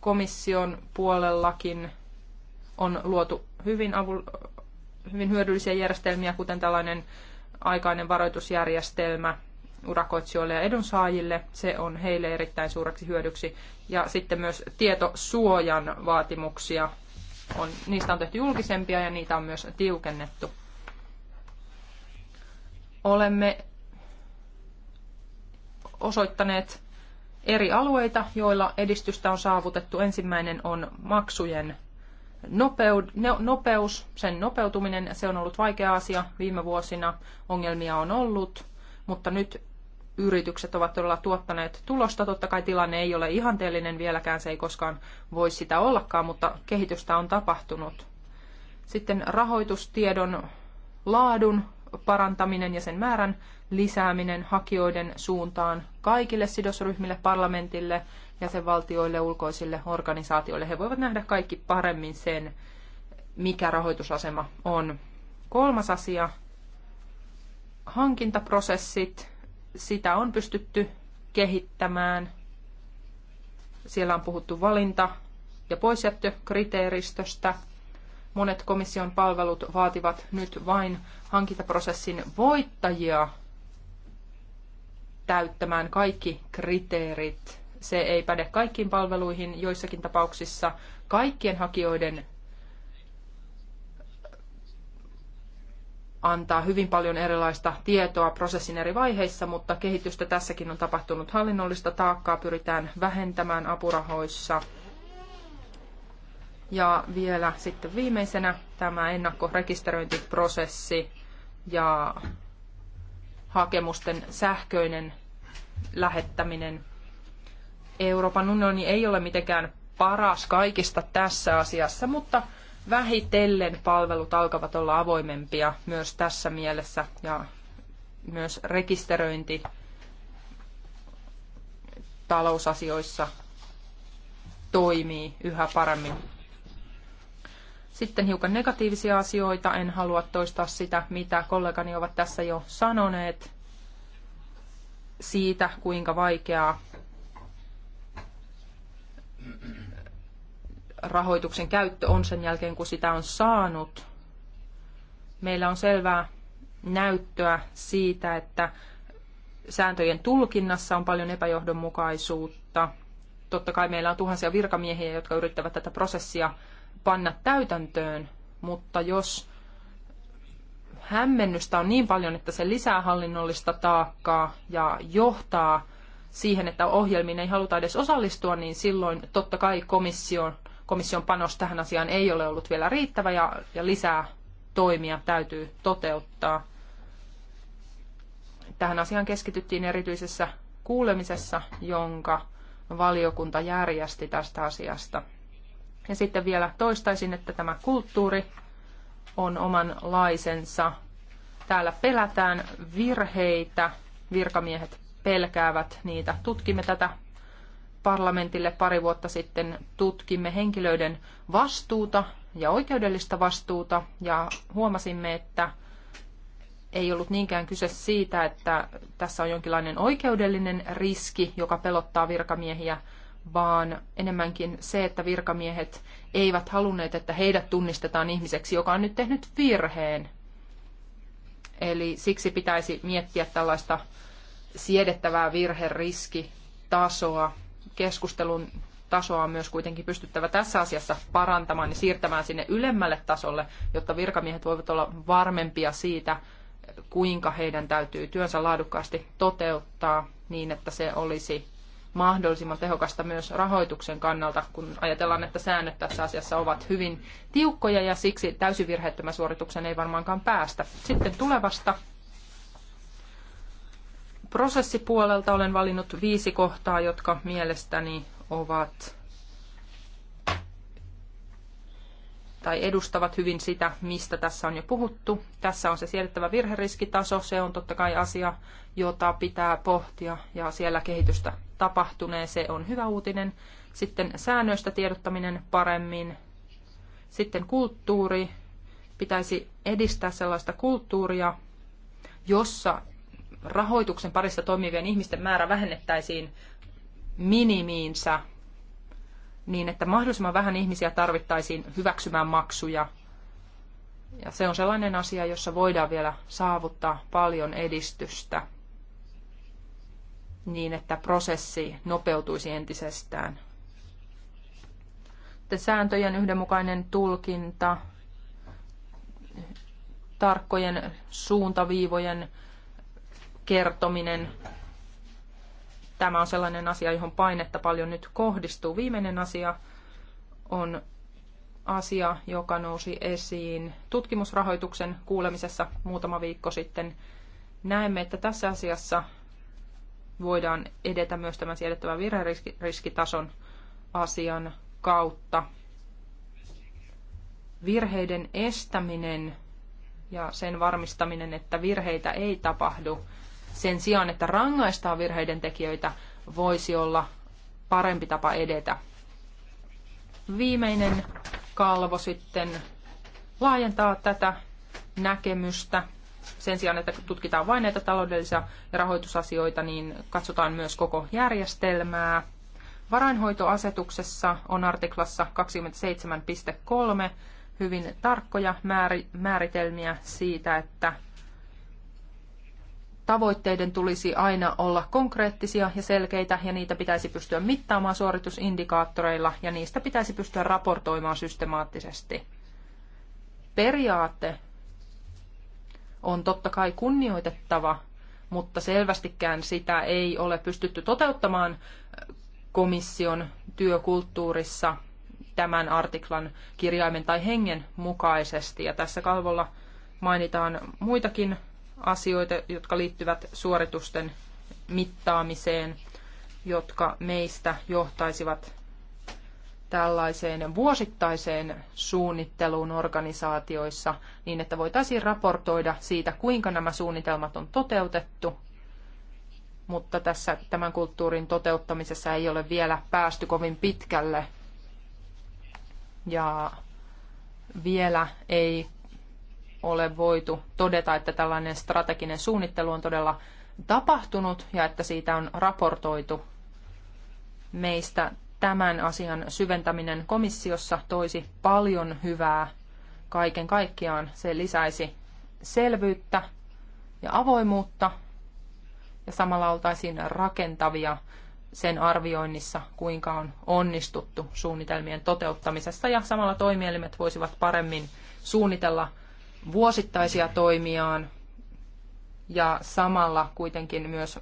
komission puolellakin on luotu hyvin, avu, hyvin hyödyllisiä järjestelmiä, kuten tällainen aikainen varoitusjärjestelmä urakoitsijoille ja edunsaajille. Se on heille erittäin suureksi hyödyksi. Ja sitten myös tietosuojan vaatimuksia. On, niistä on tehty julkisempia ja niitä on myös tiukennettu olemme osoittaneet eri alueita, joilla edistystä on saavutettu. Ensimmäinen on maksujen nopeus, sen nopeutuminen. Se on ollut vaikea asia viime vuosina. Ongelmia on ollut, mutta nyt yritykset ovat todella tuottaneet tulosta. Totta kai tilanne ei ole ihanteellinen vieläkään, se ei koskaan voi sitä ollakaan, mutta kehitystä on tapahtunut. Sitten rahoitustiedon laadun parantaminen ja sen määrän lisääminen hakijoiden suuntaan kaikille sidosryhmille, parlamentille, jäsenvaltioille, ulkoisille organisaatioille. He voivat nähdä kaikki paremmin sen, mikä rahoitusasema on. Kolmas asia, hankintaprosessit. Sitä on pystytty kehittämään. Siellä on puhuttu valinta- ja poisjättökriteeristöstä. Monet komission palvelut vaativat nyt vain hankintaprosessin voittajia täyttämään kaikki kriteerit. Se ei päde kaikkiin palveluihin, joissakin tapauksissa kaikkien hakijoiden antaa hyvin paljon erilaista tietoa prosessin eri vaiheissa, mutta kehitystä tässäkin on tapahtunut. Hallinnollista taakkaa pyritään vähentämään apurahoissa. Ja vielä sitten viimeisenä tämä ennakkorekisteröintiprosessi ja hakemusten sähköinen lähettäminen. Euroopan unioni ei ole mitenkään paras kaikista tässä asiassa, mutta vähitellen palvelut alkavat olla avoimempia myös tässä mielessä ja myös rekisteröinti talousasioissa toimii yhä paremmin sitten hiukan negatiivisia asioita. En halua toistaa sitä, mitä kollegani ovat tässä jo sanoneet siitä, kuinka vaikeaa rahoituksen käyttö on sen jälkeen, kun sitä on saanut. Meillä on selvää näyttöä siitä, että sääntöjen tulkinnassa on paljon epäjohdonmukaisuutta. Totta kai meillä on tuhansia virkamiehiä, jotka yrittävät tätä prosessia panna täytäntöön, mutta jos hämmennystä on niin paljon, että se lisää hallinnollista taakkaa ja johtaa siihen, että ohjelmiin ei haluta edes osallistua, niin silloin totta kai komission, komission panos tähän asiaan ei ole ollut vielä riittävä ja, ja lisää toimia täytyy toteuttaa. Tähän asiaan keskityttiin erityisessä kuulemisessa, jonka valiokunta järjesti tästä asiasta. Ja sitten vielä toistaisin, että tämä kulttuuri on omanlaisensa. Täällä pelätään virheitä, virkamiehet pelkäävät niitä. Tutkimme tätä parlamentille pari vuotta sitten. Tutkimme henkilöiden vastuuta ja oikeudellista vastuuta ja huomasimme, että ei ollut niinkään kyse siitä, että tässä on jonkinlainen oikeudellinen riski, joka pelottaa virkamiehiä, vaan enemmänkin se, että virkamiehet eivät halunneet, että heidät tunnistetaan ihmiseksi, joka on nyt tehnyt virheen. Eli siksi pitäisi miettiä tällaista siedettävää virheriskitasoa. Keskustelun tasoa on myös kuitenkin pystyttävä tässä asiassa parantamaan ja siirtämään sinne ylemmälle tasolle, jotta virkamiehet voivat olla varmempia siitä, kuinka heidän täytyy työnsä laadukkaasti toteuttaa niin, että se olisi mahdollisimman tehokasta myös rahoituksen kannalta, kun ajatellaan, että säännöt tässä asiassa ovat hyvin tiukkoja ja siksi virheettömän suorituksen ei varmaankaan päästä. Sitten tulevasta prosessipuolelta olen valinnut viisi kohtaa, jotka mielestäni ovat tai edustavat hyvin sitä, mistä tässä on jo puhuttu. Tässä on se siedettävä virheriskitaso, se on totta kai asia, jota pitää pohtia ja siellä kehitystä tapahtuneen, se on hyvä uutinen. Sitten säännöistä tiedottaminen paremmin. Sitten kulttuuri. Pitäisi edistää sellaista kulttuuria, jossa rahoituksen parissa toimivien ihmisten määrä vähennettäisiin minimiinsä niin, että mahdollisimman vähän ihmisiä tarvittaisiin hyväksymään maksuja. Ja se on sellainen asia, jossa voidaan vielä saavuttaa paljon edistystä niin, että prosessi nopeutuisi entisestään. Sitten sääntöjen yhdenmukainen tulkinta, tarkkojen suuntaviivojen kertominen. Tämä on sellainen asia, johon painetta paljon nyt kohdistuu. Viimeinen asia on asia, joka nousi esiin tutkimusrahoituksen kuulemisessa muutama viikko sitten. Näemme, että tässä asiassa voidaan edetä myös tämän siedettävän virheriskitason asian kautta. Virheiden estäminen ja sen varmistaminen, että virheitä ei tapahdu sen sijaan, että rangaistaan virheiden tekijöitä, voisi olla parempi tapa edetä. Viimeinen kalvo sitten laajentaa tätä näkemystä sen sijaan, että tutkitaan vain näitä taloudellisia ja rahoitusasioita, niin katsotaan myös koko järjestelmää. Varainhoitoasetuksessa on artiklassa 27.3 hyvin tarkkoja määritelmiä siitä, että tavoitteiden tulisi aina olla konkreettisia ja selkeitä ja niitä pitäisi pystyä mittaamaan suoritusindikaattoreilla ja niistä pitäisi pystyä raportoimaan systemaattisesti. Periaate on totta kai kunnioitettava, mutta selvästikään sitä ei ole pystytty toteuttamaan äh, komission työkulttuurissa tämän artiklan kirjaimen tai hengen mukaisesti. Ja tässä kalvolla mainitaan muitakin asioita, jotka liittyvät suoritusten mittaamiseen, jotka meistä johtaisivat tällaiseen vuosittaiseen suunnitteluun organisaatioissa niin, että voitaisiin raportoida siitä, kuinka nämä suunnitelmat on toteutettu, mutta tässä tämän kulttuurin toteuttamisessa ei ole vielä päästy kovin pitkälle ja vielä ei ole voitu todeta, että tällainen strateginen suunnittelu on todella tapahtunut ja että siitä on raportoitu. Meistä tämän asian syventäminen komissiossa toisi paljon hyvää kaiken kaikkiaan. Se lisäisi selvyyttä ja avoimuutta ja samalla oltaisiin rakentavia sen arvioinnissa, kuinka on onnistuttu suunnitelmien toteuttamisessa ja samalla toimielimet voisivat paremmin suunnitella vuosittaisia toimiaan ja samalla kuitenkin myös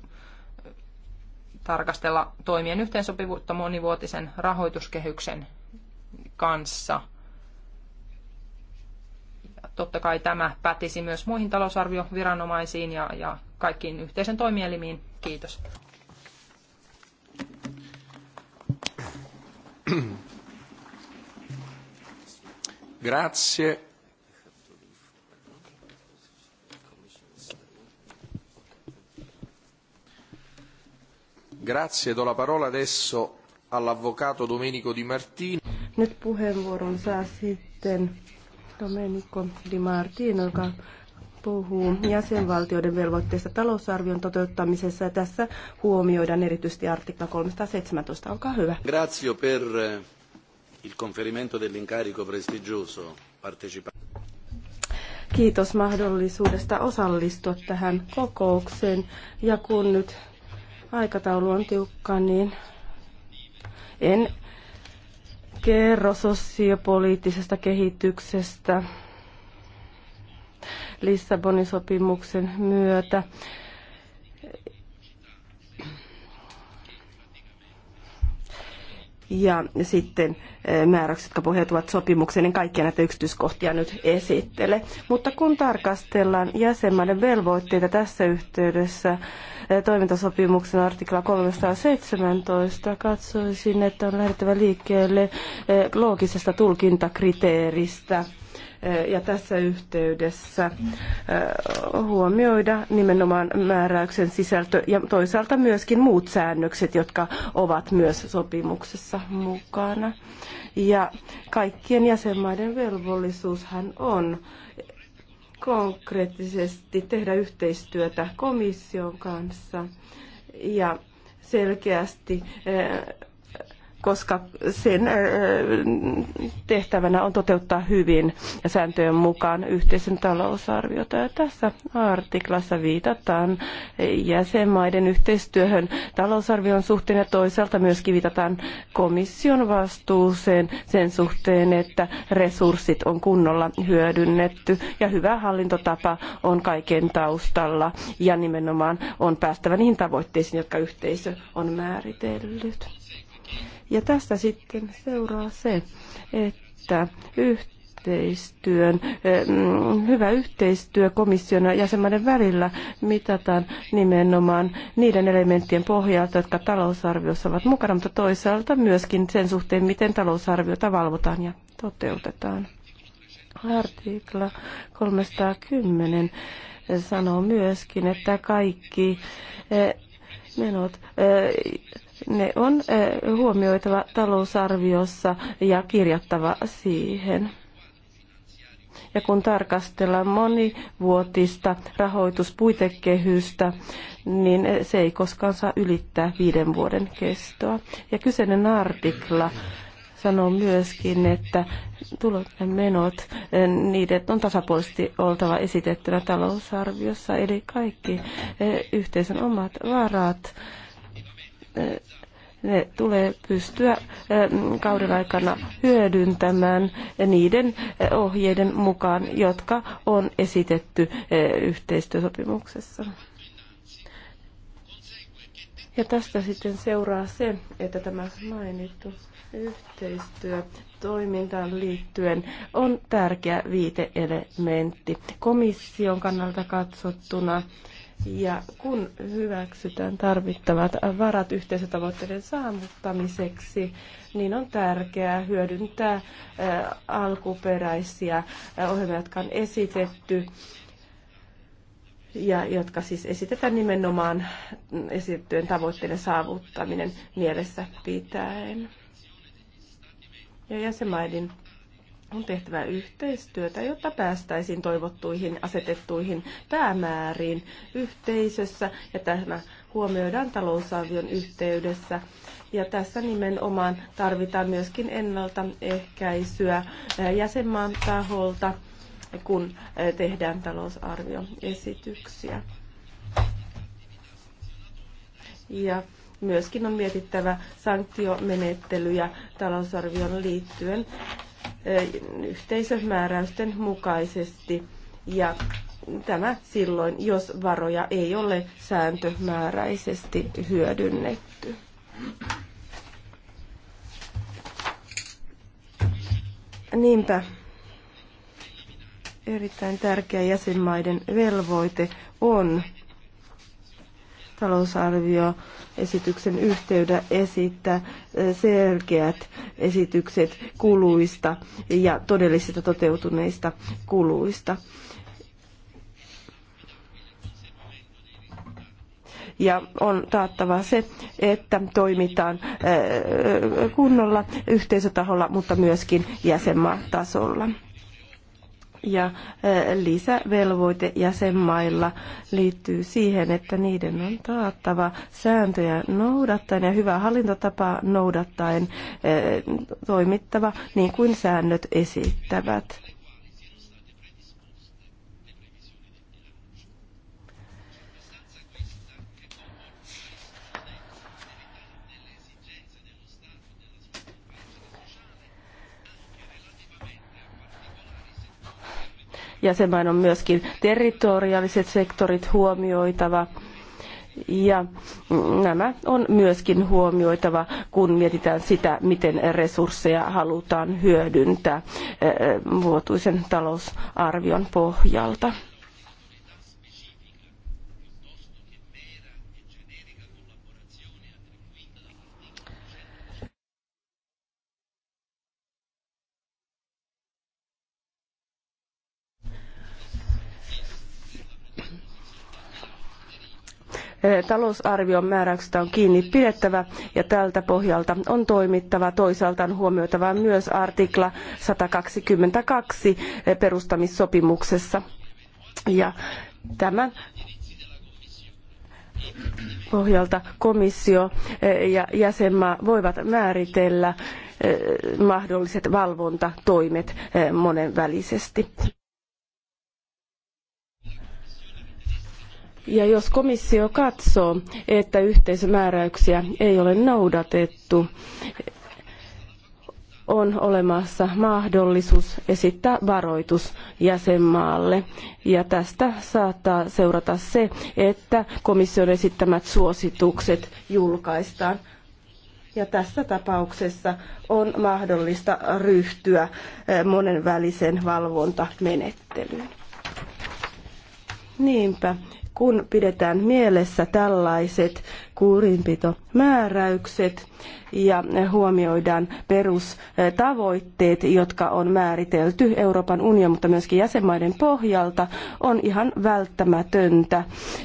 tarkastella toimien yhteensopivuutta monivuotisen rahoituskehyksen kanssa. Ja totta kai tämä pätisi myös muihin talousarvioviranomaisiin ja, ja kaikkiin yhteisen toimielimiin. Kiitos. Grazie. Grazie, do la parola adesso all'avvocato Domenico Di Martino. Nyt puheenvuoron saa sitten Domenico Di Martino, joka puhuu jäsenvaltioiden velvoitteista talousarvion toteuttamisessa ja tässä huomioidaan erityisesti artikla 317. Olkaa hyvä. Grazie per eh, il conferimento dell'incarico prestigioso partecipante. Kiitos mahdollisuudesta osallistua tähän kokoukseen ja kun nyt aikataulu on tiukka, niin en kerro sosiopoliittisesta kehityksestä Lissabonin sopimuksen myötä. Ja sitten eh, määräykset, jotka pohjautuvat sopimukseen, niin kaikkia näitä yksityiskohtia nyt esittele. Mutta kun tarkastellaan jäsenmaiden velvoitteita tässä yhteydessä, toimintasopimuksen artikla 317 katsoisin, että on lähdettävä liikkeelle loogisesta tulkintakriteeristä ja tässä yhteydessä huomioida nimenomaan määräyksen sisältö ja toisaalta myöskin muut säännökset, jotka ovat myös sopimuksessa mukana. Ja kaikkien jäsenmaiden velvollisuushan on konkreettisesti tehdä yhteistyötä komission kanssa ja selkeästi eh, koska sen tehtävänä on toteuttaa hyvin ja sääntöjen mukaan yhteisen talousarviota. Ja tässä artiklassa viitataan jäsenmaiden yhteistyöhön talousarvion suhteen ja toisaalta myöskin viitataan komission vastuuseen sen suhteen, että resurssit on kunnolla hyödynnetty ja hyvä hallintotapa on kaiken taustalla ja nimenomaan on päästävä niihin tavoitteisiin, jotka yhteisö on määritellyt. Ja tästä sitten seuraa se, että yhteistyön, hyvä yhteistyö komission ja jäsenmaiden välillä mitataan nimenomaan niiden elementtien pohjalta, jotka talousarviossa ovat mukana, mutta toisaalta myöskin sen suhteen, miten talousarviota valvotaan ja toteutetaan. Artikla 310 sanoo myöskin, että kaikki eh, menot eh, ne on huomioitava talousarviossa ja kirjattava siihen. Ja kun tarkastellaan monivuotista rahoituspuitekehystä, niin se ei koskaan saa ylittää viiden vuoden kestoa. Ja kyseinen artikla sanoo myöskin, että tulot ja menot, niiden on tasapuolisesti oltava esitettynä talousarviossa, eli kaikki yhteisön omat varat ne tulee pystyä kauden aikana hyödyntämään niiden ohjeiden mukaan, jotka on esitetty yhteistyösopimuksessa. Ja tästä sitten seuraa se, että tämä mainittu yhteistyö toimintaan liittyen on tärkeä viiteelementti komission kannalta katsottuna ja kun hyväksytään tarvittavat varat yhteisötavoitteiden saavuttamiseksi, niin on tärkeää hyödyntää äh, alkuperäisiä äh, ohjelmia, jotka on esitetty ja jotka siis esitetään nimenomaan mm, esitettyjen tavoitteiden saavuttaminen mielessä pitäen. Ja jäsenmaiden on tehtävä yhteistyötä, jotta päästäisiin toivottuihin asetettuihin päämääriin yhteisössä ja tämä huomioidaan talousarvion yhteydessä. Ja tässä nimenomaan tarvitaan myöskin ennaltaehkäisyä jäsenmaan taholta, kun tehdään talousarvioesityksiä. Ja myöskin on mietittävä sanktiomenettelyjä talousarvion liittyen yhteisömääräysten mukaisesti ja tämä silloin, jos varoja ei ole sääntömääräisesti hyödynnetty. Niinpä erittäin tärkeä jäsenmaiden velvoite on talousarvioesityksen yhteydä esittää selkeät esitykset kuluista ja todellisista toteutuneista kuluista. ja on taattava se, että toimitaan kunnolla yhteisötaholla, mutta myöskin jäsenmaatasolla ja lisävelvoite jäsenmailla liittyy siihen, että niiden on taattava sääntöjä noudattaen ja hyvää hallintotapaa noudattaen toimittava niin kuin säännöt esittävät Jäsenmain on myöskin territoriaaliset sektorit huomioitava. Ja nämä on myöskin huomioitava, kun mietitään sitä, miten resursseja halutaan hyödyntää eh, eh, vuotuisen talousarvion pohjalta. talousarvion määräyksistä on kiinni pidettävä ja tältä pohjalta on toimittava. Toisaalta on huomioitava myös artikla 122 perustamissopimuksessa. Ja tämän pohjalta komissio ja jäsenmaa voivat määritellä mahdolliset valvontatoimet monenvälisesti. Ja jos komissio katsoo, että yhteisömääräyksiä ei ole noudatettu, on olemassa mahdollisuus esittää varoitus jäsenmaalle. Ja tästä saattaa seurata se, että komission esittämät suositukset julkaistaan. Ja tässä tapauksessa on mahdollista ryhtyä eh, monenvälisen valvontamenettelyyn. Niinpä, kun pidetään mielessä tällaiset kurinpitomääräykset ja huomioidaan perustavoitteet, jotka on määritelty Euroopan unionin, mutta myöskin jäsenmaiden pohjalta, on ihan välttämätöntä,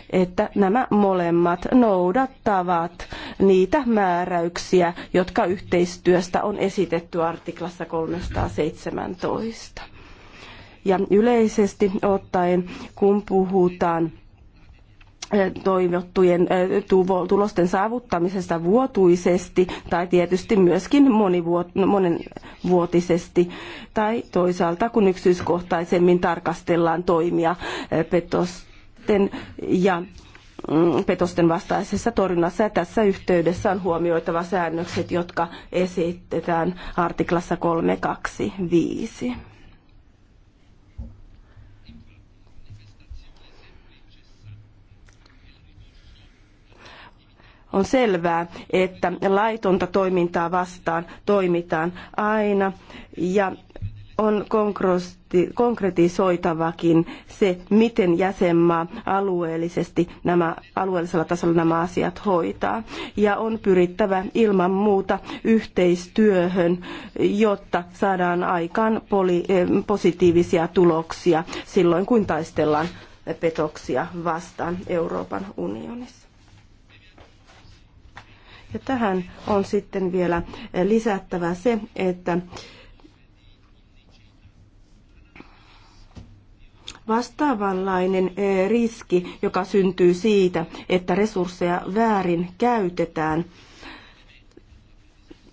että nämä molemmat noudattavat niitä määräyksiä, jotka yhteistyöstä on esitetty artiklassa 317. Ja yleisesti ottaen, kun puhutaan toivottujen tulosten saavuttamisesta vuotuisesti tai tietysti myöskin monivuot- monenvuotisesti tai toisaalta kun yksityiskohtaisemmin tarkastellaan toimia petosten ja mm, petosten vastaisessa torjunnassa ja tässä yhteydessä on huomioitava säännökset, jotka esitetään artiklassa 325. On selvää, että laitonta toimintaa vastaan toimitaan aina ja on konkretisoitavakin se, miten jäsenmaa alueellisesti nämä, alueellisella tasolla nämä asiat hoitaa. Ja on pyrittävä ilman muuta yhteistyöhön, jotta saadaan aikaan eh, positiivisia tuloksia silloin, kun taistellaan petoksia vastaan Euroopan unionissa. Ja tähän on sitten vielä lisättävä se, että vastaavanlainen eh, riski, joka syntyy siitä, että resursseja väärin käytetään,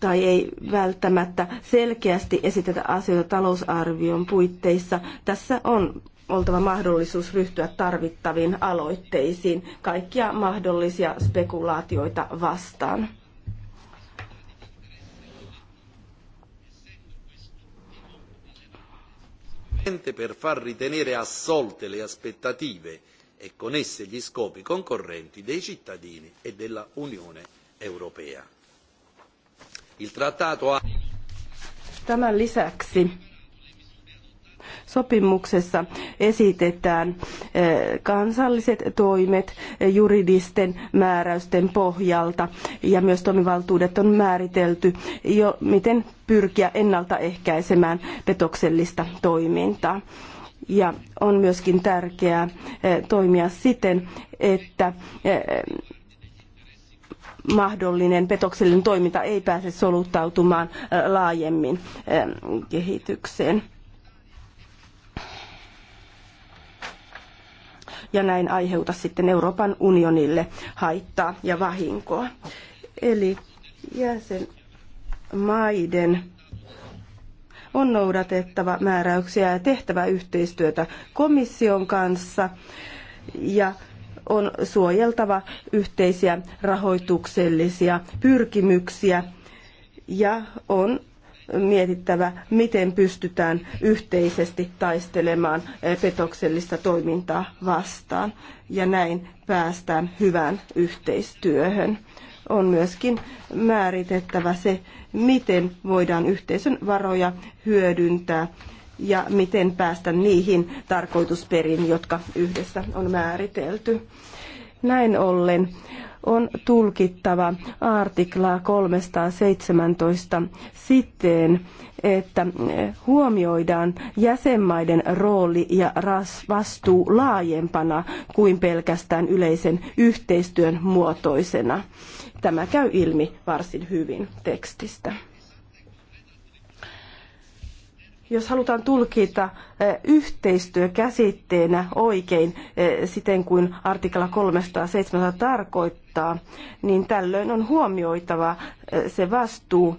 tai ei välttämättä selkeästi esitetä asioita talousarvion puitteissa. Tässä on oltava mahdollisuus ryhtyä tarvittaviin aloitteisiin kaikkia mahdollisia spekulaatioita vastaan. per far ritenere assolte le aspettative e con esse gli scopi concorrenti dei cittadini e della Unione europea. Il trattato ha... Tämän lisäksi sopimuksessa esitetään eh, kansalliset toimet eh, juridisten määräysten pohjalta ja myös toimivaltuudet on määritelty jo miten pyrkiä ennaltaehkäisemään petoksellista toimintaa. Ja on myöskin tärkeää eh, toimia siten, että mahdollinen petoksellinen toiminta ei pääse soluttautumaan laajemmin kehitykseen. ja näin aiheuta sitten Euroopan unionille haittaa ja vahinkoa. Eli jäsenmaiden on noudatettava määräyksiä ja tehtävä yhteistyötä komission kanssa ja on suojeltava yhteisiä rahoituksellisia pyrkimyksiä ja on mietittävä, miten pystytään yhteisesti taistelemaan eh, petoksellista toimintaa vastaan. Ja näin päästään hyvään yhteistyöhön. On myöskin määritettävä se, miten voidaan yhteisön varoja hyödyntää ja miten päästä niihin tarkoitusperiin, jotka yhdessä on määritelty. Näin ollen on tulkittava artiklaa 317 siten, että huomioidaan jäsenmaiden rooli ja vastuu laajempana kuin pelkästään yleisen yhteistyön muotoisena. Tämä käy ilmi varsin hyvin tekstistä jos halutaan tulkita yhteistyö käsitteenä oikein siten kuin artikla 307 tarkoittaa, kohtaa, niin tällöin on huomioitava se vastuu,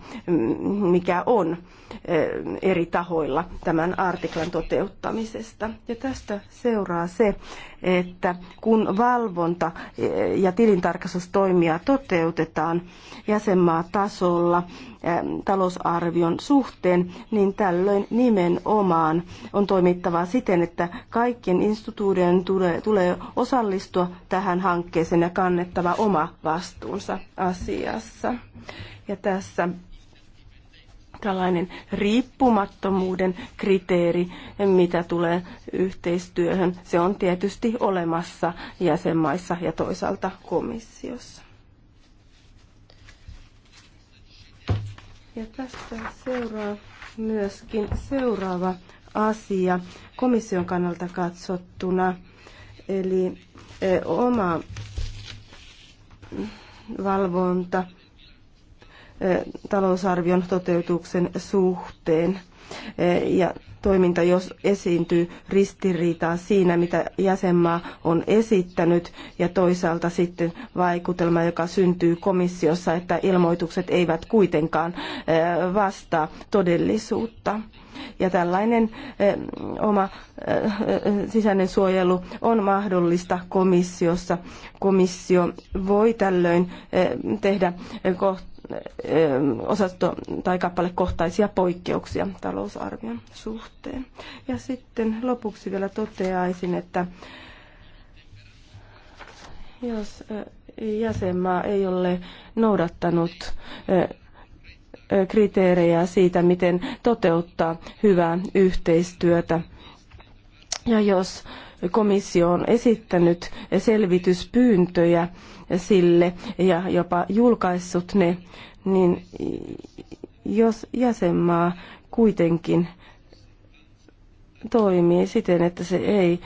mikä on eh, eri tahoilla tämän artiklan toteuttamisesta. Ja tästä seuraa se, että kun valvonta eh, ja tilintarkastustoimia toteutetaan jäsenmaatasolla eh, talousarvion suhteen, niin tällöin nimenomaan on toimittava siten, että kaikkien instituutioiden tulee, tulee osallistua tähän hankkeeseen ja kannettava oma vastuunsa asiassa. Ja tässä tällainen riippumattomuuden kriteeri, mitä tulee yhteistyöhön, se on tietysti olemassa jäsenmaissa ja toisaalta komissiossa. Ja tästä seuraa myöskin seuraava asia komission kannalta katsottuna, eli e, oma valvonta – talousarvion toteutuksen suhteen. E, ja toiminta, jos esiintyy ristiriitaa siinä, mitä jäsenmaa on esittänyt, ja toisaalta sitten vaikutelma, joka syntyy komissiossa, että ilmoitukset eivät kuitenkaan e, vastaa todellisuutta. Ja tällainen e, oma sisäinen suojelu on mahdollista komissiossa. Komissio voi tällöin tehdä kohta Ähm, osasto- tai kappalekohtaisia poikkeuksia talousarvion suhteen. Ja sitten lopuksi vielä toteaisin, että jos äh, jäsenmaa ei ole noudattanut äh, äh, kriteerejä siitä, miten toteuttaa hyvää yhteistyötä, ja jos komissio on esittänyt selvityspyyntöjä, sille ja jopa julkaissut ne, niin jos jäsenmaa kuitenkin toimii siten, että se ei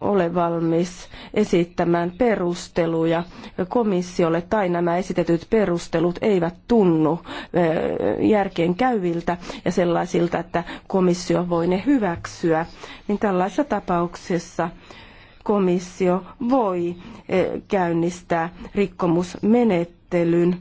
ole valmis esittämään perusteluja komissiolle tai nämä esitetyt perustelut eivät tunnu järkeen käyviltä ja sellaisilta, että komissio voi ne hyväksyä, niin tällaisessa tapauksessa komissio voi eh, käynnistää rikkomusmenettelyn.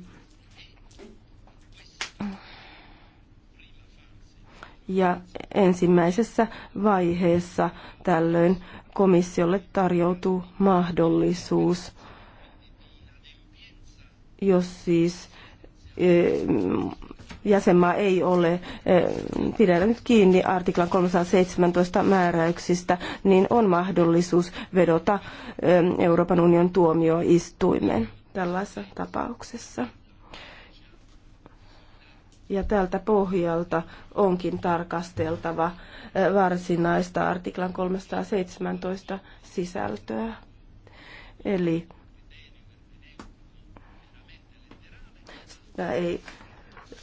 Ja ensimmäisessä vaiheessa tällöin komissiolle tarjoutuu mahdollisuus, jos siis eh, jäsenmaa ei ole eh, pidä kiinni artiklan 317 määräyksistä, niin on mahdollisuus vedota eh, Euroopan unionin tuomioistuimeen tällaisessa tapauksessa. Ja tältä pohjalta onkin tarkasteltava eh, varsinaista artiklan 317 sisältöä. Eli sitä ei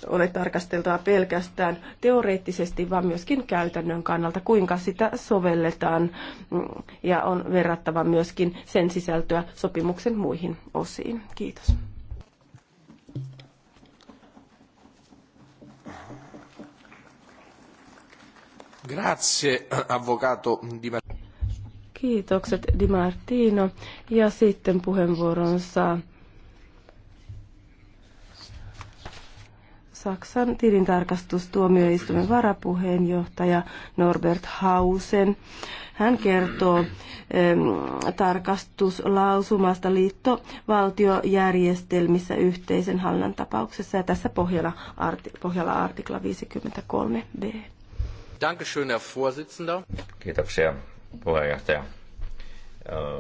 ole tarkasteltava pelkästään teoreettisesti, vaan myöskin käytännön kannalta, kuinka sitä sovelletaan mm, ja on verrattava myöskin sen sisältöä sopimuksen muihin osiin. Kiitos. Grazie, avvocato Di Kiitokset Di Martino. Ja sitten puheenvuoronsa. saa Saksan tilintarkastustuomioistuimen varapuheenjohtaja Norbert Hausen. Hän kertoo ähm, tarkastuslausumasta liittovaltiojärjestelmissä yhteisen hallinnan tapauksessa ja tässä pohjalla, arti, pohjalla artikla 53b. Dankeschön, Herr Vorsitzender. Kiitoksia, puheenjohtaja.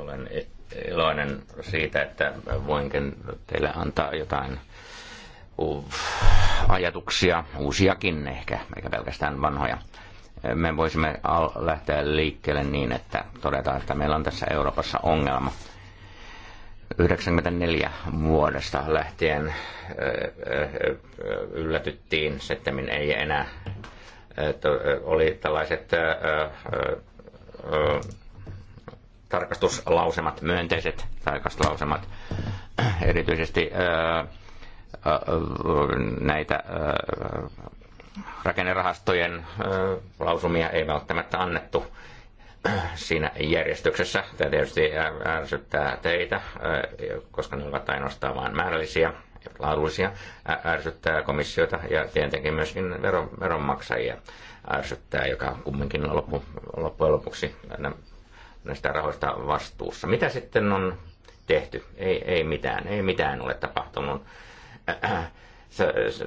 Olen iloinen siitä, että voinkin teille antaa jotain ajatuksia, uusiakin ehkä, eikä pelkästään vanhoja. Me voisimme lähteä liikkeelle niin, että todetaan, että meillä on tässä Euroopassa ongelma. 94 vuodesta lähtien yllätyttiin, sitten ei enää oli tällaiset tarkastuslausemat, myönteiset tarkastuslausemat, erityisesti näitä rakennerahastojen lausumia ei välttämättä annettu siinä järjestyksessä. Tämä tietysti ärsyttää teitä, koska ne ovat ainoastaan vain määrällisiä laadullisia, ärsyttää komissiota ja tietenkin myöskin veronmaksajia ärsyttää, joka kumminkin on loppu, loppujen lopuksi näistä rahoista vastuussa. Mitä sitten on tehty? Ei, ei mitään, ei mitään ole tapahtunut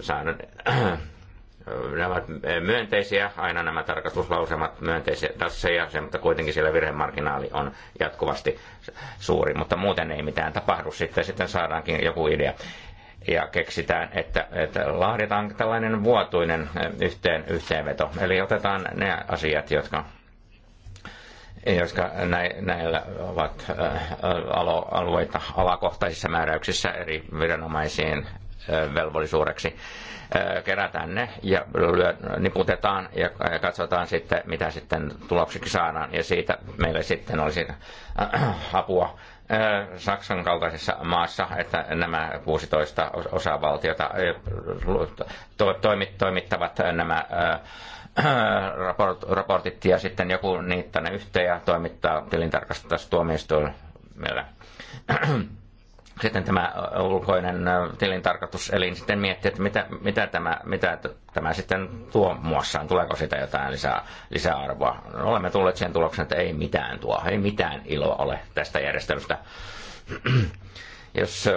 saanut ne ovat myönteisiä, aina nämä tarkastuslausemat myönteisiä tasseja, se, mutta kuitenkin siellä virhemarginaali on jatkuvasti suuri, mutta muuten ei mitään tapahdu sitten, sitten saadaankin joku idea. Ja keksitään, että, että laaditaan tällainen vuotuinen eh, yhteen, yhteenveto, eli otetaan ne asiat, jotka jotka näillä ovat eh, alueita alakohtaisissa määräyksissä eri viranomaisiin velvollisuudeksi. Kerätään ne ja niputetaan ja katsotaan sitten, mitä sitten tuloksiksi saadaan. Ja siitä meille sitten olisi äh, äh, apua Saksan kaltaisessa maassa, että nämä 16 osavaltiota toimittavat nämä äh, raportit ja sitten joku niitä ne yhteen ja toimittaa tilintarkastustuomioistuimelle sitten tämä ulkoinen tilintarkastuselin sitten miettii, että mitä, mitä, tämä, mitä tämä sitten tuo muassaan, tuleeko sitä jotain lisää, lisäarvoa. Olemme tulleet siihen tulokseen, että ei mitään tuo, ei mitään iloa ole tästä järjestelystä. Jos äh,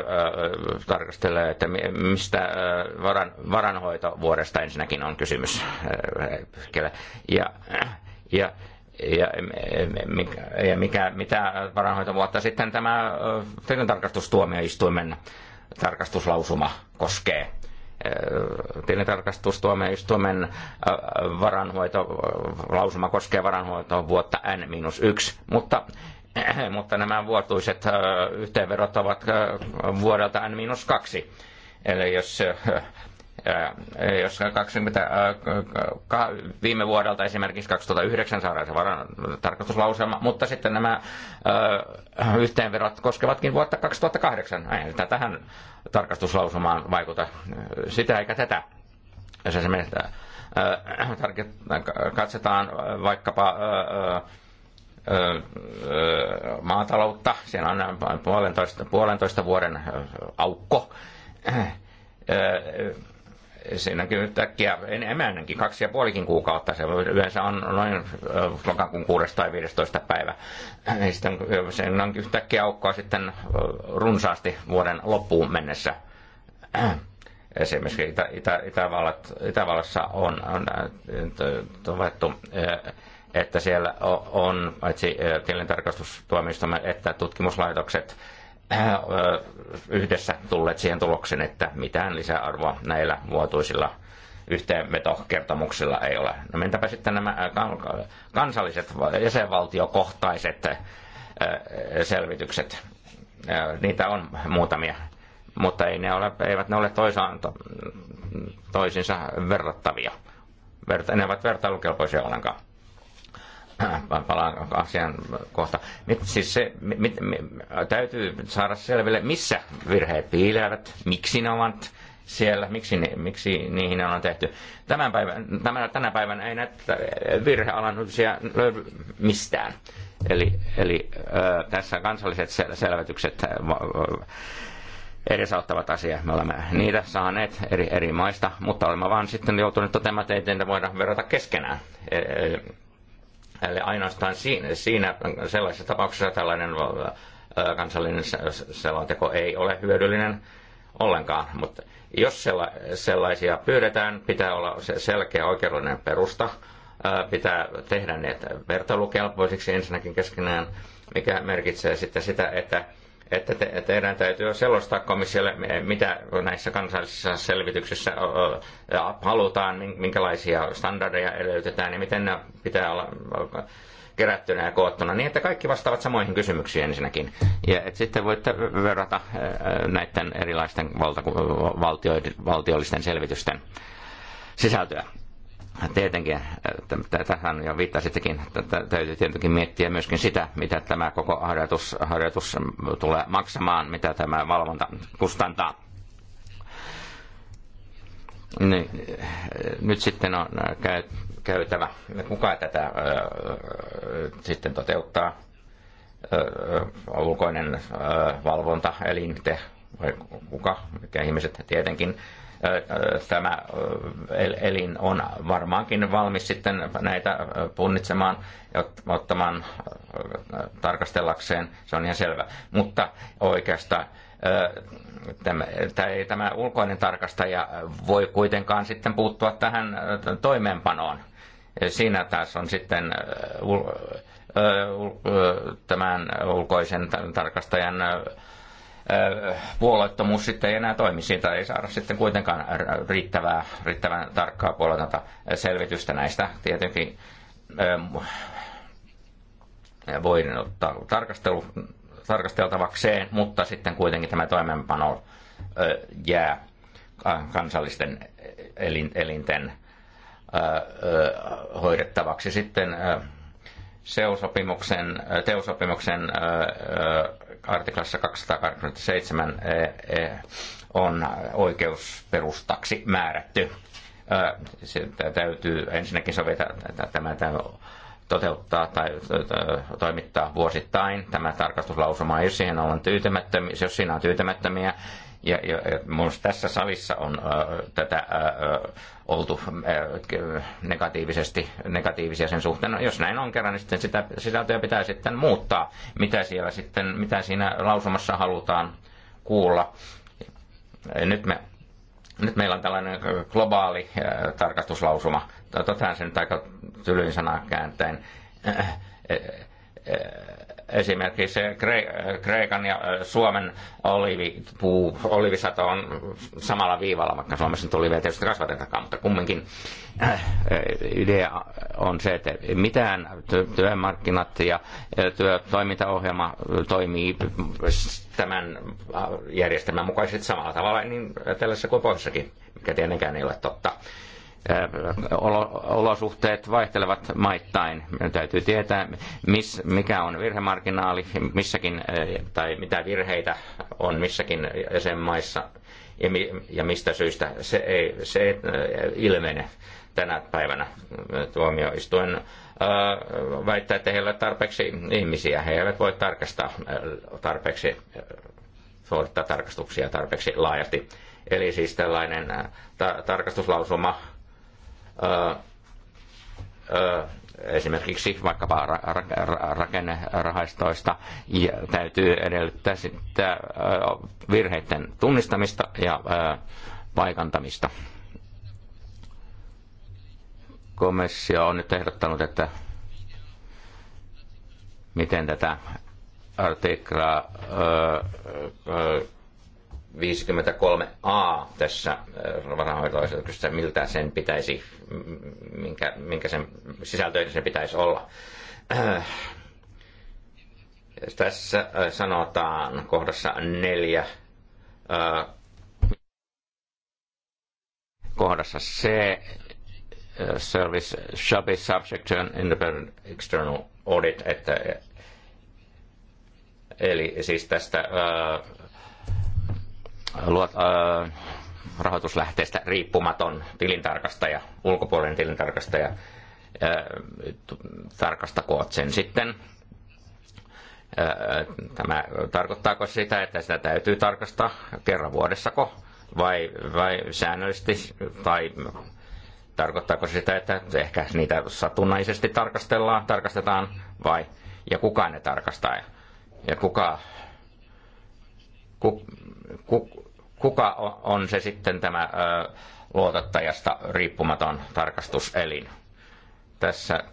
tarkastelee, että mistä äh, varan, varanhoitovuodesta ensinnäkin on kysymys, äh, ja, ja ja, mikä, ja mikä, mitä vuotta sitten tämä tarkastustuomioistuimen tarkastuslausuma koskee. Tilintarkastustuomioistuimen lausuma koskee vuotta N-1, mutta mutta nämä vuotuiset yhteenverot ovat vuodelta N-2. Eli jos jos 20, viime vuodelta esimerkiksi 2009 saadaan se varan tarkastuslauselma, mutta sitten nämä yhteenverot koskevatkin vuotta 2008. Ei tähän tarkastuslausumaan vaikuta. Sitä eikä tätä. Jos esimerkiksi katsotaan vaikkapa maataloutta, siellä on puolentoista, puolentoista vuoden aukko, näkyy yhtäkkiä en, emännänkin, kaksi ja puolikin kuukautta, se yleensä on noin lokakuun 6. tai 15. päivä. Sitten se on yhtäkkiä aukkoa sitten runsaasti vuoden loppuun mennessä. Esimerkiksi Itä, Itä, Itävallat, Itävallassa on, on tovettu, että siellä on paitsi tilintarkastustuomioistuimet että tutkimuslaitokset – yhdessä tulleet siihen tulokseen, että mitään lisäarvoa näillä vuotuisilla yhteenvetokertomuksilla ei ole. No mentäpä sitten nämä kansalliset jäsenvaltiokohtaiset selvitykset. Niitä on muutamia, mutta ei ne ole, eivät ne ole toisaan, toisinsa verrattavia. Ne ovat vertailukelpoisia ollenkaan. Äh, palaan asian kohta. Mit siis se, mit, mit, täytyy saada selville, missä virheet piilevät, miksi ne ovat siellä, miksi, miksi niihin on tehty. Tämän päivän, tämän, tänä päivänä ei näitä virhealannutuksia löydy mistään. Eli, eli ö, äh, tässä kansalliset sel- selvitykset äh, edesauttavat asiaa. Me olemme niitä saaneet eri, eri maista, mutta olemme vaan sitten joutuneet toteamaan, että ei voida verrata keskenään. e, Eli ainoastaan siinä, siinä sellaisessa tapauksessa tällainen kansallinen selonteko ei ole hyödyllinen ollenkaan, mutta jos sellaisia pyydetään, pitää olla selkeä oikeudellinen perusta, pitää tehdä ne vertailukelpoisiksi ensinnäkin keskenään, mikä merkitsee sitten sitä, että että te, teidän täytyy selostaa komissiolle, mitä näissä kansallisissa selvityksissä halutaan, minkälaisia standardeja edellytetään ja miten ne pitää olla kerättynä ja koottuna, niin että kaikki vastaavat samoihin kysymyksiin ensinnäkin. Ja et sitten voitte verrata näiden erilaisten valtio, valtiollisten selvitysten sisältöä tietenkin, tähän jo viittasittekin, täytyy tietenkin miettiä myöskin sitä, mitä tämä koko harjoitus, harjoitus tulee maksamaan, mitä tämä valvonta kustantaa. Niin Nyt sitten on käytävä, kuka tätä sitten toteuttaa, ulkoinen valvonta, elin, te vai kuka, mikä ihmiset tietenkin tämä elin on varmaankin valmis sitten näitä punnitsemaan ja ottamaan tarkastellakseen, se on ihan selvä. Mutta oikeastaan tämä, tämä ulkoinen tarkastaja voi kuitenkaan sitten puuttua tähän toimeenpanoon. Siinä taas on sitten tämän ulkoisen tarkastajan puolueettomuus sitten ei enää toimi. Siitä ei saada sitten kuitenkaan riittävää, riittävän tarkkaa puolueetonta selvitystä näistä. Tietenkin voi ottaa tarkastelu, tarkasteltavakseen, mutta sitten kuitenkin tämä toimeenpano jää kansallisten elinten hoidettavaksi. Sitten seosopimuksen, teosopimuksen artiklassa 287 eh, eh, on oikeusperustaksi määrätty. Se täytyy ensinnäkin sovita tämä, toteuttaa tai toimittaa vuosittain tämä tarkastuslausuma, jos, siihen on tyytymättömiä, jos siinä on tyytymättömiä ja, ja, minusta tässä salissa on ää, äh, tätä ää, äh, äh, oltu ää, negatiivisesti, negatiivisia sen suhteen. No, jos näin on kerran, niin sitten sitä sisältöä pitää sitten muuttaa, mitä, siellä sitten, mitä siinä lausumassa halutaan kuulla. Nyt, me, nyt meillä on tällainen globaali ää, tarkastuslausuma. Totahan sen nyt aika tylyin sanaa kääntäen. Ää, ää, Esimerkiksi Kreikan ja Suomen olivipuu, olivisato on samalla viivalla, vaikka Suomessa nyt olivia tietysti kasvatetakaan, mutta kumminkin äh, idea on se, että mitään työmarkkinat ja työtoimintaohjelma toimii tämän äh, järjestelmän mukaisesti samalla tavalla niin etelässä kuin pohjassakin, mikä tietenkään ei ole totta olosuhteet vaihtelevat maittain. Täytyy tietää, miss, mikä on virhemarginaali missäkin, tai mitä virheitä on missäkin jäsenmaissa ja, ja mistä syystä se ei se ilmene tänä päivänä tuomioistuen väittää, että heillä ei ole tarpeeksi ihmisiä. He eivät voi tarkastaa tarpeeksi, suorittaa tarkastuksia tarpeeksi laajasti. Eli siis tällainen ta- tarkastuslausuma esimerkiksi vaikkapa rakennerahastoista ja täytyy edellyttää sitä virheiden tunnistamista ja paikantamista. Komissio on nyt ehdottanut, että miten tätä artiklaa 53a tässä äh, rahanhoitoasetuksessa, miltä sen pitäisi, minkä, minkä sen sisältöinen sen pitäisi olla. Äh, tässä äh, sanotaan kohdassa neljä, kohdassa C, service shall be subject to an independent external audit, että Eli siis tästä uh, Luot äh, rahoituslähteestä riippumaton tilintarkastaja, ulkopuolinen tilintarkastaja, äh, tarkastakoot sen sitten. Äh, tämä tarkoittaako sitä, että sitä täytyy tarkastaa kerran vuodessako vai, vai säännöllisesti tai tarkoittaako sitä, että ehkä niitä satunnaisesti tarkastellaan, tarkastetaan vai ja kuka ne tarkastaa ja kuka, ku, ku, kuka on se sitten tämä luotottajasta riippumaton tarkastuselin. Tässä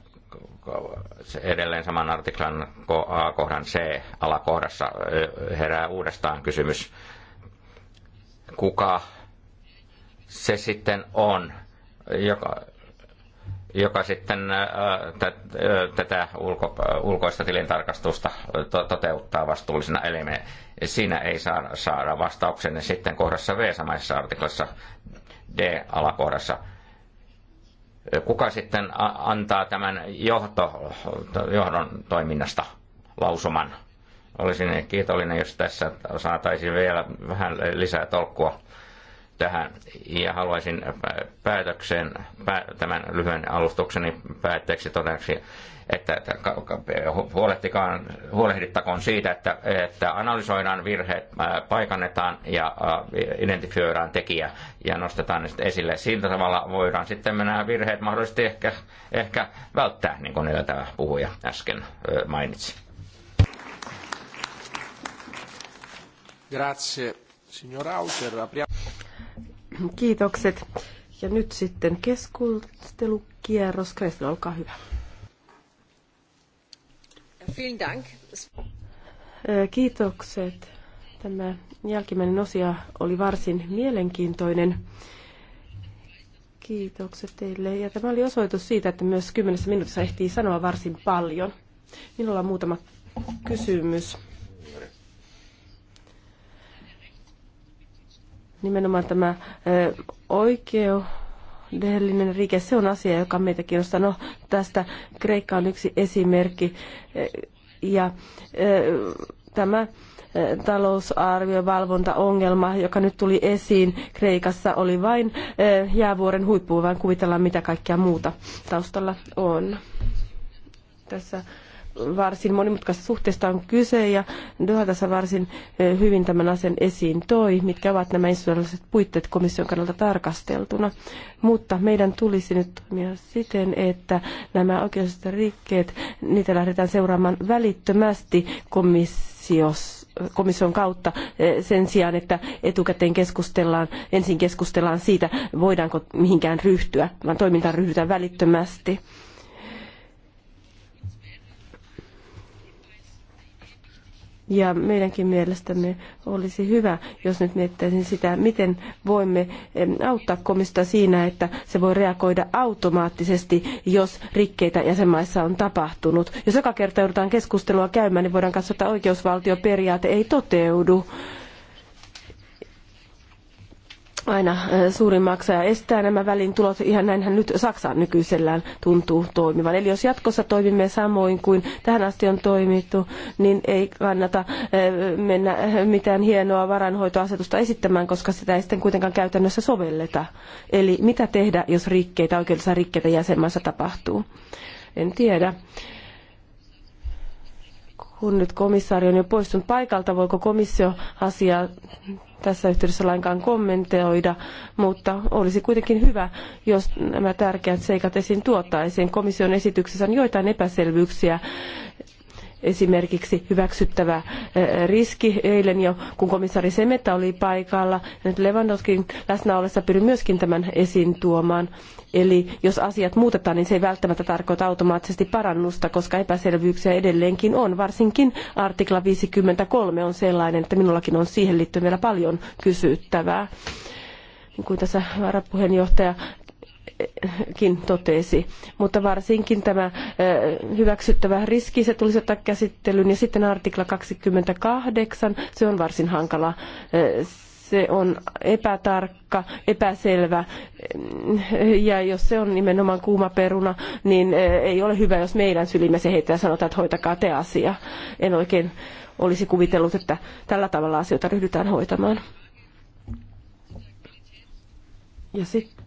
edelleen saman artiklan kohdan C alakohdassa herää uudestaan kysymys, kuka se sitten on, joka, joka sitten tätä ulko, ulkoista tilintarkastusta toteuttaa vastuullisena elimenä. Siinä ei saada, saada vastauksenne sitten kohdassa V samaisessa artiklassa D-alakohdassa. Kuka sitten antaa tämän johto, johdon toiminnasta lausuman? Olisin kiitollinen, jos tässä saataisiin vielä vähän lisää tolkkua tähän ja haluaisin päätökseen, tämän lyhyen alustukseni päätteeksi todeksi että, että huolehtikaan, huolehdittakoon siitä, että, että analysoidaan virheet, paikannetaan ja identifioidaan tekijä ja nostetaan ne sitten esille. Siltä tavalla voidaan sitten nämä virheet mahdollisesti ehkä, ehkä välttää, niin kuin tämä puhuja äsken mainitsi. Grazie, signor Kiitokset. Ja nyt sitten keskustelukierros. Kressler, olkaa hyvä. Kiitokset. Tämä jälkimmäinen osia oli varsin mielenkiintoinen. Kiitokset teille. Ja tämä oli osoitus siitä, että myös kymmenessä minuutissa ehtii sanoa varsin paljon. Minulla on muutama kysymys. Nimenomaan tämä oikeo taloudellinen rike, se on asia, joka meitä kiinnostaa. No, tästä Kreikka on yksi esimerkki. Eh, ja eh, tämä eh, talousarviovalvontaongelma, joka nyt tuli esiin Kreikassa, oli vain jäävuoren huippu, vaan kuvitellaan mitä kaikkea muuta taustalla on. Tässä varsin monimutkaisesta suhteesta on kyse ja Doha tässä varsin hyvin tämän asian esiin toi, mitkä ovat nämä institutionaaliset puitteet komission kannalta tarkasteltuna. Mutta meidän tulisi nyt toimia siten, että nämä oikeudelliset rikkeet, niitä lähdetään seuraamaan välittömästi komissiossa komission kautta sen sijaan, että etukäteen keskustellaan, ensin keskustellaan siitä, voidaanko mihinkään ryhtyä, vaan toimintaan ryhdytään välittömästi Ja meidänkin mielestämme olisi hyvä, jos nyt miettäisin sitä, miten voimme auttaa komista siinä, että se voi reagoida automaattisesti, jos rikkeitä jäsenmaissa on tapahtunut. Jos joka kerta joudutaan keskustelua käymään, niin voidaan katsoa, että oikeusvaltioperiaate ei toteudu aina suurin maksaja estää nämä välintulot. Ihan näinhän nyt Saksa nykyisellään tuntuu toimivan. Eli jos jatkossa toimimme samoin kuin tähän asti on toimittu, niin ei kannata mennä mitään hienoa varainhoitoasetusta esittämään, koska sitä ei sitten kuitenkaan käytännössä sovelleta. Eli mitä tehdä, jos rikkeitä, oikeudellisia rikkeitä jäsenmaassa tapahtuu? En tiedä kun nyt komissaari on jo poistunut paikalta, voiko komissio asiaa tässä yhteydessä lainkaan kommentoida, mutta olisi kuitenkin hyvä, jos nämä tärkeät seikat esiin tuotaisiin. Komission esityksessä on joitain epäselvyyksiä esimerkiksi hyväksyttävä riski. Eilen jo, kun komissaari Semeta oli paikalla, nyt Lewandowskin läsnä ollessa pyrin myöskin tämän esiin tuomaan. Eli jos asiat muutetaan, niin se ei välttämättä tarkoita automaattisesti parannusta, koska epäselvyyksiä edelleenkin on. Varsinkin artikla 53 on sellainen, että minullakin on siihen liittyen vielä paljon kysyttävää niin kuin tässä varapuheenjohtaja totesi, mutta varsinkin tämä hyväksyttävä riski, se tulisi ottaa käsittelyyn. Ja sitten artikla 28, se on varsin hankala se on epätarkka, epäselvä ja jos se on nimenomaan kuuma peruna, niin ei ole hyvä, jos meidän sylimme se heitetään ja sanotaan, että hoitakaa te asia. En oikein olisi kuvitellut, että tällä tavalla asioita ryhdytään hoitamaan. Ja sitten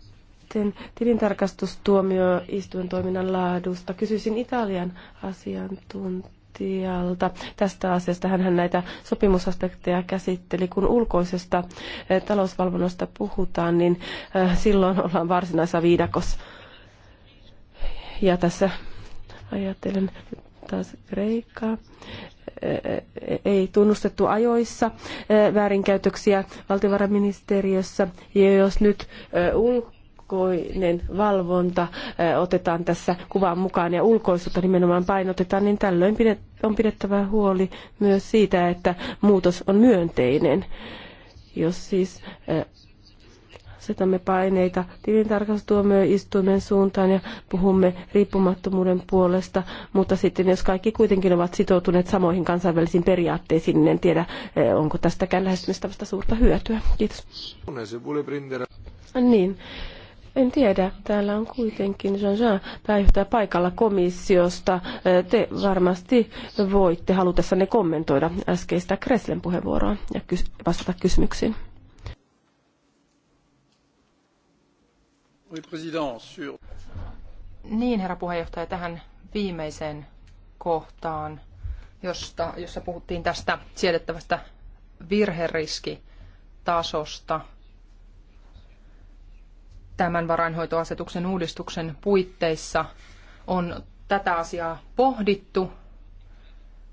sitten tilintarkastustuomioistuin toiminnan laadusta. Kysyisin Italian asiantuntijalta tästä asiasta. hän näitä sopimusaspekteja käsitteli. Kun ulkoisesta eh, talousvalvonnasta puhutaan, niin eh, silloin ollaan varsinaisessa viidakossa. Ja tässä ajattelen taas Kreikkaa. Eh, ei tunnustettu ajoissa väärinkäytöksiä valtiovarainministeriössä. Ja jos nyt ulko ulkoinen valvonta otetaan tässä kuvan mukaan ja ulkoisuutta nimenomaan painotetaan, niin tällöin on pidettävä huoli myös siitä, että muutos on myönteinen. Jos siis asetamme paineita tilintarkastustuomioistuimen suuntaan ja puhumme riippumattomuuden puolesta, mutta sitten jos kaikki kuitenkin ovat sitoutuneet samoihin kansainvälisiin periaatteisiin, niin en tiedä, onko tästäkään lähestymistavasta suurta hyötyä. Kiitos. Niin, en tiedä, täällä on kuitenkin Jean-Jean pääjohtaja paikalla komissiosta. Te varmasti voitte halutessanne kommentoida äskeistä Kreslen puheenvuoroa ja vastata kysymyksiin. Niin, herra puheenjohtaja, tähän viimeiseen kohtaan, josta, jossa puhuttiin tästä siedettävästä virheriskitasosta – tämän varainhoitoasetuksen uudistuksen puitteissa on tätä asiaa pohdittu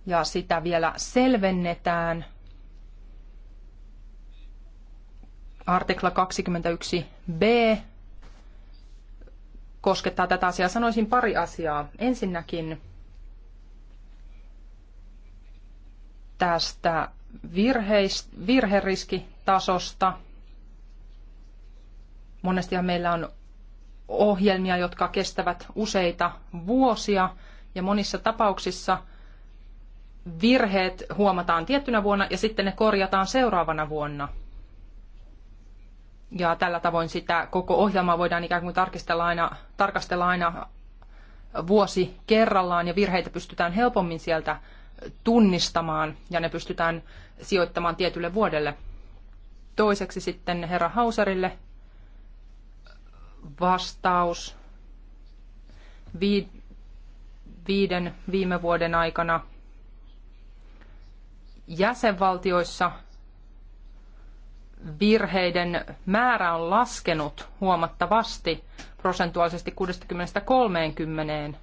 ja sitä vielä selvennetään. Artikla 21b koskettaa tätä asiaa. Sanoisin pari asiaa. Ensinnäkin tästä virheist, virheriskitasosta – Monestihan meillä on ohjelmia, jotka kestävät useita vuosia ja monissa tapauksissa virheet huomataan tiettynä vuonna ja sitten ne korjataan seuraavana vuonna. Ja tällä tavoin sitä koko ohjelmaa voidaan ikään kuin tarkistella aina, tarkastella aina vuosi kerrallaan ja virheitä pystytään helpommin sieltä tunnistamaan ja ne pystytään sijoittamaan tietylle vuodelle. Toiseksi sitten herra Hauserille vastaus viiden viime vuoden aikana jäsenvaltioissa virheiden määrä on laskenut huomattavasti prosentuaalisesti 60-30.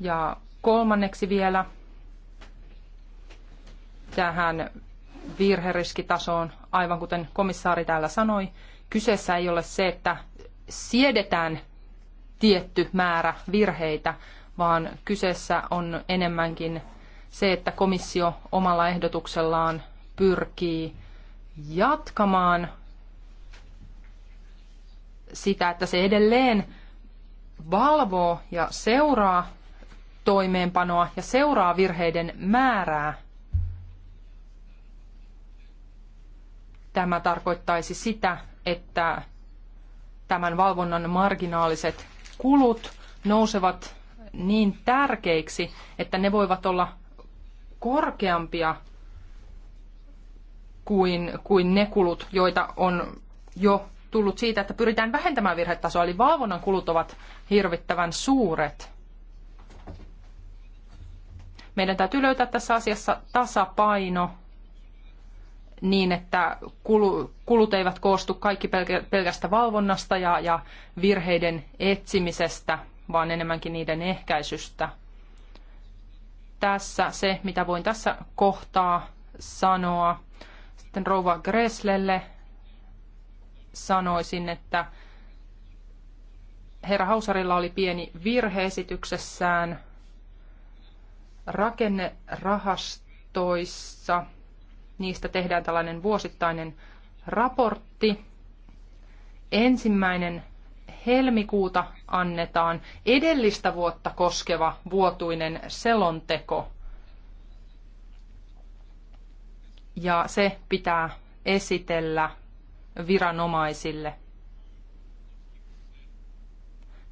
Ja kolmanneksi vielä tähän virheriskitasoon, aivan kuten komissaari täällä sanoi, Kyseessä ei ole se, että siedetään tietty määrä virheitä, vaan kyseessä on enemmänkin se, että komissio omalla ehdotuksellaan pyrkii jatkamaan sitä, että se edelleen valvoo ja seuraa toimeenpanoa ja seuraa virheiden määrää. Tämä tarkoittaisi sitä, että tämän valvonnan marginaaliset kulut nousevat niin tärkeiksi, että ne voivat olla korkeampia kuin, kuin ne kulut, joita on jo tullut siitä, että pyritään vähentämään virhetasoa, eli valvonnan kulut ovat hirvittävän suuret. Meidän täytyy löytää tässä asiassa tasapaino niin, että kulut eivät koostu kaikki pelkästä valvonnasta ja, ja virheiden etsimisestä, vaan enemmänkin niiden ehkäisystä. Tässä se, mitä voin tässä kohtaa sanoa. Sitten rouva Greslelle sanoisin, että herra Hausarilla oli pieni virhe esityksessään rakennerahastoissa – Niistä tehdään tällainen vuosittainen raportti. Ensimmäinen helmikuuta annetaan edellistä vuotta koskeva vuotuinen selonteko. Ja se pitää esitellä viranomaisille.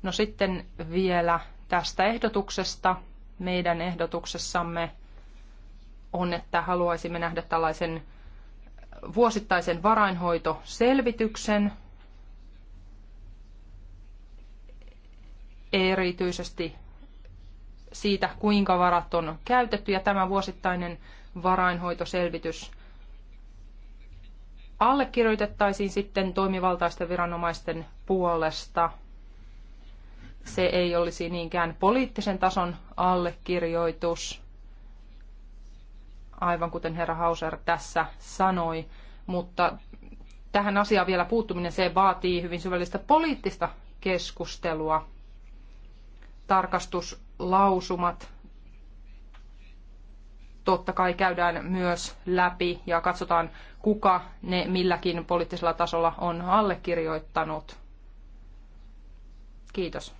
No sitten vielä tästä ehdotuksesta. Meidän ehdotuksessamme on, että haluaisimme nähdä tällaisen vuosittaisen varainhoitoselvityksen erityisesti siitä, kuinka varat on käytetty. Ja tämä vuosittainen varainhoitoselvitys allekirjoitettaisiin sitten toimivaltaisten viranomaisten puolesta. Se ei olisi niinkään poliittisen tason allekirjoitus, aivan kuten herra Hauser tässä sanoi, mutta tähän asiaan vielä puuttuminen, se vaatii hyvin syvällistä poliittista keskustelua. Tarkastuslausumat totta kai käydään myös läpi ja katsotaan, kuka ne milläkin poliittisella tasolla on allekirjoittanut. Kiitos.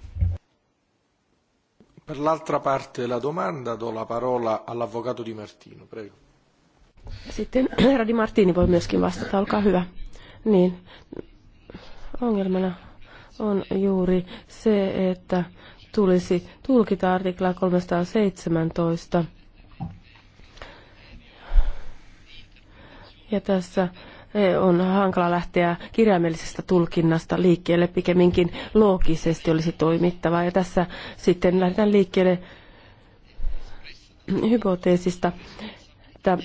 Per l'altra parte della domanda do la parola all'avvocato Di Martino, prego. Sitten herra Di Martini voi myöskin vastata, olkaa hyvä. Niin, ongelmana on juuri se, että tulisi tulkita artiklaa 317. Ja tässä on hankala lähteä kirjaimellisesta tulkinnasta liikkeelle, pikemminkin loogisesti olisi toimittava. Ja tässä sitten lähdetään liikkeelle hypoteesista, että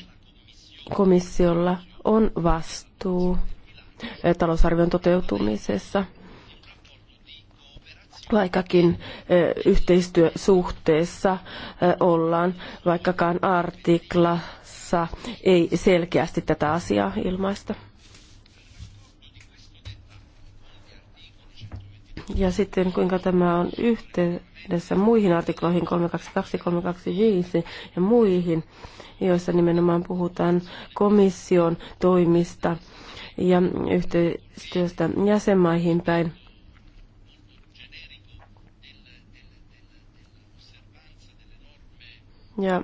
komissiolla on vastuu talousarvion toteutumisessa vaikkakin yhteistyösuhteessa ollaan, vaikkakaan artikla osa ei selkeästi tätä asiaa ilmaista. Ja sitten kuinka tämä on yhteydessä muihin artikloihin 322, 325 ja muihin, joissa nimenomaan puhutaan komission toimista ja yhteistyöstä jäsenmaihin päin. Ja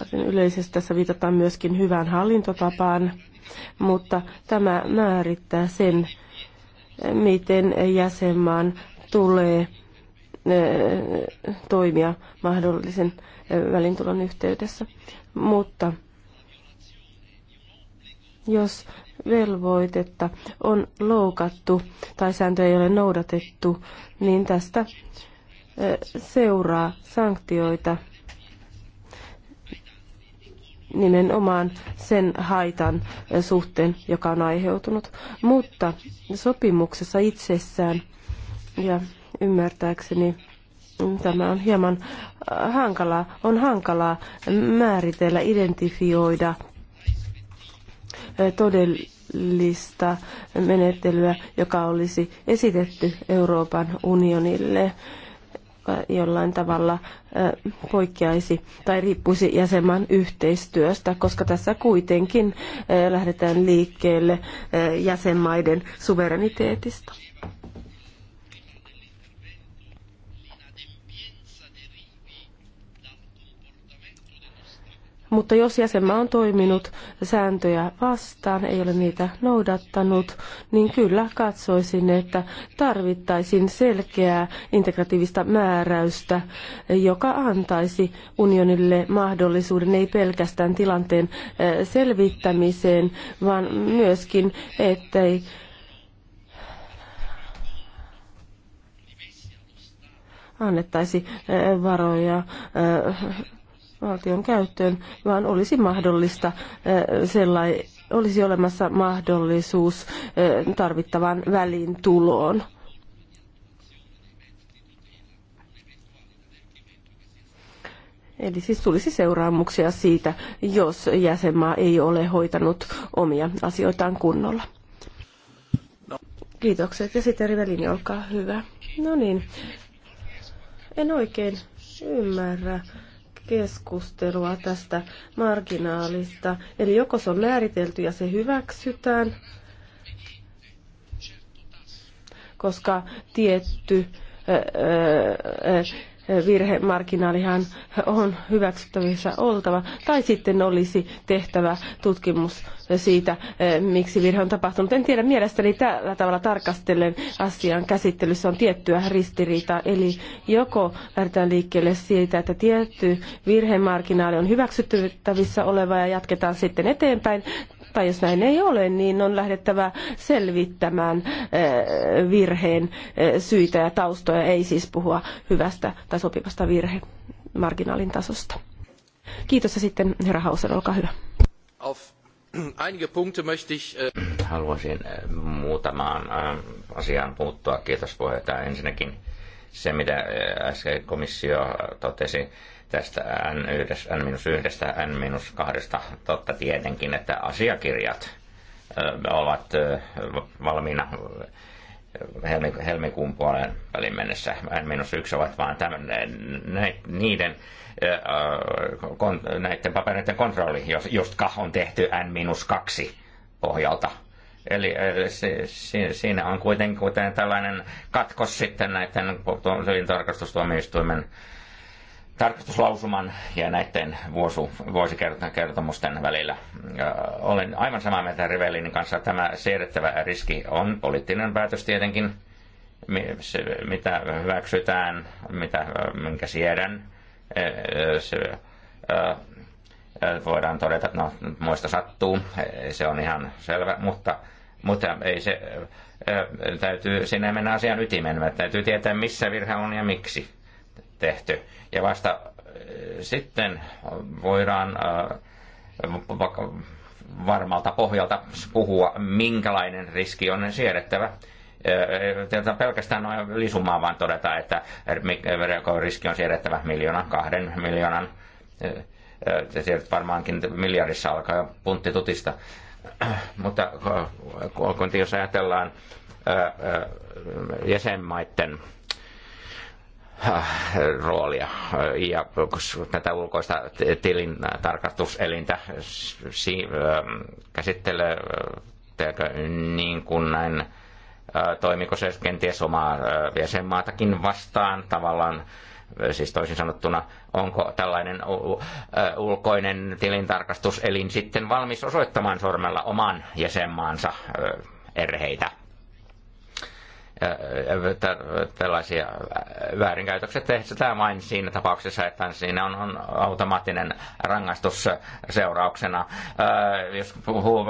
varsin yleisesti tässä viitataan myöskin hyvään hallintotapaan, mutta tämä määrittää sen, miten jäsenmaan tulee toimia mahdollisen välintulon yhteydessä. Mutta jos velvoitetta on loukattu tai sääntö ei ole noudatettu, niin tästä seuraa sanktioita – nimenomaan sen haitan suhteen, joka on aiheutunut. Mutta sopimuksessa itsessään ja ymmärtääkseni tämä on hieman hankalaa, on hankalaa määritellä, identifioida todellista menettelyä, joka olisi esitetty Euroopan unionille joka jollain tavalla poikkeaisi tai riippuisi jäsenmaan yhteistyöstä, koska tässä kuitenkin lähdetään liikkeelle jäsenmaiden suvereniteetista. Mutta jos jäsenmaa on toiminut sääntöjä vastaan, ei ole niitä noudattanut, niin kyllä katsoisin, että tarvittaisiin selkeää integratiivista määräystä, joka antaisi unionille mahdollisuuden ei pelkästään tilanteen eh, selvittämiseen, vaan myöskin, ettei annettaisi eh, varoja eh, valtion käyttöön, vaan olisi mahdollista äh, sellai, olisi olemassa mahdollisuus äh, tarvittavan välin tuloon. Eli siis tulisi seuraamuksia siitä, jos jäsenmaa ei ole hoitanut omia asioitaan kunnolla. Kiitokset. Ja sitten Rivelini, olkaa hyvä. No niin. En oikein ymmärrä keskustelua tästä marginaalista. Eli joko se on määritelty ja se hyväksytään, koska tietty virhemarginaalihan on hyväksyttävissä oltava. Tai sitten olisi tehtävä tutkimus siitä, miksi virhe on tapahtunut. En tiedä, mielestäni tällä tavalla tarkastellen asian käsittelyssä on tiettyä ristiriitaa. Eli joko lähdetään liikkeelle siitä, että tietty virhemarginaali on hyväksyttävissä oleva ja jatketaan sitten eteenpäin, tai jos näin ei ole, niin on lähdettävä selvittämään eh, virheen eh, syitä ja taustoja, ei siis puhua hyvästä tai sopivasta marginaalin tasosta. Kiitos ja sitten herra Hausen, olkaa hyvä. Äh, Haluaisin äh, muutamaan äh, asiaan puuttua. Kiitos puheenjohtaja. Ensinnäkin se, mitä äsken komissio totesi tästä N-1, N-2. Totta tietenkin, että asiakirjat ovat valmiina helmikuun puolen välin mennessä. N-1 ovat vain tämän, niiden näiden papereiden kontrolli, jotka on tehty N-2 pohjalta. Eli siinä on kuitenkin tällainen katkos sitten näiden tilintarkastustuomioistuimen tarkastustuomioistuimen tarkastuslausuman ja näiden vuosu, vuosikertomusten välillä. Olen aivan samaa mieltä Rivellinin kanssa. Tämä siirrettävä riski on poliittinen päätös tietenkin, mitä hyväksytään, mitä, minkä siedän. E, e, se, e, voidaan todeta, että no, muista sattuu, se on ihan selvä, mutta, mutta ei se, täytyy sinne mennä asian ytimeen, täytyy tietää missä virhe on ja miksi tehty. Ja vasta äh, sitten voidaan äh, varmalta pohjalta puhua, minkälainen riski on siedettävä. Tätä äh, pelkästään noin lisumaa vaan todeta, että riski on siedettävä miljoona, kahden miljoonan. Sieltä varmaankin miljardissa alkaa jo puntti tutista. Mutta kun jos ajatellaan jäsenmaiden Äh, roolia äh, ja tätä ulkoista tilin tarkastuselintä ähm, käsittelee äh, niin kuin näin toimiko se kenties omaa jäsenmaatakin vastaan tavallaan, siis toisin sanottuna, onko tällainen ulkoinen tilintarkastuselin sitten valmis osoittamaan sormella oman jäsenmaansa erheitä tällaisia väärinkäytöksiä Tämä vain siinä tapauksessa, että siinä on, on automaattinen rangaistus seurauksena. Jos puhuu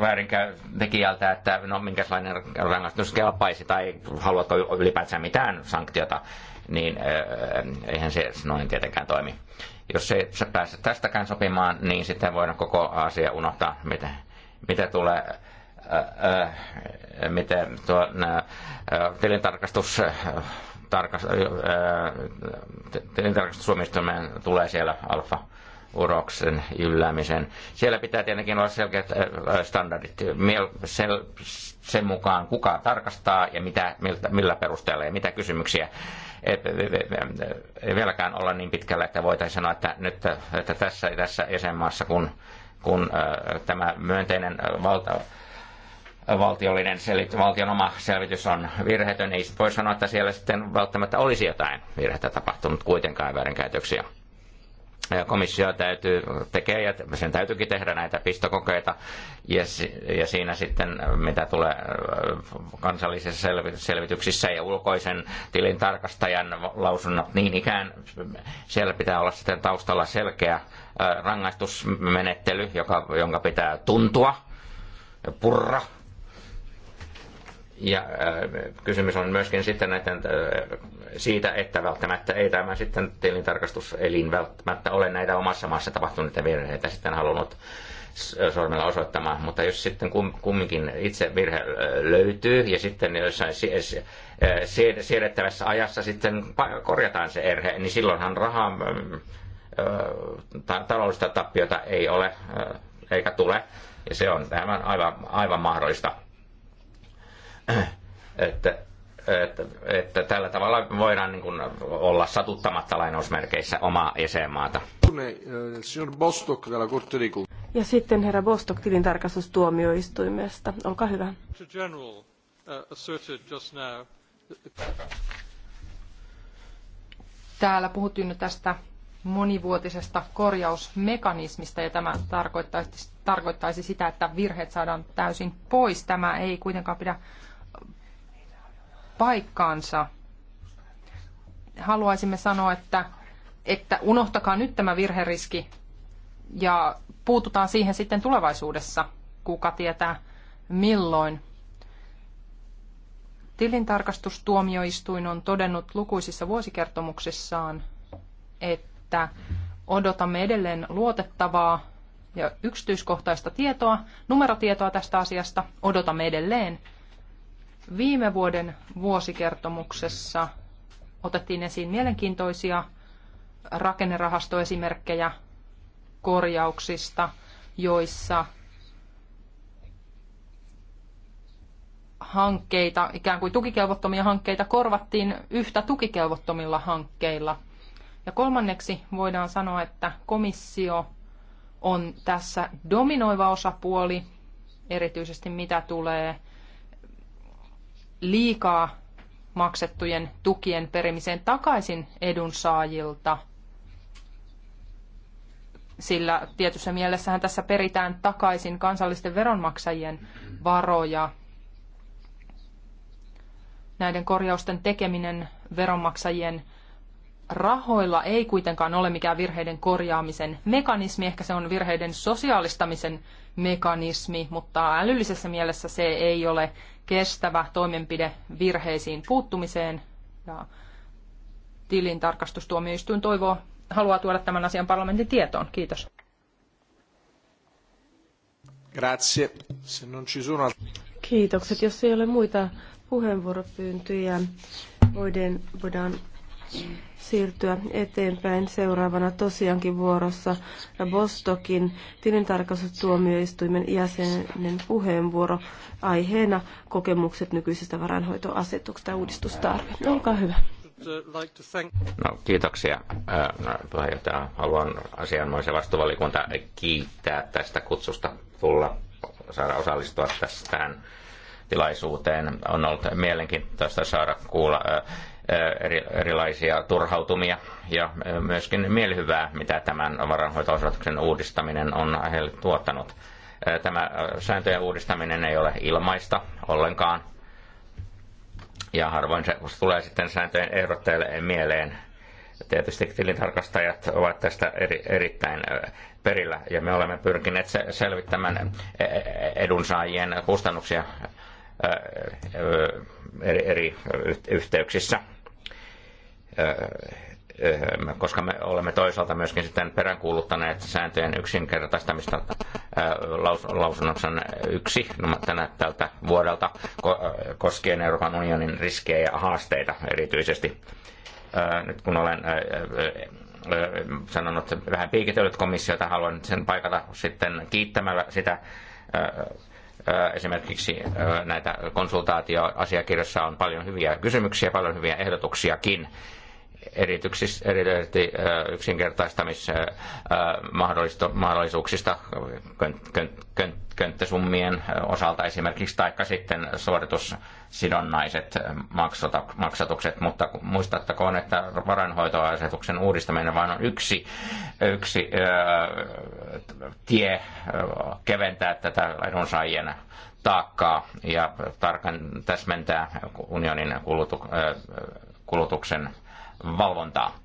väärinkäytekijältä, että no minkälainen rangaistus kelpaisi tai haluatko ylipäätään mitään sanktiota, niin eihän se noin tietenkään toimi. Jos ei se pääse tästäkään sopimaan, niin sitten voidaan koko asia unohtaa, mitä, mitä tulee miten tuo nää, tilintarkastus tarkas, tilintarkastustuomioistuimeen tulee siellä alfa uroksen ylläämisen. Siellä pitää tietenkin olla selkeät standardit sen mukaan, kuka tarkastaa ja mitä, millä perusteella ja mitä kysymyksiä. Ei vieläkään olla niin pitkällä, että voitaisiin sanoa, että nyt että tässä, tässä jäsenmaassa, kun, kun tämä myönteinen valta, valtiollinen selit, valtion oma selvitys on virhetön, ei voi sanoa, että siellä sitten välttämättä olisi jotain virhettä tapahtunut kuitenkaan väärinkäytöksiä. Ja komissio täytyy tekee ja sen täytyykin tehdä näitä pistokokeita ja, ja siinä sitten mitä tulee äh, kansallisissa selvityksissä ja ulkoisen tilin tarkastajan lausunnot niin ikään siellä pitää olla sitten taustalla selkeä äh, rangaistusmenettely, joka, jonka pitää tuntua purra ja äh, kysymys on myöskin sitten näiden, äh, siitä, että välttämättä ei tämä sitten tilintarkastuselin välttämättä ole näitä omassa maassa tapahtuneita virheitä sitten halunnut sormella osoittamaan, mutta jos sitten kumminkin itse virhe äh, löytyy ja sitten jossain siedettävässä ajassa sitten korjataan se erhe, niin silloinhan rahaa taloudellista tappiota ei ole eikä tule ja se on aivan, aivan mahdollista että, että, että tällä tavalla voidaan niin kuin olla satuttamatta lainausmerkeissä omaa jäsenmaata. Ja sitten herra Bostock tilintarkastustuomioistuimesta. Olkaa hyvä. Uh, Täällä puhuttiin nyt tästä monivuotisesta korjausmekanismista ja tämä tarkoittaisi, tarkoittaisi sitä, että virheet saadaan täysin pois. Tämä ei kuitenkaan pidä paikkaansa. Haluaisimme sanoa, että, että unohtakaa nyt tämä virheriski ja puututaan siihen sitten tulevaisuudessa, kuka tietää milloin. Tilintarkastustuomioistuin on todennut lukuisissa vuosikertomuksissaan, että odotamme edelleen luotettavaa ja yksityiskohtaista tietoa, numerotietoa tästä asiasta, odotamme edelleen, Viime vuoden vuosikertomuksessa otettiin esiin mielenkiintoisia rakennerahastoesimerkkejä korjauksista, joissa hankkeita, ikään kuin tukikelvottomia hankkeita, korvattiin yhtä tukikelvottomilla hankkeilla. Ja kolmanneksi voidaan sanoa, että komissio on tässä dominoiva osapuoli, erityisesti mitä tulee liikaa maksettujen tukien perimiseen takaisin edunsaajilta, sillä tietyssä mielessähän tässä peritään takaisin kansallisten veronmaksajien varoja. Näiden korjausten tekeminen veronmaksajien rahoilla ei kuitenkaan ole mikään virheiden korjaamisen mekanismi, ehkä se on virheiden sosiaalistamisen mekanismi, mutta älyllisessä mielessä se ei ole kestävä toimenpide virheisiin puuttumiseen. Ja tilintarkastustuomioistuin toivoo, haluaa tuoda tämän asian parlamentin tietoon. Kiitos. Grazie. Se non ci sono... Kiitokset. Jos ei ole muita puheenvuoropyyntöjä, voidaan siirtyä eteenpäin. Seuraavana tosiaankin vuorossa Bostokin tilintarkastustuomioistuimen jäsenen puheenvuoro aiheena kokemukset nykyisestä varainhoitoasetuksesta ja uudistustarve. Olkaa hyvä. No, kiitoksia no, puheenjohtaja. Haluan asianmoisen vastuvalikunta kiittää tästä kutsusta tulla saada osallistua tähän tilaisuuteen. On ollut mielenkiintoista saada kuulla erilaisia turhautumia ja myöskin mielihyvää, mitä tämän varanhoitoasetuksen uudistaminen on heille tuottanut. Tämä sääntöjen uudistaminen ei ole ilmaista ollenkaan. Ja harvoin se tulee sitten sääntöjen ehdottajille mieleen. Tietysti tilintarkastajat ovat tästä eri, erittäin perillä ja me olemme pyrkineet selvittämään e, e, edunsaajien kustannuksia eri, eri yhteyksissä koska me olemme toisaalta myöskin sitten peräänkuuluttaneet sääntöjen yksinkertaistamista laus, lausunnoksen yksi tänä tältä vuodelta koskien Euroopan unionin riskejä ja haasteita erityisesti. Nyt kun olen sanonut vähän piikitellyt komissiota, haluan sen paikata sitten kiittämällä sitä Esimerkiksi näitä konsultaatioasiakirjoissa on paljon hyviä kysymyksiä, paljon hyviä ehdotuksiakin erityisesti yksinkertaistamismahdollisuuksista könttäsummien osalta esimerkiksi, taikka sitten suoritussidonnaiset maksatukset, mutta muistattakoon, että varainhoitoasetuksen uudistaminen vain on yksi, yksi tie keventää tätä edunsaajien taakkaa ja tarkan täsmentää unionin kulutuksen valvontaa.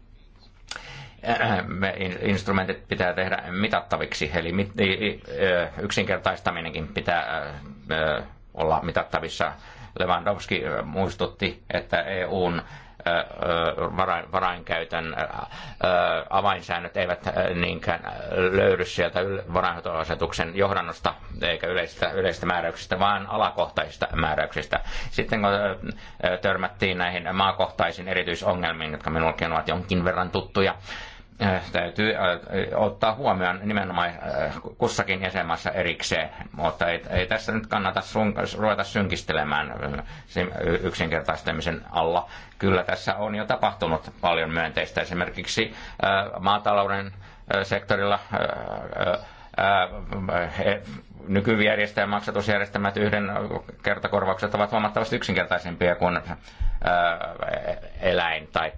Me instrumentit pitää tehdä mitattaviksi, eli yksinkertaistaminenkin pitää olla mitattavissa. Lewandowski muistutti, että EUn varain, varainkäytön avainsäännöt eivät niinkään löydy sieltä varainhoitoasetuksen johdannosta eikä yleistä, yleisistä määräyksistä, vaan alakohtaisista määräyksistä. Sitten kun törmättiin näihin maakohtaisiin erityisongelmiin, jotka minullakin ovat jonkin verran tuttuja, Äh, täytyy äh, ottaa huomioon nimenomaan äh, kussakin jäsenmaassa erikseen, mutta ei, ei tässä nyt kannata sun, ruveta synkistelemään yksinkertaistamisen alla. Kyllä tässä on jo tapahtunut paljon myönteistä esimerkiksi maatalouden sektorilla nykyjärjestelmä, maksatusjärjestelmät, yhden kertakorvaukset ovat huomattavasti yksinkertaisempia kuin äh, eläin- tai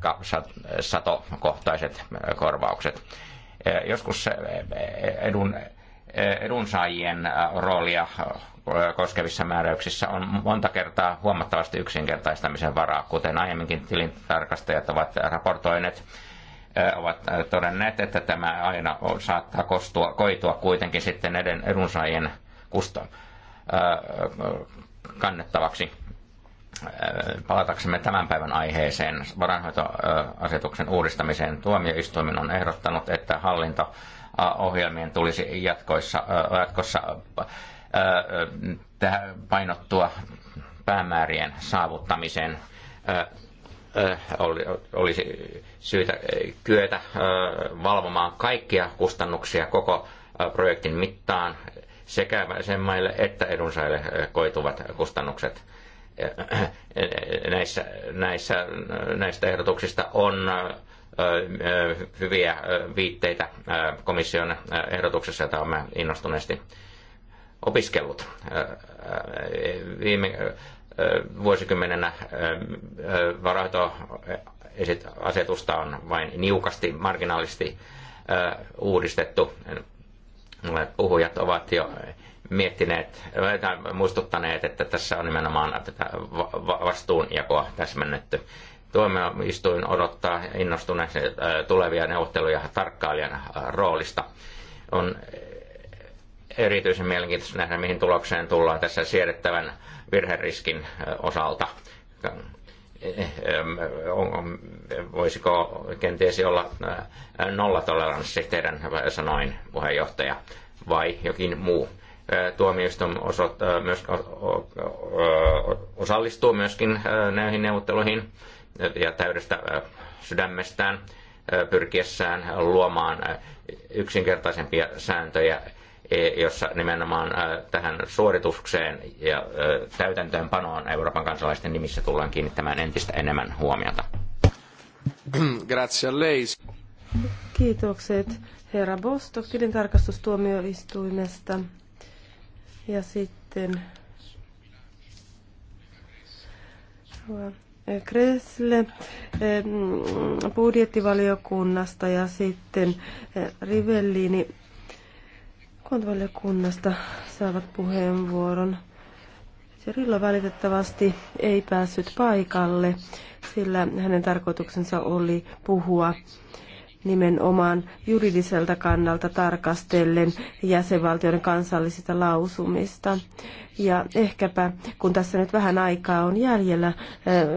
satokohtaiset äh, korvaukset. Äh, joskus edun, edunsaajien roolia koskevissa määräyksissä on monta kertaa huomattavasti yksinkertaistamisen varaa, kuten aiemminkin tilintarkastajat ovat raportoineet ovat todenneet, että tämä aina saattaa kostua, koitua kuitenkin sitten eden edunsaajien kusta, kannettavaksi. Palataksemme tämän päivän aiheeseen, varainhoitoasetuksen uudistamiseen tuomioistuimen on ehdottanut, että hallinto ohjelmien tulisi jatkoissa, jatkossa painottua päämäärien saavuttamiseen Äh, olisi syytä äh, kyetä äh, valvomaan kaikkia kustannuksia koko projektin mittaan sekä sen maille että edunsaille koituvat kustannukset. Näissä, näissä, näistä ehdotuksista on hyviä viitteitä komission ehdotuksessa, jota olen innostuneesti opiskellut. Viime vuosikymmenenä asetusta on vain niukasti, marginaalisti uudistettu. Puhujat ovat jo miettineet muistuttaneet, että tässä on nimenomaan tätä vastuunjakoa täsmennetty. Tuomioistuin odottaa innostuneeksi tulevia neuvotteluja tarkkailijan roolista. On erityisen mielenkiintoista nähdä, mihin tulokseen tullaan tässä siedettävän virheriskin osalta. Voisiko kenties olla nollatoleranssi teidän sanoin puheenjohtaja vai jokin muu? Tuomioistuin myös, osallistuu myöskin näihin neuvotteluihin ja täydestä sydämestään pyrkiessään luomaan yksinkertaisempia sääntöjä E- jossa nimenomaan tähän suoritukseen ja täytäntöönpanoon Euroopan kansalaisten nimissä tullaan kiinnittämään entistä enemmän huomiota. Grazie Kiitokset herra Bostock tilintarkastustuomioistuimesta. Ja sitten Kresle budjettivaliokunnasta ja sitten Rivellini kunnasta saavat puheenvuoron. rillo valitettavasti ei päässyt paikalle, sillä hänen tarkoituksensa oli puhua nimenomaan juridiselta kannalta tarkastellen jäsenvaltioiden kansallisista lausumista. Ja ehkäpä, kun tässä nyt vähän aikaa on jäljellä, eh,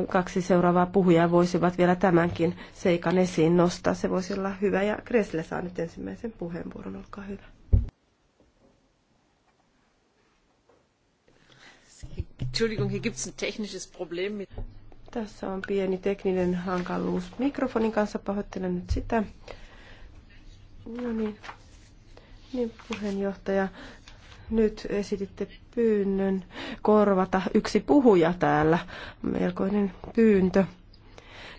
kaksi seuraavaa puhujaa voisivat vielä tämänkin seikan esiin nostaa. Se voisi olla hyvä. Ja Kresle saa nyt ensimmäisen puheenvuoron. Olkaa hyvä. Entschuldigung, hier gibt's ein technisches Problem mit... Tässä on pieni tekninen hankaluus mikrofonin kanssa, pahoittelen nyt sitä. No niin, niin puheenjohtaja, nyt esititte pyynnön korvata yksi puhuja täällä. Melkoinen pyyntö.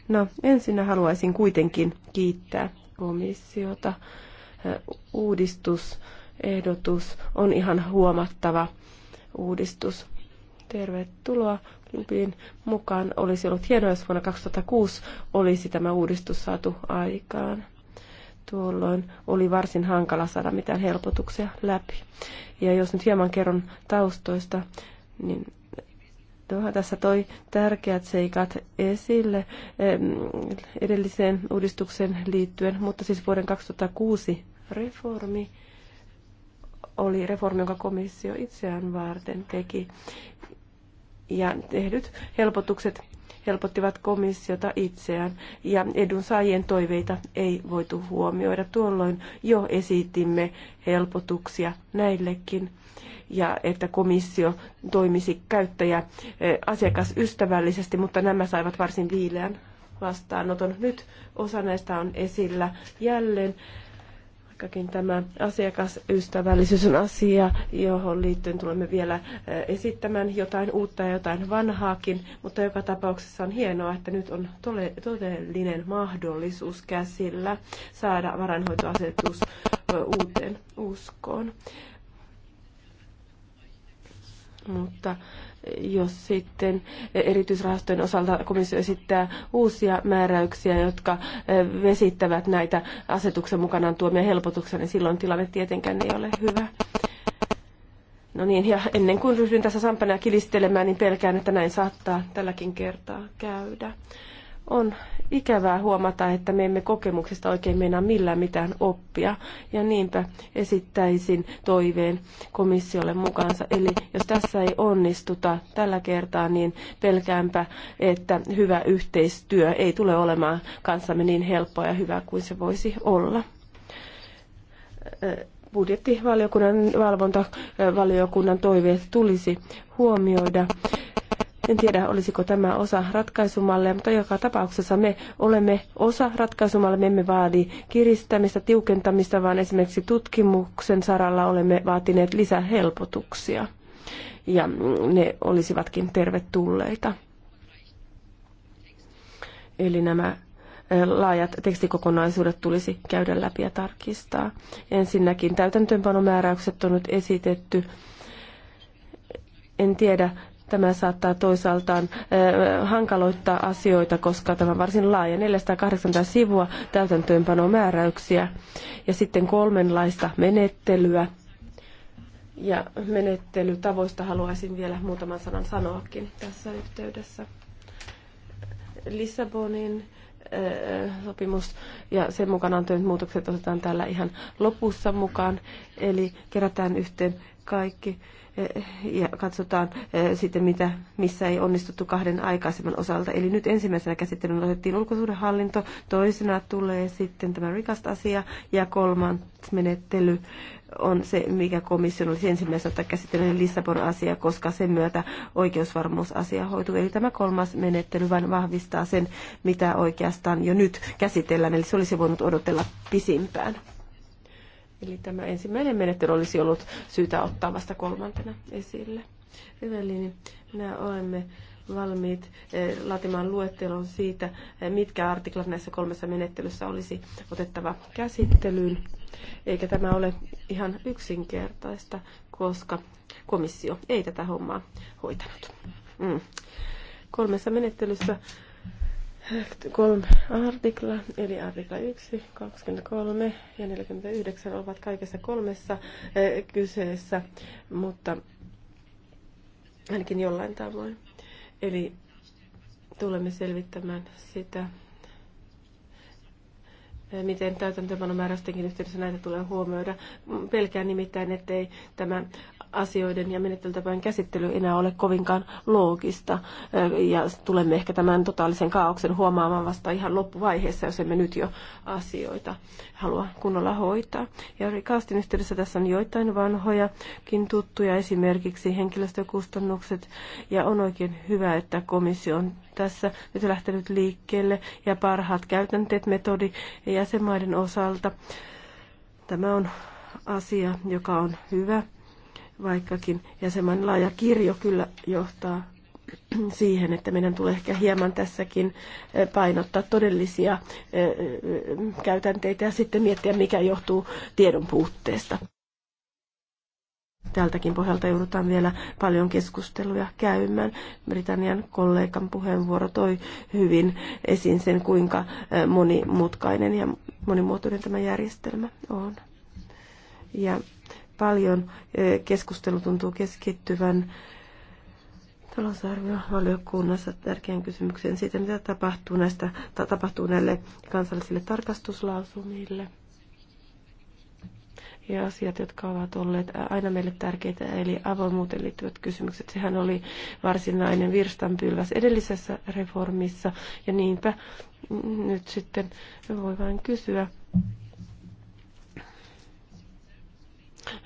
No, ensin haluaisin kuitenkin kiittää komissiota. Uudistusehdotus on ihan huomattava uudistus. Tervetuloa klubiin mukaan. Olisi ollut hienoa, jos vuonna 2006 olisi tämä uudistus saatu aikaan. Tuolloin oli varsin hankala saada mitään helpotuksia läpi. Ja jos nyt hieman kerron taustoista, niin tässä toi tärkeät seikat esille edelliseen uudistukseen liittyen, mutta siis vuoden 2006 reformi oli reformi, jonka komissio itseään varten teki ja tehdyt helpotukset helpottivat komissiota itseään ja edunsaajien toiveita ei voitu huomioida. Tuolloin jo esitimme helpotuksia näillekin ja että komissio toimisi käyttäjä asiakasystävällisesti, mutta nämä saivat varsin viileän vastaanoton. Nyt osa näistä on esillä jälleen Vaikkakin tämä asiakasystävällisyys on asia, johon liittyen tulemme vielä eh, esittämään jotain uutta ja jotain vanhaakin, mutta joka tapauksessa on hienoa, että nyt on todellinen mahdollisuus käsillä saada varainhoitoasetus eh, uuteen uskoon. Mutta jos sitten erityisrahastojen osalta komissio esittää uusia määräyksiä, jotka eh, vesittävät näitä asetuksen mukanaan tuomia helpotuksia, niin silloin tilanne tietenkään ei ole hyvä. No niin, ja ennen kuin ryhdyn tässä sampana kilistelemään, niin pelkään, että näin saattaa tälläkin kertaa käydä. On ikävää huomata, että me emme kokemuksesta oikein meinaa millään mitään oppia, ja niinpä esittäisin toiveen komissiolle mukaansa. Eli jos tässä ei onnistuta tällä kertaa, niin pelkäänpä, että hyvä yhteistyö ei tule olemaan kanssamme niin helppoa ja hyvää kuin se voisi olla budjettivaliokunnan valvontavaliokunnan toiveet tulisi huomioida en tiedä, olisiko tämä osa ratkaisumalle, mutta joka tapauksessa me olemme osa ratkaisumalle, Me emme vaadi kiristämistä, tiukentamista, vaan esimerkiksi tutkimuksen saralla olemme vaatineet lisähelpotuksia. Ja ne olisivatkin tervetulleita. Eli nämä laajat tekstikokonaisuudet tulisi käydä läpi ja tarkistaa. Ensinnäkin täytäntöönpanomääräykset on nyt esitetty. En tiedä, Tämä saattaa toisaaltaan hankaloittaa asioita, koska tämä on varsin laaja, 480 sivua täytäntöönpanomääräyksiä ja sitten kolmenlaista menettelyä. Ja menettelytavoista haluaisin vielä muutaman sanan sanoakin tässä yhteydessä. Lissabonin sopimus ja sen mukana antaneet muutokset otetaan täällä ihan lopussa mukaan, eli kerätään yhteen kaikki Eh, ja katsotaan eh, sitten, mitä, missä ei onnistuttu kahden aikaisemman osalta. Eli nyt ensimmäisenä käsittelyn otettiin ulkosuhdehallinto, toisena tulee sitten tämä rikasta asia ja kolmas menettely on se, mikä komission olisi ensimmäisenä ottaa käsittelyyn Lissabon asia, koska sen myötä oikeusvarmuusasia hoituu. Eli tämä kolmas menettely vain vahvistaa sen, mitä oikeastaan jo nyt käsitellään, eli se olisi voinut odotella pisimpään. Eli tämä ensimmäinen menettely olisi ollut syytä ottaa vasta kolmantena esille. Evelini, minä olemme valmiit eh, laatimaan luettelon siitä, eh, mitkä artiklat näissä kolmessa menettelyssä olisi otettava käsittelyyn. Eikä tämä ole ihan yksinkertaista, koska komissio ei tätä hommaa hoitanut. Mm. Kolmessa menettelyssä Kolme artikla, eli artikla 1, 23 ja 49 ovat kaikessa kolmessa eh, kyseessä, mutta ainakin jollain tavoin. Eli tulemme selvittämään sitä, eh, miten täytäntöönpanomääräystenkin yhteydessä näitä tulee huomioida. Pelkään nimittäin, ettei tämä asioiden ja menettelytapojen käsittely enää ole kovinkaan loogista. Ja tulemme ehkä tämän totaalisen kaauksen huomaamaan vasta ihan loppuvaiheessa, jos emme nyt jo asioita halua kunnolla hoitaa. Ja Rikastin yhteydessä tässä on joitain vanhojakin tuttuja, esimerkiksi henkilöstökustannukset. Ja on oikein hyvä, että komissio on tässä nyt lähtenyt liikkeelle ja parhaat käytänteet metodi jäsenmaiden osalta. Tämä on asia, joka on hyvä vaikkakin jäsenmaan laaja kirjo kyllä johtaa siihen, että meidän tulee ehkä hieman tässäkin eh, painottaa todellisia eh, eh, käytänteitä ja sitten miettiä, mikä johtuu tiedon puutteesta. Tältäkin pohjalta joudutaan vielä paljon keskusteluja käymään. Britannian kollegan puheenvuoro toi hyvin esiin sen, kuinka monimutkainen ja monimuotoinen tämä järjestelmä on. Ja paljon eh, keskustelu tuntuu keskittyvän talousarviovaliokunnassa tärkeän kysymyksen siitä, mitä tapahtuu, näistä, tapahtuu näille kansallisille tarkastuslausumille ja asiat, jotka ovat olleet aina meille tärkeitä, eli avoimuuteen liittyvät kysymykset. Sehän oli varsinainen virstanpylväs edellisessä reformissa, ja niinpä nyt sitten voi vain kysyä,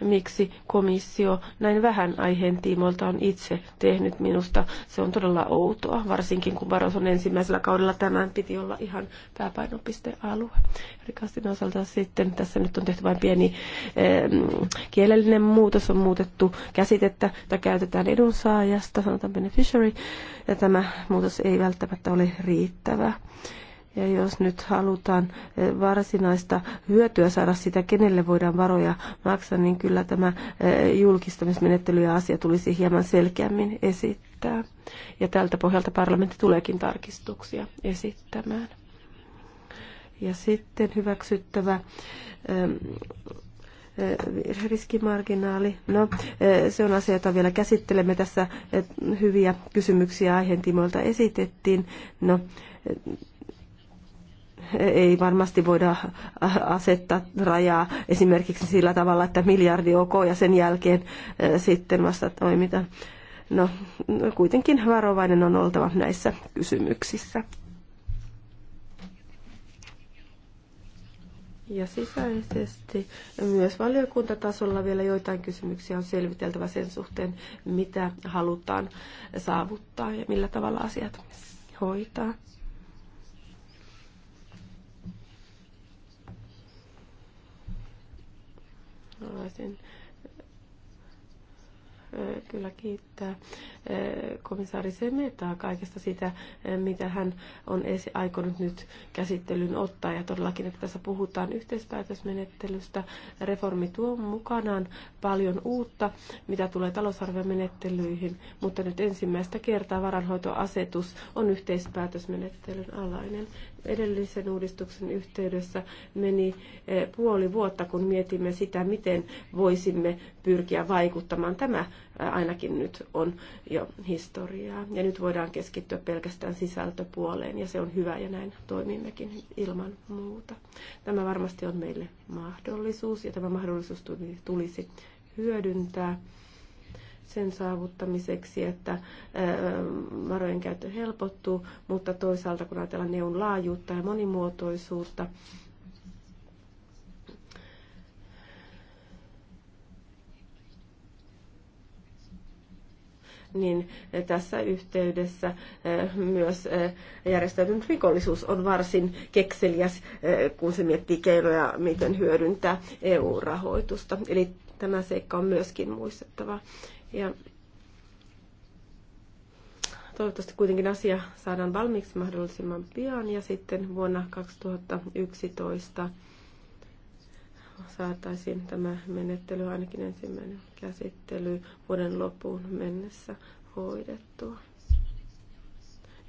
miksi komissio näin vähän aiheen tiimoilta on itse tehnyt minusta. Se on todella outoa, varsinkin kun on ensimmäisellä kaudella tämän piti olla ihan pääpainopistealue. Rikastin osalta sitten tässä nyt on tehty vain pieni eh, kielellinen muutos, on muutettu käsitettä, että käytetään edunsaajasta, sanotaan beneficiary, ja tämä muutos ei välttämättä ole riittävä. Ja jos nyt halutaan eh, varsinaista hyötyä saada sitä, kenelle voidaan varoja maksaa, niin kyllä tämä eh, julkistamismenettely ja asia tulisi hieman selkeämmin esittää. Ja tältä pohjalta parlamentti tuleekin tarkistuksia esittämään. Ja sitten hyväksyttävä ehm, eh, riskimarginaali. No, se on asia, jota vielä käsittelemme. Tässä hyviä kysymyksiä aiheen tiimoilta esitettiin. No, ei varmasti voida asettaa rajaa esimerkiksi sillä tavalla, että miljardi ok ja sen jälkeen sitten vasta toimitaan. No, kuitenkin varovainen on oltava näissä kysymyksissä. Ja sisäisesti myös valiokuntatasolla vielä joitain kysymyksiä on selviteltävä sen suhteen, mitä halutaan saavuttaa ja millä tavalla asiat hoitaa. haluaisin kyllä kiittää komissaari Semetaa kaikesta sitä, mitä hän on aikonut nyt käsittelyn ottaa. Ja todellakin, että tässä puhutaan yhteispäätösmenettelystä. Reformi tuo mukanaan paljon uutta, mitä tulee talousarviomenettelyihin, mutta nyt ensimmäistä kertaa varanhoitoasetus on yhteispäätösmenettelyn alainen. Edellisen uudistuksen yhteydessä meni eh, puoli vuotta, kun mietimme sitä, miten voisimme pyrkiä vaikuttamaan. Tämä eh, ainakin nyt on jo historiaa. Ja nyt voidaan keskittyä pelkästään sisältöpuoleen, ja se on hyvä, ja näin toimimmekin ilman muuta. Tämä varmasti on meille mahdollisuus, ja tämä mahdollisuus tulisi hyödyntää sen saavuttamiseksi, että varojen käyttö helpottuu, mutta toisaalta kun ajatellaan neun laajuutta ja monimuotoisuutta, niin tässä yhteydessä myös järjestäytynyt rikollisuus on varsin kekseliäs, kun se miettii keinoja, miten hyödyntää EU-rahoitusta. Eli tämä seikka on myöskin muistettava. Ja toivottavasti kuitenkin asia saadaan valmiiksi mahdollisimman pian ja sitten vuonna 2011 saataisiin tämä menettely, ainakin ensimmäinen käsittely, vuoden loppuun mennessä hoidettua.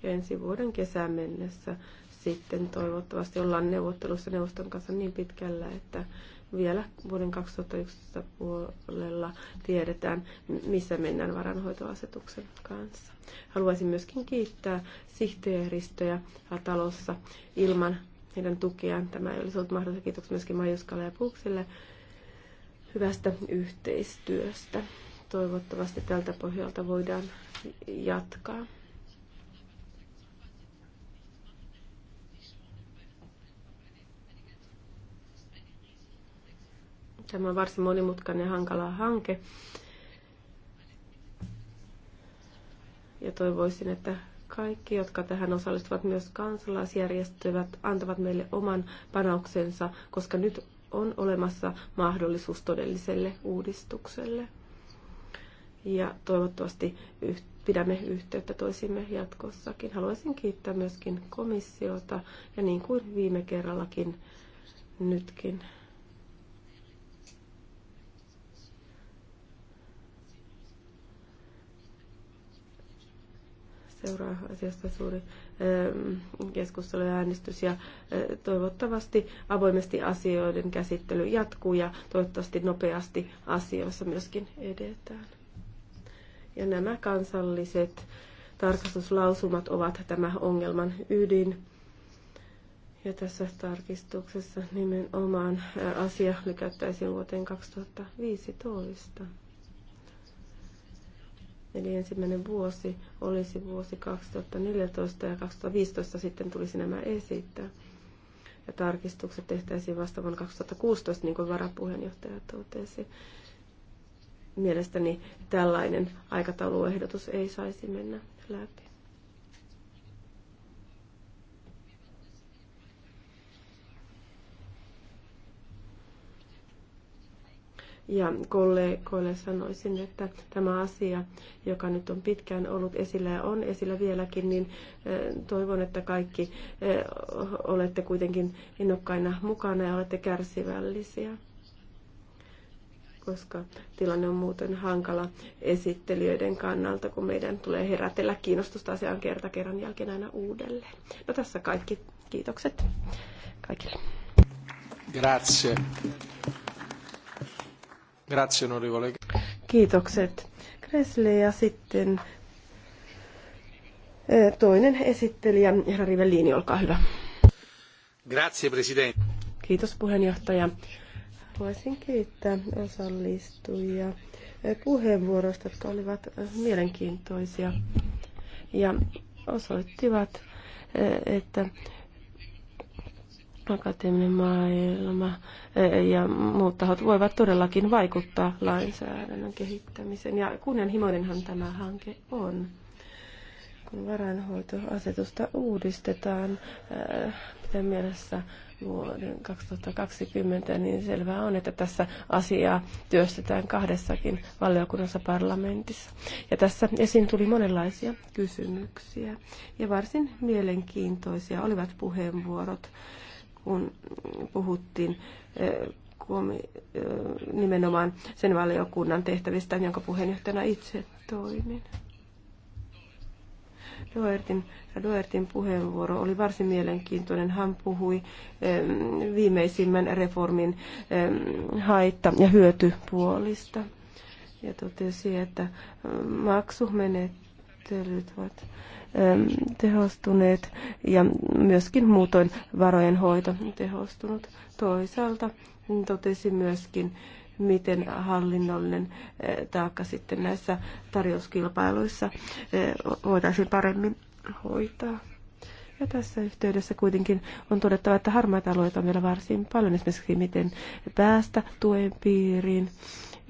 Ja ensi vuoden kesän mennessä sitten toivottavasti ollaan neuvottelussa neuvoston kanssa niin pitkällä, että vielä vuoden 2011 puolella tiedetään, missä mennään varanhoitoasetuksen kanssa. Haluaisin myöskin kiittää sihteeristöjä talossa ilman heidän tukeaan. Tämä ei olisi ollut mahdollista. Kiitoksia myöskin Majuskalle ja Puksille hyvästä yhteistyöstä. Toivottavasti tältä pohjalta voidaan jatkaa. Tämä on varsin monimutkainen ja hankala hanke. Ja toivoisin, että kaikki, jotka tähän osallistuvat, myös kansalaisjärjestöt, antavat meille oman panoksensa, koska nyt on olemassa mahdollisuus todelliselle uudistukselle. Ja toivottavasti pidämme yhteyttä toisimme jatkossakin. Haluaisin kiittää myöskin komissiota ja niin kuin viime kerrallakin nytkin seuraa asiasta suuri keskustelu ja äänestys ja toivottavasti avoimesti asioiden käsittely jatkuu ja toivottavasti nopeasti asioissa myöskin edetään. Ja nämä kansalliset tarkastuslausumat ovat tämä ongelman ydin. Ja tässä tarkistuksessa nimenomaan asia lykättäisiin vuoteen 2015. Eli ensimmäinen vuosi olisi vuosi 2014 ja 2015 sitten tulisi nämä esittää. Ja tarkistukset tehtäisiin vasta vuonna 2016, niin kuin varapuheenjohtaja totesi. Mielestäni tällainen aikatauluehdotus ei saisi mennä läpi. Ja kollegoille sanoisin, että tämä asia, joka nyt on pitkään ollut esillä ja on esillä vieläkin, niin toivon, että kaikki olette kuitenkin innokkaina mukana ja olette kärsivällisiä koska tilanne on muuten hankala esittelijöiden kannalta, kun meidän tulee herätellä kiinnostusta asiaan kerta kerran jälkeen aina uudelleen. No tässä kaikki. Kiitokset kaikille. Grazie. Grazie, onorevole. Kiitokset Kresle ja sitten eh, toinen esittelijä, herra Rivellini, olkaa hyvä. Grazie, presidente. Kiitos puheenjohtaja. Voisin kiittää osallistujia eh, puheenvuoroista, jotka olivat eh, mielenkiintoisia ja osoittivat, että akateeminen maailma e, ja muut tahot voivat todellakin vaikuttaa lainsäädännön kehittämiseen. Ja kunnianhimoinenhan tämä hanke on. Kun varainhoitoasetusta uudistetaan, e, pitää mielessä vuoden 2020, niin selvää on, että tässä asiaa työstetään kahdessakin valiokunnassa parlamentissa. Ja tässä esiin tuli monenlaisia kysymyksiä ja varsin mielenkiintoisia olivat puheenvuorot kun puhuttiin nimenomaan sen valiokunnan tehtävistä, jonka puheenjohtajana itse toimin. Doertin, Doertin puheenvuoro oli varsin mielenkiintoinen. Hän puhui viimeisimmän reformin haitta- ja hyötypuolista ja totesi, että maksumenettelyt ovat Ähm, tehostuneet ja myöskin muutoin varojen hoito tehostunut. Toisaalta totesi myöskin, miten hallinnollinen äh, taakka sitten näissä tarjouskilpailuissa äh, voitaisiin paremmin hoitaa. Ja tässä yhteydessä kuitenkin on todettava, että harmaita alueita on vielä varsin paljon, esimerkiksi miten päästä tuen piiriin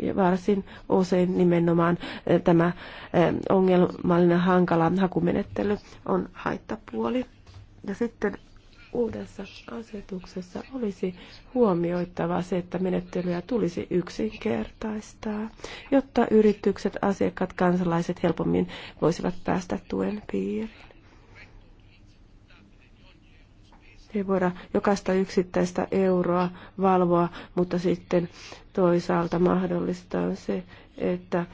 ja varsin usein nimenomaan eh, tämä eh, ongelmallinen hankala hakumenettely on haittapuoli. Ja sitten uudessa asetuksessa olisi huomioittava se, että menettelyä tulisi yksinkertaistaa, jotta yritykset, asiakkaat, kansalaiset helpommin voisivat päästä tuen piiriin. Ei voida jokaista yksittäistä euroa valvoa, mutta sitten Toisaalta mahdollistaa se, että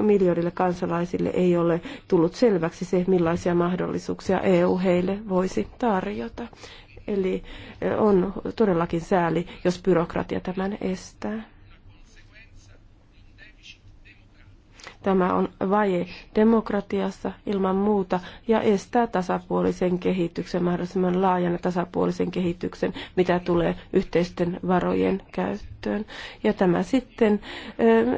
miljoonille kansalaisille ei ole tullut selväksi se, millaisia mahdollisuuksia EU heille voisi tarjota. Eli on todellakin sääli, jos byrokratia tämän estää. Tämä on vaje demokratiassa ilman muuta ja estää tasapuolisen kehityksen, mahdollisimman laajan tasapuolisen kehityksen, mitä tulee yhteisten varojen käyttöön. Ja tämä sitten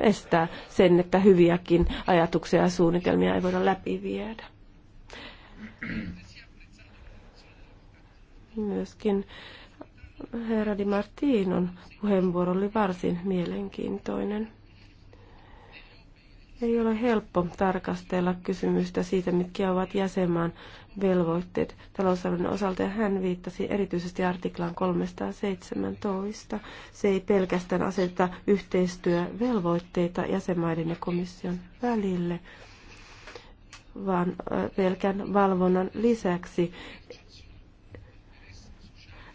estää sen, että hyviäkin ajatuksia ja suunnitelmia ei voida läpiviedä. Myöskin herra Di Martinon puheenvuoro oli varsin mielenkiintoinen. Ei ole helppo tarkastella kysymystä siitä, mitkä ovat jäsenmaan velvoitteet talousalueen osalta, ja hän viittasi erityisesti artiklaan 317. Se ei pelkästään aseta yhteistyövelvoitteita jäsenmaiden ja komission välille, vaan äh, pelkän valvonnan lisäksi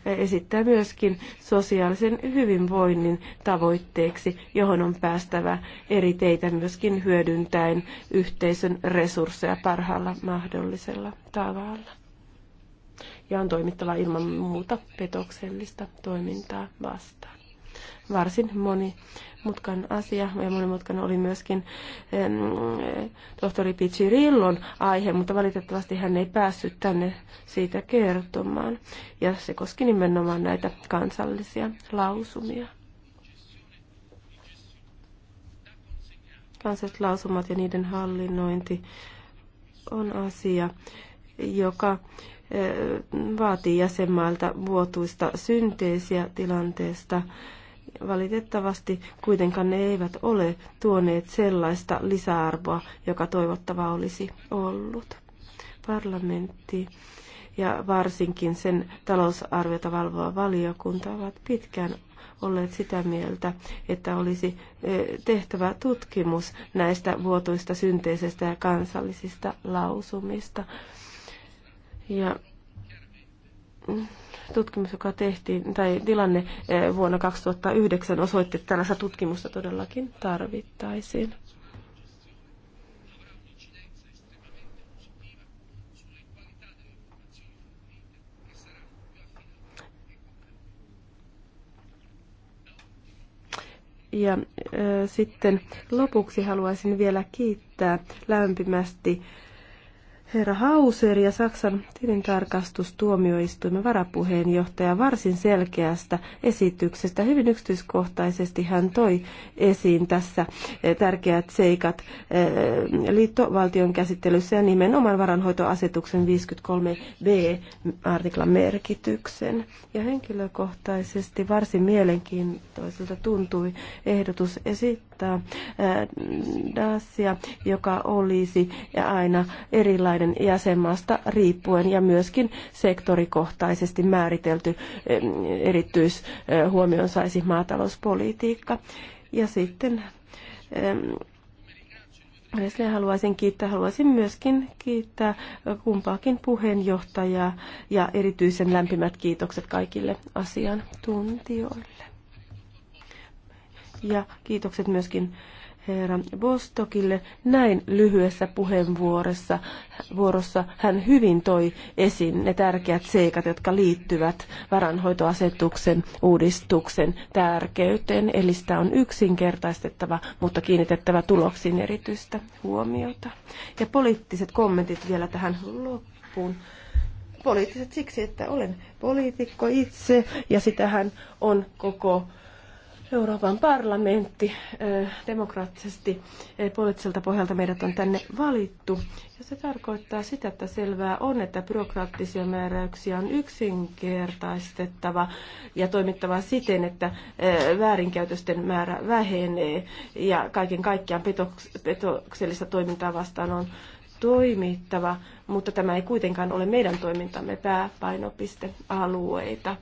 esittää myöskin sosiaalisen hyvinvoinnin tavoitteeksi, johon on päästävä eri teitä myöskin hyödyntäen yhteisön resursseja parhaalla mahdollisella tavalla. Ja on toimittava ilman muuta petoksellista toimintaa vastaan varsin moni, mutkan asia ja mutkan oli myöskin em, tohtori Picirillon aihe, mutta valitettavasti hän ei päässyt tänne siitä kertomaan. Ja se koski nimenomaan näitä kansallisia lausumia. Kansalliset lausumat ja niiden hallinnointi on asia, joka eh, vaatii jäsenmailta vuotuista synteesiä tilanteesta Valitettavasti kuitenkaan ne eivät ole tuoneet sellaista lisäarvoa, joka toivottava olisi ollut. Parlamentti ja varsinkin sen talousarviota valvoa valiokunta ovat pitkään olleet sitä mieltä, että olisi e, tehtävä tutkimus näistä vuotuista synteisistä ja kansallisista lausumista. Ja mm, tutkimus, joka tehtiin, tai tilanne eh, vuonna 2009 osoitti, että tällaista tutkimusta todellakin tarvittaisiin. Ja äh, sitten lopuksi haluaisin vielä kiittää lämpimästi äh, herra Hauser ja Saksan tilintarkastustuomioistuimen varapuheenjohtaja varsin selkeästä esityksestä. Hyvin yksityiskohtaisesti hän toi esiin tässä eh, tärkeät seikat eh, liittovaltion käsittelyssä ja nimenomaan varanhoitoasetuksen 53b-artiklan merkityksen. Ja henkilökohtaisesti varsin mielenkiintoiselta tuntui ehdotus esittää noudattaa DASia, joka olisi aina erilainen jäsenmaasta riippuen ja myöskin sektorikohtaisesti määritelty erityishuomioon saisi maatalouspolitiikka. Ja sitten haluaisin kiittää. Haluaisin myöskin kiittää kumpaakin puheenjohtajaa ja erityisen lämpimät kiitokset kaikille asiantuntijoille ja kiitokset myöskin herra Bostokille. Näin lyhyessä puheenvuorossa vuorossa hän hyvin toi esiin ne tärkeät seikat, jotka liittyvät varanhoitoasetuksen uudistuksen tärkeyteen. Eli sitä on yksinkertaistettava, mutta kiinnitettävä tuloksiin erityistä huomiota. Ja poliittiset kommentit vielä tähän loppuun. Poliittiset siksi, että olen poliitikko itse ja sitähän on koko Euroopan parlamentti demokraattisesti poliittiselta pohjalta meidät on tänne valittu. Ja se tarkoittaa sitä, että selvää on, että byrokraattisia määräyksiä on yksinkertaistettava ja toimittava siten, että väärinkäytösten määrä vähenee ja kaiken kaikkiaan petoksellista toimintaa vastaan on toimittava, mutta tämä ei kuitenkaan ole meidän toimintamme pääpainopistealueita.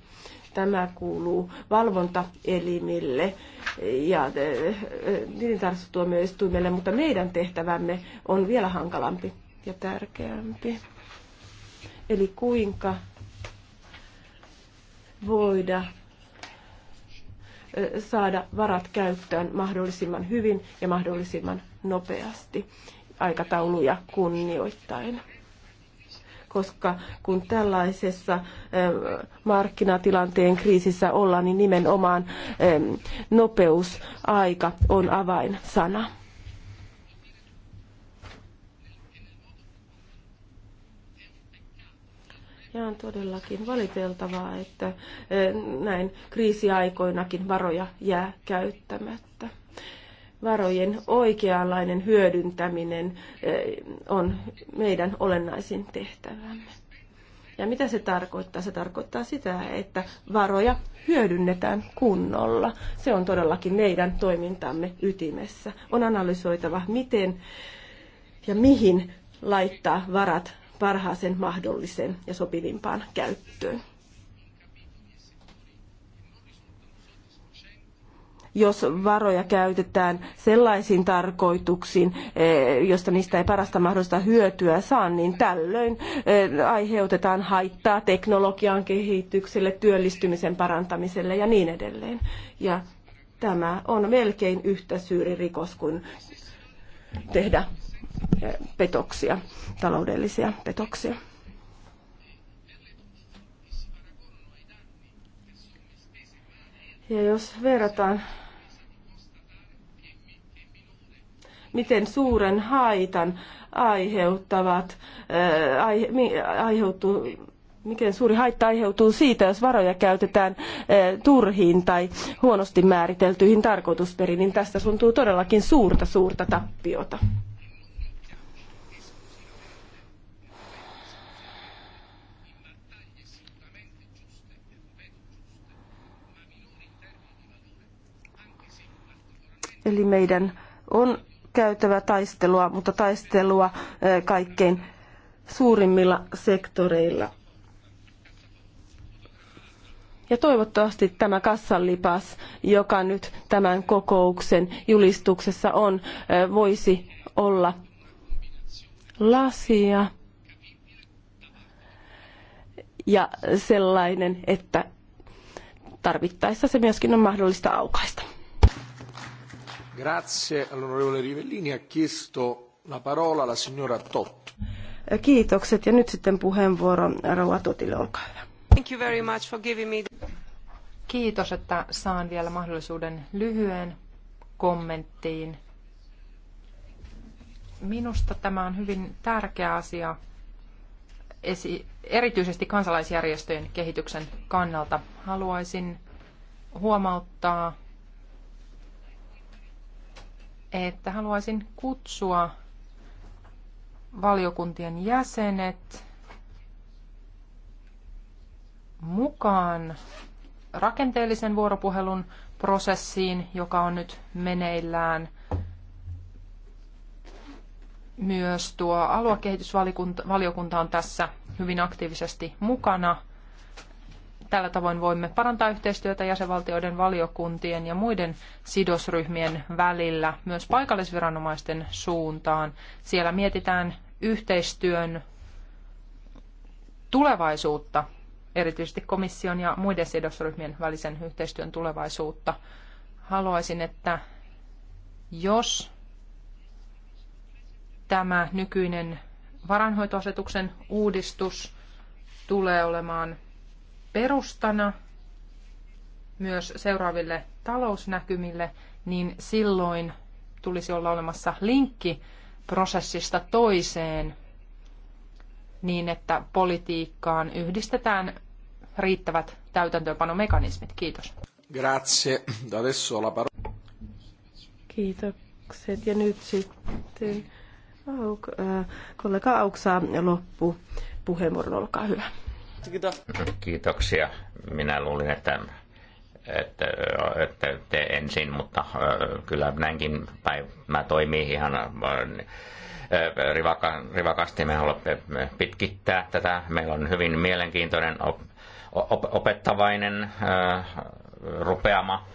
Tämä kuuluu valvontaelimille ja eh, eh, tilintarkastustuomioistuimelle, mutta meidän tehtävämme on vielä hankalampi ja tärkeämpi. Eli kuinka voida eh, saada varat käyttöön mahdollisimman hyvin ja mahdollisimman nopeasti aikatauluja kunnioittain koska kun tällaisessa markkinatilanteen kriisissä ollaan, niin nimenomaan nopeusaika on avainsana. Ja on todellakin valiteltavaa, että näin kriisiaikoinakin varoja jää käyttämättä varojen oikeanlainen hyödyntäminen eh, on meidän olennaisin tehtävämme. Ja mitä se tarkoittaa? Se tarkoittaa sitä, että varoja hyödynnetään kunnolla. Se on todellakin meidän toimintamme ytimessä. On analysoitava, miten ja mihin laittaa varat parhaaseen mahdollisen ja sopivimpaan käyttöön. jos varoja käytetään sellaisiin tarkoituksiin, eh, josta niistä ei parasta mahdollista hyötyä saa, niin tällöin eh, aiheutetaan haittaa teknologian kehitykselle, työllistymisen parantamiselle ja niin edelleen. Ja tämä on melkein yhtä suuri rikos kuin tehdä eh, petoksia, taloudellisia petoksia. Ja jos verrataan miten suuren haitan aiheuttavat, ää, äh, aihe, aiheutuu, miten suuri haitta aiheutuu siitä, jos varoja käytetään ää, äh, turhiin tai huonosti määriteltyihin tarkoitusperiin, niin tästä tuntuu todellakin suurta, suurta tappiota. Eli meidän on käytävä taistelua, mutta taistelua eh, kaikkein suurimmilla sektoreilla. Ja toivottavasti tämä kassanlipas, joka nyt tämän kokouksen julistuksessa on, eh, voisi olla lasia ja sellainen, että tarvittaessa se myöskin on mahdollista aukaista. Grazie all'onorevole Kiitokset ja nyt sitten puheenvuoro Rouva Totille, olkaa hyvä. Thank you very much for giving me Kiitos, että saan vielä mahdollisuuden lyhyen kommenttiin. Minusta tämä on hyvin tärkeä asia esi- erityisesti kansalaisjärjestöjen kehityksen kannalta. Haluaisin huomauttaa että haluaisin kutsua valiokuntien jäsenet mukaan rakenteellisen vuoropuhelun prosessiin, joka on nyt meneillään. Myös tuo aluekehitysvaliokunta on tässä hyvin aktiivisesti mukana – Tällä tavoin voimme parantaa yhteistyötä jäsenvaltioiden valiokuntien ja muiden sidosryhmien välillä myös paikallisviranomaisten suuntaan. Siellä mietitään yhteistyön tulevaisuutta, erityisesti komission ja muiden sidosryhmien välisen yhteistyön tulevaisuutta. Haluaisin, että jos tämä nykyinen varainhoitoasetuksen uudistus tulee olemaan perustana myös seuraaville talousnäkymille, niin silloin tulisi olla olemassa linkki prosessista toiseen niin, että politiikkaan yhdistetään riittävät täytäntöönpanomekanismit. Kiitos. Grazie. Adesso la parola. Kiitokset. Ja nyt sitten Auk, äh, kollega Auksa loppu. Puheenvuoron, olkaa hyvä. Kiitoksia. Minä luulin, että, että, että te ensin, mutta äh, kyllä näinkin päin mä toimii ihan äh, rivaka, rivakasti. Me haluamme pitkittää tätä. Meillä on hyvin mielenkiintoinen, op, op, opettavainen äh, rupeama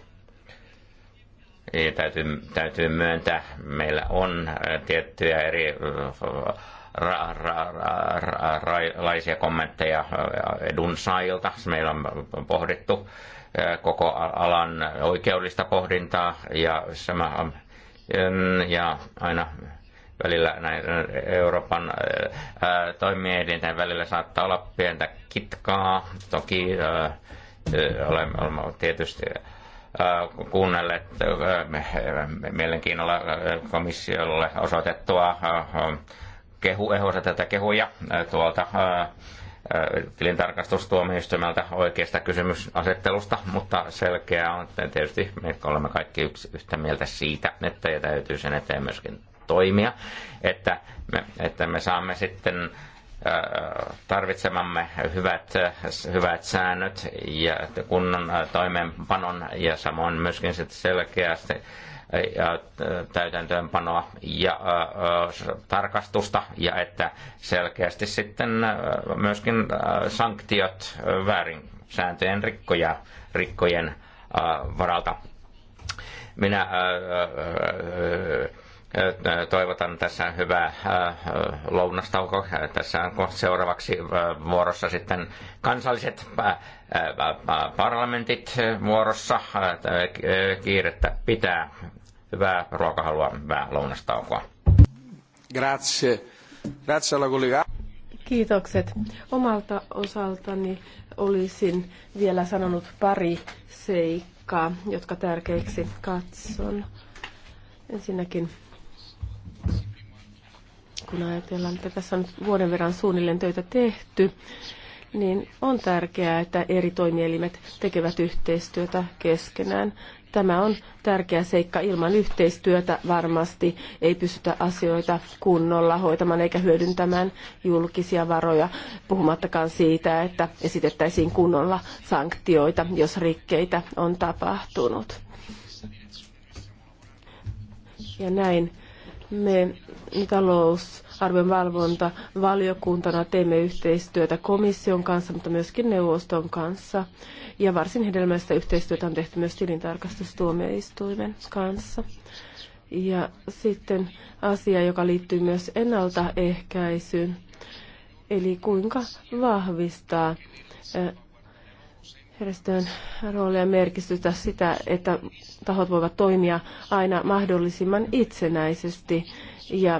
ja täytyy, täytyy myöntää, meillä on tiettyjä eri ra, ra, ra, ra, ra, kommentteja edunsaajilta. Meillä on pohdittu koko alan oikeudellista pohdintaa ja, sama, ja aina välillä näin Euroopan toimijoiden toimielinten välillä saattaa olla pientä kitkaa. Toki olemme, olem, tietysti kuunnelleet mielenkiinnolla komissiolle osoitettua kehu, tätä kehuja tuolta tilintarkastustuomioistuimelta oikeasta kysymysasettelusta, mutta selkeää on, että tietysti me olemme kaikki yksi, yhtä mieltä siitä, että ja täytyy sen eteen myöskin toimia, että me, että me saamme sitten tarvitsemamme hyvät, hyvät säännöt ja kunnon toimeenpanon ja samoin myöskin sitten selkeästi ja täytäntöönpanoa ja tarkastusta ja että selkeästi sitten myöskin sanktiot väärin sääntöjen rikkoja, rikkojen varalta. Minä toivotan tässä hyvää lounastauko. Tässä on seuraavaksi vuorossa sitten kansalliset parlamentit vuorossa. Kiirettä pitää hyvää ruokahalua, hyvää lounastaukoa. Grazie. Grazie alla collega. Kiitokset. Omalta osaltani olisin vielä sanonut pari seikkaa, jotka tärkeiksi katson. Ensinnäkin kun ajatellaan, että tässä on vuoden verran suunnilleen töitä tehty, niin on tärkeää, että eri toimielimet tekevät yhteistyötä keskenään Tämä on tärkeä seikka. Ilman yhteistyötä varmasti ei pystytä asioita kunnolla hoitamaan eikä hyödyntämään julkisia varoja, puhumattakaan siitä, että esitettäisiin kunnolla sanktioita, jos rikkeitä on tapahtunut. Ja näin me talousarvion valvonta valiokuntana teemme yhteistyötä komission kanssa, mutta myöskin neuvoston kanssa ja varsin hedelmäistä yhteistyötä on tehty myös tilintarkastustuomioistuimen kanssa. Ja sitten asia, joka liittyy myös ennaltaehkäisyyn, eli kuinka vahvistaa järjestöjen roolia ja merkitystä sitä, että tahot voivat toimia aina mahdollisimman itsenäisesti ja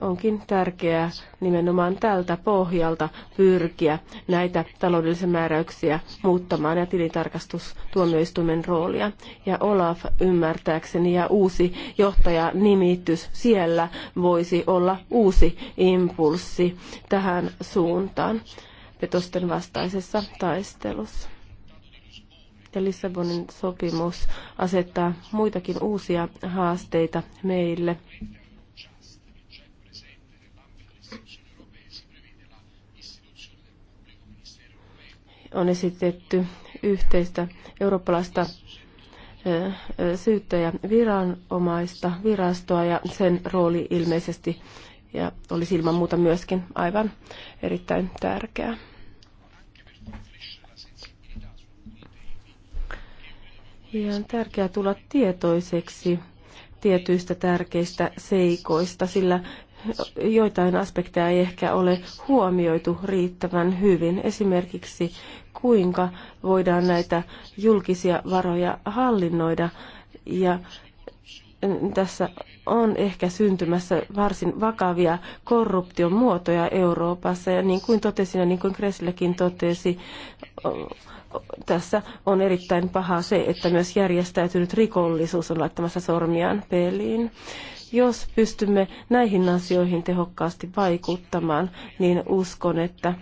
onkin tärkeää nimenomaan tältä pohjalta pyrkiä näitä taloudellisia määräyksiä muuttamaan ja tilintarkastustuomioistuimen roolia. Ja Olaf ymmärtääkseni ja uusi johtajanimitys siellä voisi olla uusi impulssi tähän suuntaan petosten vastaisessa taistelussa ja Lissabonin sopimus asettaa muitakin uusia haasteita meille. on esitetty yhteistä eurooppalaista syyttäjäviranomaista, virastoa ja sen rooli ilmeisesti ja olisi ilman muuta myöskin aivan erittäin tärkeää. Ja on tärkeää tulla tietoiseksi tietyistä tärkeistä seikoista, sillä joitain aspekteja ei ehkä ole huomioitu riittävän hyvin. Esimerkiksi kuinka voidaan näitä julkisia varoja hallinnoida ja tässä on ehkä syntymässä varsin vakavia korruption muotoja Euroopassa. Ja niin kuin totesin ja niin kuin Kreslekin totesi, tässä on erittäin paha se, että myös järjestäytynyt rikollisuus on laittamassa sormiaan peliin. Jos pystymme näihin asioihin tehokkaasti vaikuttamaan, niin uskon, että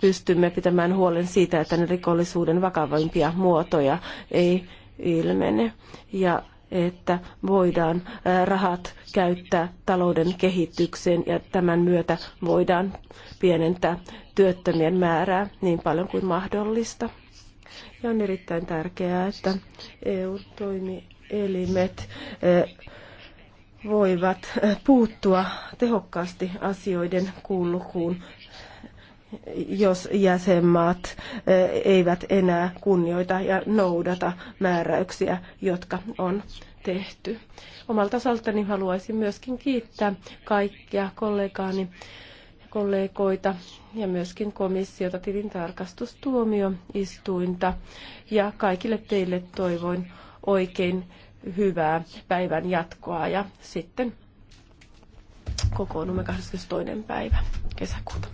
pystymme pitämään huolen siitä, että ne rikollisuuden vakavimpia muotoja ei ilmene. Ja että voidaan rahat käyttää talouden kehitykseen ja tämän myötä voidaan pienentää työttömien määrää niin paljon kuin mahdollista. Ja on erittäin tärkeää, että EU-toimielimet voivat eh, puuttua tehokkaasti asioiden kulkuun, jos jäsenmaat eh, eivät enää kunnioita ja noudata määräyksiä, jotka on tehty. Omalta osaltani haluaisin myöskin kiittää kaikkia kollegaani kollegoita ja myöskin komissiota, tilintarkastustuomioistuinta ja kaikille teille toivoin oikein hyvää päivän jatkoa ja sitten kokoonnumme 22. päivä kesäkuuta.